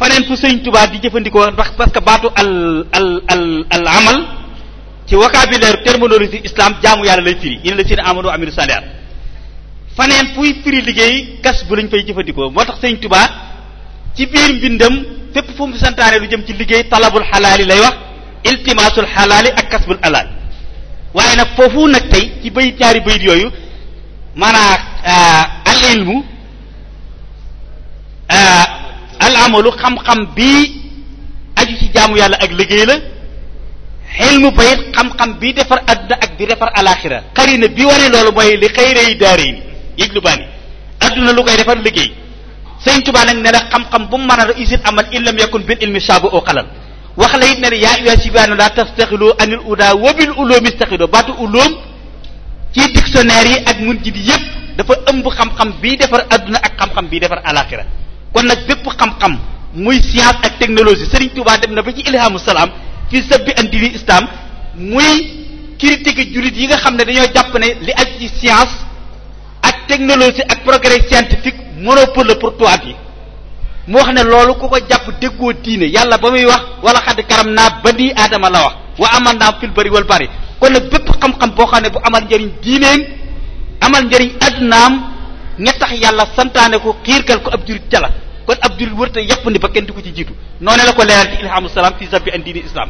S2: faneen fu Sëriñ Tuubaa di jëfandikoo ndax parce que baatu al al al al amal ci vocabulaire terminologie islam jaamu yàlla lay firi yéen la seen amandoo amiru sandaat faneen fuy firi liggéey kas bu lañ fay jëfandikoo moo tax sëñ Tuubaa ci biir mbindam fépp fu mu santaane jëm ci liggéey talabul xalaali lay wax iltimaasul xalaali ak kasbul alaal waaye nag foofu nag tey ci bayit ñaari bayit yooyu maanaa euh, al ilmu euh, al amalu xam-xam bi aju ci jaamu yàlla ak liggéey la xilmu ba it xam-xam bi defar àdduna ak di defar alaxira xarina bi wane loolu mooy li xëyrey daare yi yëj lu baani àdduna koy defar liggéey sëñ Tuubaa nag ne la xam-xam bu mu mën a isit amal illam yakun bil ilmi saabu oo xalal wax la it ne yaa ayyuha sibaano laa tastaxiloo anil udaa wabil uloom istaxiloo baatu uloom ci dictionnaire yi ak mun ji di yëpp dafa ëmb xam-xam bii defar àdduna ak xam-xam bii defar alaxira kon nag bépp xam-xam muy science ak technologie Sëriñ Tuubaa dem na ba ci ilhamu salaam fi sabbi an dini islam muy critique jullit yi nga xam ne dañoo jàpp ne li aj ci science ak technologie ak progrès scientifique monopole pour toit yi mu wax ne loolu ku ko jàpp déggoo diine yàlla ba muy wax wala xadd karam naa ba nii aadama la wax wa amal naa fil bari wal bari kon nag bépp xam-xam boo xam ne bu amal njëriñ diineem amal njëriñ addunaam ña tax yàlla santaane ko xiirkal ko ab jurit ca kon ab jullit wër te yàppandi ba kenn di ko ci jiitu noonu la ko leeral ci ilhamu salaam fi zabbi an diini islam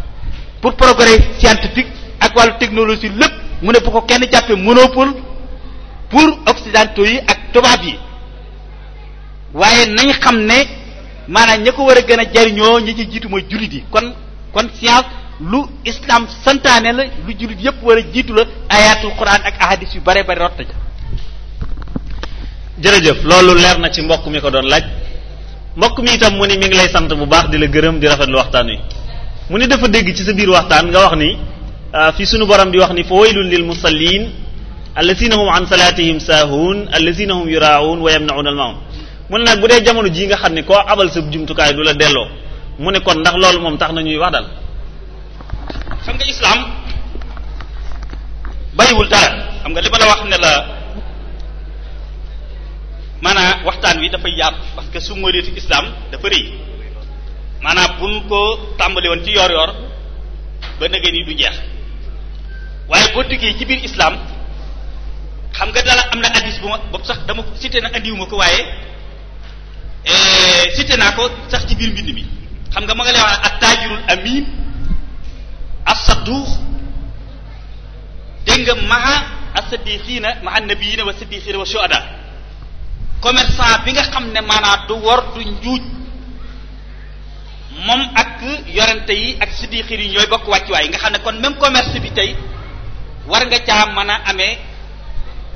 S2: pour progrès scientifique ak wàllu technologie lépp mu ne bu ko kenn jàppee monopole pour occidentaux yi ak tubaab yi waaye nañ xam ne maanaam ña ko war a gën a jariñoo ñi ci jiitu mooy jullit yi kon kon science lu islam santaane la lu jullit yépp war jiitu la ayatul quran ak ahadis yu bare bare rotta ja
S3: jërëjëf loolu leer na ci mbokk mi ko doon laaj mbokk mi itam mu ni mi ngi lay sant bu baax di la gërëm di rafet lu waxtaan wi mu ni dafa dégg ci sa biir waxtaan nga wax ni ah, fi sunu borom di wax ni fa waylun lil musallin allazina hum an salatihim saahuun allazina hum yuraawun wa bu dee jamono jii nga xam ne koo abal sa jumtukaay du la delloo mu ne kon ndax loolu moom tax na ñuy wax dal
S2: xam nga islam bàyyiwul dara xam nga li ma la wax ne la maanaam waxtaan wi dafa yaatu parce que su maritu islam dafa rëy maanaam buñ ko tàmbali woon ci yor yor ba nage ni du jeex waaye boo diggee ci biir islaam xam nga dala am na addis bu ma bopp sax dama cité na andiwuma ko waaye eh, cité naa ko sax ci biir mbind mi xam nga ma nga lay wax ak taajirul amin as-sadduq dégg nga maa as-siddiqina maa an-nabiyina wa siddiqina wa shuhada commerçant bi nga xam ne maanaa du wor du njuuj moom ak yorente yi ak siddiqir yi ñooy bokk wàccuwaay nga xam ne kon même commerce bi tey war nga caa mën a amee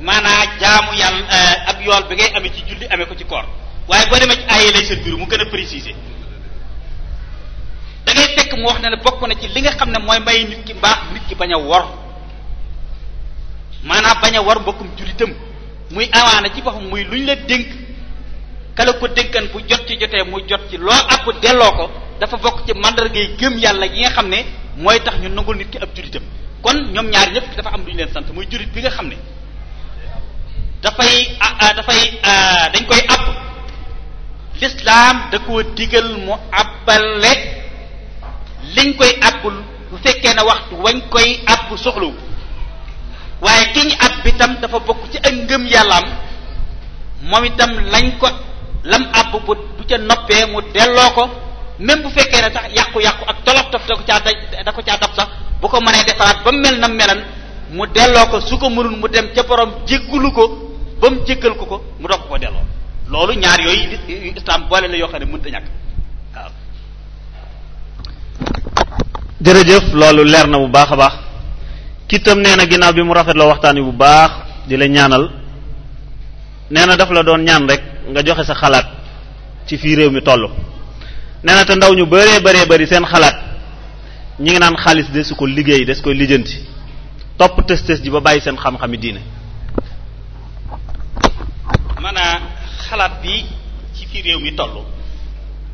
S2: maanaa jaamu yàlla euh, ak yool bi ngay ame ci julli amee ko ci koor waaye boo demee ci aayee lay seen biir mu gën a préciser da ngay fekk mu wax ne la bokk na ci li nga xam ne mooy may nit ki mbaax nit ki bañ a wor maanaam bañ a wor mbokkum jullitam muy awaana ci boppam muy luñ la dénk kala ko dénkan bu jot ci jotee mu jot ci loo àpp delloo ko dafa bokk ci mandargay gëm yàlla yi nga xam ne mooy tax ñu nangul nit ki ab jullitam kon ñoom ñaar ñëpp dafa am lu leen sant muy jullit bi nga xam ne dafay ah, ah, dafay ah, dañ koy àpp lislaam da koo digal mu àbbale liñ koy àpp bu fekkee ne waxtu wañ koy àpp soxlawu waaye ki ñu ab itam dafa bokk ci ak ngëm yàllaam moom itam lañ ko la àbb bu bu ca noppee mu delloo ko même bu fekkee ne sax yàqu-yàqu ak tolof tof da ko caa da ko sax bu ko mënee defaraat ba mel na melan mu delloo ko su ko mënul mu dem ca borom jéggulu ko ba mu jéggal ko ko mu doog ko delloo loolu ñaar yooyu islam boole la yoo xam ne mënut a ñàkk waaw.
S3: jërëjëf loolu leer na bu baax a baax. itam nee na ginnaaw bi mu rafetloo waxtaan wi bu baax di la ñaanal nee na daf la doon ñaan rek nga joxe sa xalaat ci fii réew mi toll. nee te ndaw ñu bëree bëree bari seen xalaat ñi ngi naan xaalis de ko liggéey des koy lijjanti topp tës tës ji ba bàyyi seen xam-xami diine.
S2: maanaa xalaat bi ci fii réew mi toll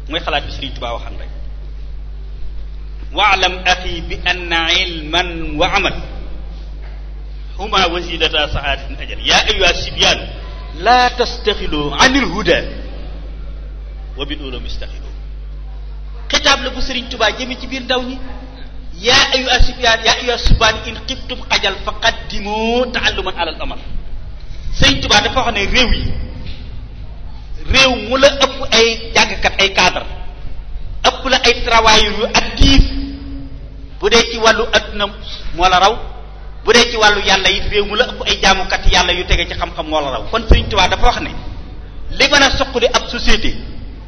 S2: mooy xalaat bi Sëriñ Tuubaa waxan rek waalam axi bi anna ilman wa amal huma wasilata saadatin ajal yaa ayyuha sibyan la tastaxilu anil huda wa bil ulum istaxilu xitaab la bu Sëriñ Tubaa jëme ci biir ndaw ñi yaa ayyuha sibyan yaa ayyuha subaan in xiftum xajal fa qaddimu taalluman alal amal Sëriñ Tubaa dafa wax ne réew yi réew mu la ëpp ay jàngkat ay cadre ëpp la ay travailleurs yu actif bu dee ci wàllu adduna moo la raw bu dee ci wàllu yàlla yi réew mu la ëpp ay jaamukat yàlla yu tege ci xam-xam moo la raw kon Sëriñ Tuubaa dafa wax ne li mën a suqali ab société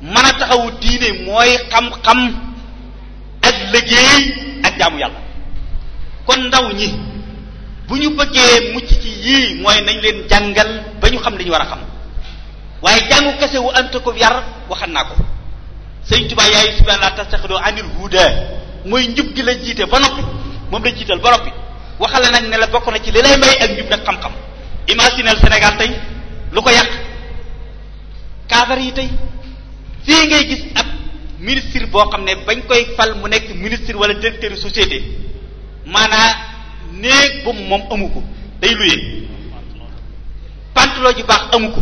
S2: man a taxawu diine mooy xam-xam ak liggéey ak jaamu yàlla kon ndaw ñi bu ñu bëggee mucc ci yii mooy nañ leen jàngal ba ñu xam li ñu war a xam waaye jàngu kese wu ante ko yar waxan naa ko Sëriñ Tuubaa yaayu subhaanahu la tastaxidoo anil huda mooy njub gi la jiite ba noppi moom la jiital ba noppi waxale nag ne la bokk na ci li lay may ak njub nag xam-xam imaginel Sénégal tey lu ko yàq cadre yi tey fii ngay gis ab ministre boo xam ne bañ koy fal mu nekk ministre wala directeur société maanaa néeg bu moom amu ko day luyee pantalon ju baax amu ko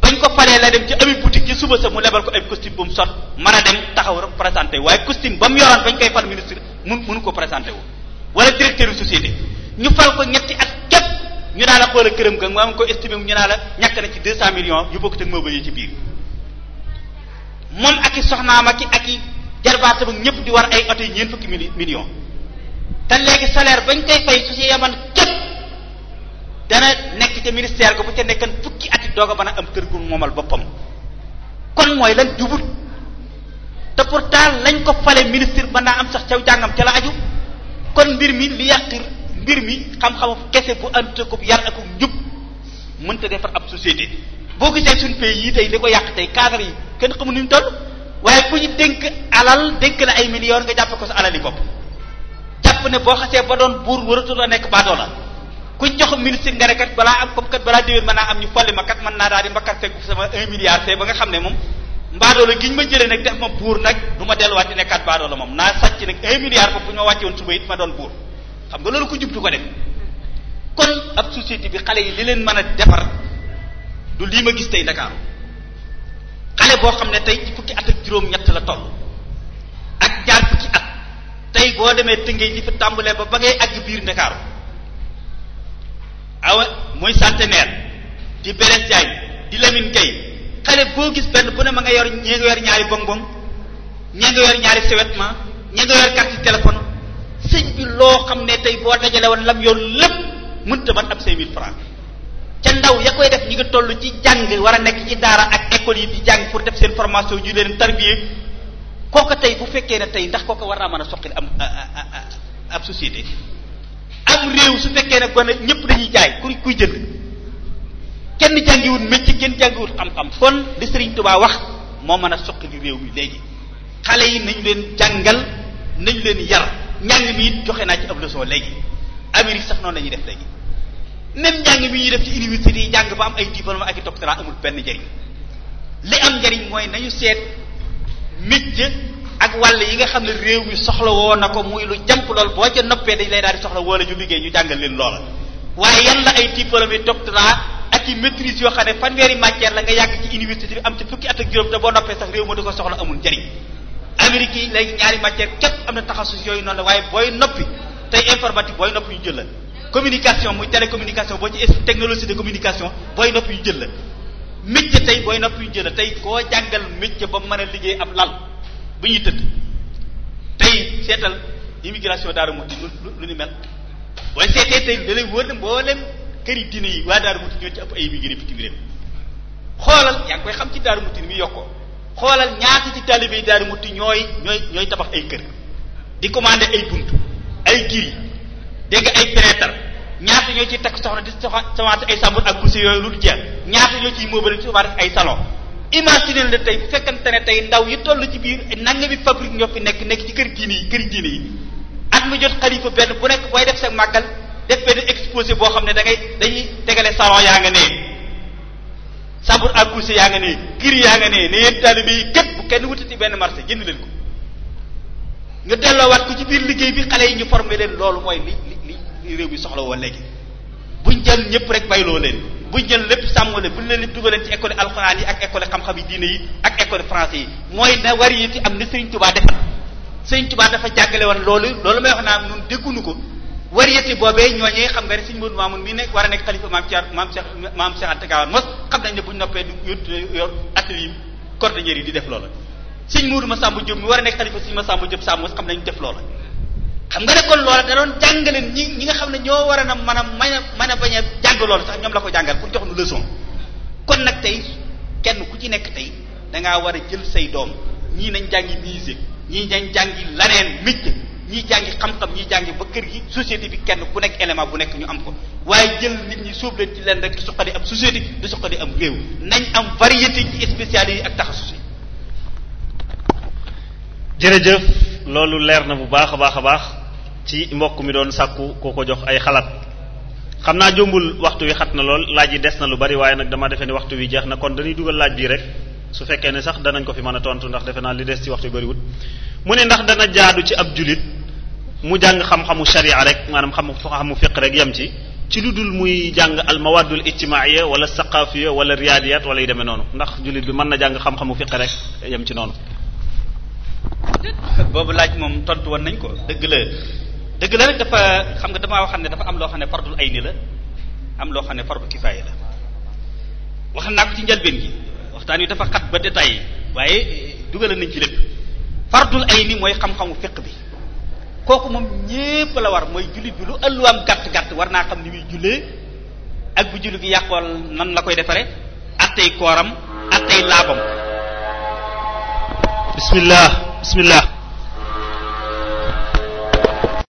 S2: bañ ko falee la dem ci ami boutique ci suba sa mu lebal ko ay costume bu mu sot mën a dem taxaw représenté waaye costume ba mu yoroon bañ koy fal ministre mun mënu ko présenté wu wala directeur yu société ñu fal ko ñetti at képp ñu daal a xool a këram ga mu am ko estimé ñu naa la ñàkk na ci deux cent millions yu bokk teg moo bëri ci biir moom ak i soxnaam ak i ak i jarbaatam ak ñëpp di war ay oto yi ñeent fukki millions te léegi salaire bañ koy fay su ci yaman képp dana nekk ca ministère ko bu ca nekkan fukki at yi doog a mën am kër gu moomal boppam kon mooy lan jubut te pourtant lañ ko fale ministre mën naa am sax caw jàngam ca la aju kon mbir mi li yàq mbir mi xam-xamu kese bu ànd ko yar ak njub mënta defar ab société boo gisee suñ pays yi tey li ko yàq tey cadre yi kenn xamu nu ñu toll waaye ku ñu dénk alal dénk la ay millions nga jàpp ko sa alali bopp jàpp ne boo xasee ba doon buur waratu la nekk baadoo la ku jox ministre nga rekat balaa am comme balaa déwén mën naa am ñu folli kat mën naa daal di mbakkat fekk sama un milliard fee ba nga xam ne moom mbaadoola gi ñu ma jëlee nag def ma buur nag du ma delluwaat di nekkaat baadoola moom naa sàcc nag un milliard ba bu ñu ma wàcce woon suba it ma doon buur xam nga loolu ko jub du ko def kon ab société bi xale yi li leen mën a defar du lii ma gis tey Dakar xale boo xam ne tey ci fukki at ak juróom-ñett la toll ak jaar fukki at tey boo demee tëngee li fi tàmbalee ba ba ngay àgg biir Dakar awa mooy centenaire di Blaise di Lamine Gueye xale boo gis benn bu ne ma nga yor ñee nga yor ñaari bonbon ñee nga yor ñaari survêtement ñee nga yor carte téléphone sëñ bi loo xam ne tey boo dajale woon lam yoon lépp mënta man ab cinq mille francs ca ndaw ya koy def ñi nga toll ci jàng war a nekk ci daara ak école yi di jàng pour def seen formation ñu leen tarbiye kooka tey bu fekkee ne tey ndax ko war naa mën a soqil am ab société am réew su fekkee ne gone ñëpp dañuy jaay ku kuy jënd kenn jàngiwut mécc kenn jàngiwut xam-xam kon li Sëriñ Tuubaa wax moo mën a suqali réew mi léegi xale yi nañu leen jàngal nañu leen yar njàng mi it joxe naa ci ab léegi Amérique la ñuy def léegi même njàng mi ñuy def ci université yi njàng ba am ay ak i doctorat amul benn njariñ li am njariñ mooy nañu seet métier ak wàll yi nga xam ne réew mi soxla woo na ko muy lu jamp lool boo ca noppee dañ lay daal di soxla woo ñu liggéey ñu jàngal leen loola waaye yan ay diplôme yi ci maîtrise yoo xam ne fanweeri matière la nga yàgg ci université bi am ci fukki at ak juróom te boo noppee sax réew ma di ko soxla amul njariñ Amérique yi ñaari matière képp am na taxasus yooyu noonu la waaye booy noppi tey informatique booy noppi ñu jël la communication tey booy noppi ñu jël la tey koo jàngal métier ba mu mën a liggéey ab lal bu ñuy tëdd tey seetal immigration daara mu lu lu ni mel booy seetee tey da lay wóor ne mboolem kër këri diine yi waa Daaru Muxti ñoo ci ëpp ayib yi gën a bitim xoolal yaa ngi koy xam ci Daaru Muxti mi yokk xoolal ñaar ñaata ci taalibe yi Daaru Muxti ñooy ñooy ñooy tabax ay kër di commandé ay bunt ay giri dégg ay prêtres ñaata ñoo ciy takk soxna di soxna ay sambur ak bouse yooyu lu jeex ñaata ñoo ciy moobale ci def ay salon imaginer la tey bu fekkante ne tey ndaw yi toll ci biir nangami fabrique ñoo fi nekk nekk ci kër diine yi kër diine yi at mu jot xalifa benn bu nekk booy def sa màggal def benn exposé boo xam ne dangay dañuy tegale salon yaa nga ne chambre à coucher yaa nga nee kir yaa nga nee ne yéen taalibe yi képp bu kenn wutati benn marché jënd leen ko nga delloowaat ko ci biir liggéey bi xale yi ñu formé leen loolu mooy li li li réew mi soxla woon léegi buñ jël ñëpp rek bayloo leen buñ jël lépp sàmmo leen buñ leen lépp ci école alxuraan yi ak école xam-xam yi diine yi ak école français yi mooy na variété am na Sëriñ Tubaa defal Sëriñ Tubaa dafa jàngale woon loolu loolu may wax naa ñun dégguñu ko wariyati boobee ñooñee xam nga ne suñu Moodu Maamun mii nekk war a nekk xalifa maam Cheikh maam Cheikh maam Cheikh Anta Gaawaan mos xam nañ ne buñ noppee du yor atelier cordonnier yi di def loola suñ Moodu Masamba Jóob mi war a nekk xalifa suñu Masamba Jóob Sam mos xam nañ def loola xam nga ne kon loola da doon jàngaleen ñi ñi nga xam ne ñoo war a na mën a man a mën a bañ a jàng loola sax ñoom la ko jàngal pour jox nu leçon kon nag tey kenn ku ci nekk tey dangaa war a jël say doom ñii nañ jàngi musique ñii nañ jàngi laneen métier ñiy jàngi xam-xam ñiy jàngi ba kër gi société bi kenn ku nekk élément bu nekk ñu am ko waaye jël nit ñi sóob leen ci leen rek di suqali am société di suqali am réew nañ am variété ci spécialité yi ak taxasus yi
S3: jërëjëf loolu leer na bu baax a baax a baax ci mbokk mi doon sàkku koo ko jox ay xalaat xam naa jombul waxtu wi xat na lool laaj yi des na lu bari waaye nag dama defee ni waxtu wi jeex na kon dañuy dugal laaj bii rek su fekkee ne sax danañ ko fi mën a tontu ndax defe naa li des ci waxtu bariwut mu ne ndax dana jaadu ci ab julit mu jàng xam-xamu sharia rek maanaam xam-xamu fiq rek yem ci ci lu dul muy jàng almawadul ijtimaiya wala saqafiya wala riyadiyat wala yu demee noonu ndax jullit bi mën na jàng xam-xamu fiq rek yem ci noonu
S2: boobu laaj moom tontu woon nañ ko dëgg la dëgg la nag dafa xam nga damaa waxam ne dafa am loo xam ne fardul ayni la am loo xam ne fardu kifaaya la wax waxtaan wi dafa xat ba détaillé waaye dugal nañ ci fardul ay nii mooy xam-xamu fiq bi kooku moom ñépp la war mooy jullit bi lu ëlluwaam gàtt-gàtt war naa xam ni muy jullee ak bu julli gi yàqool nan la koy defaree attey kooram
S1: attey laabam bismillah bismillah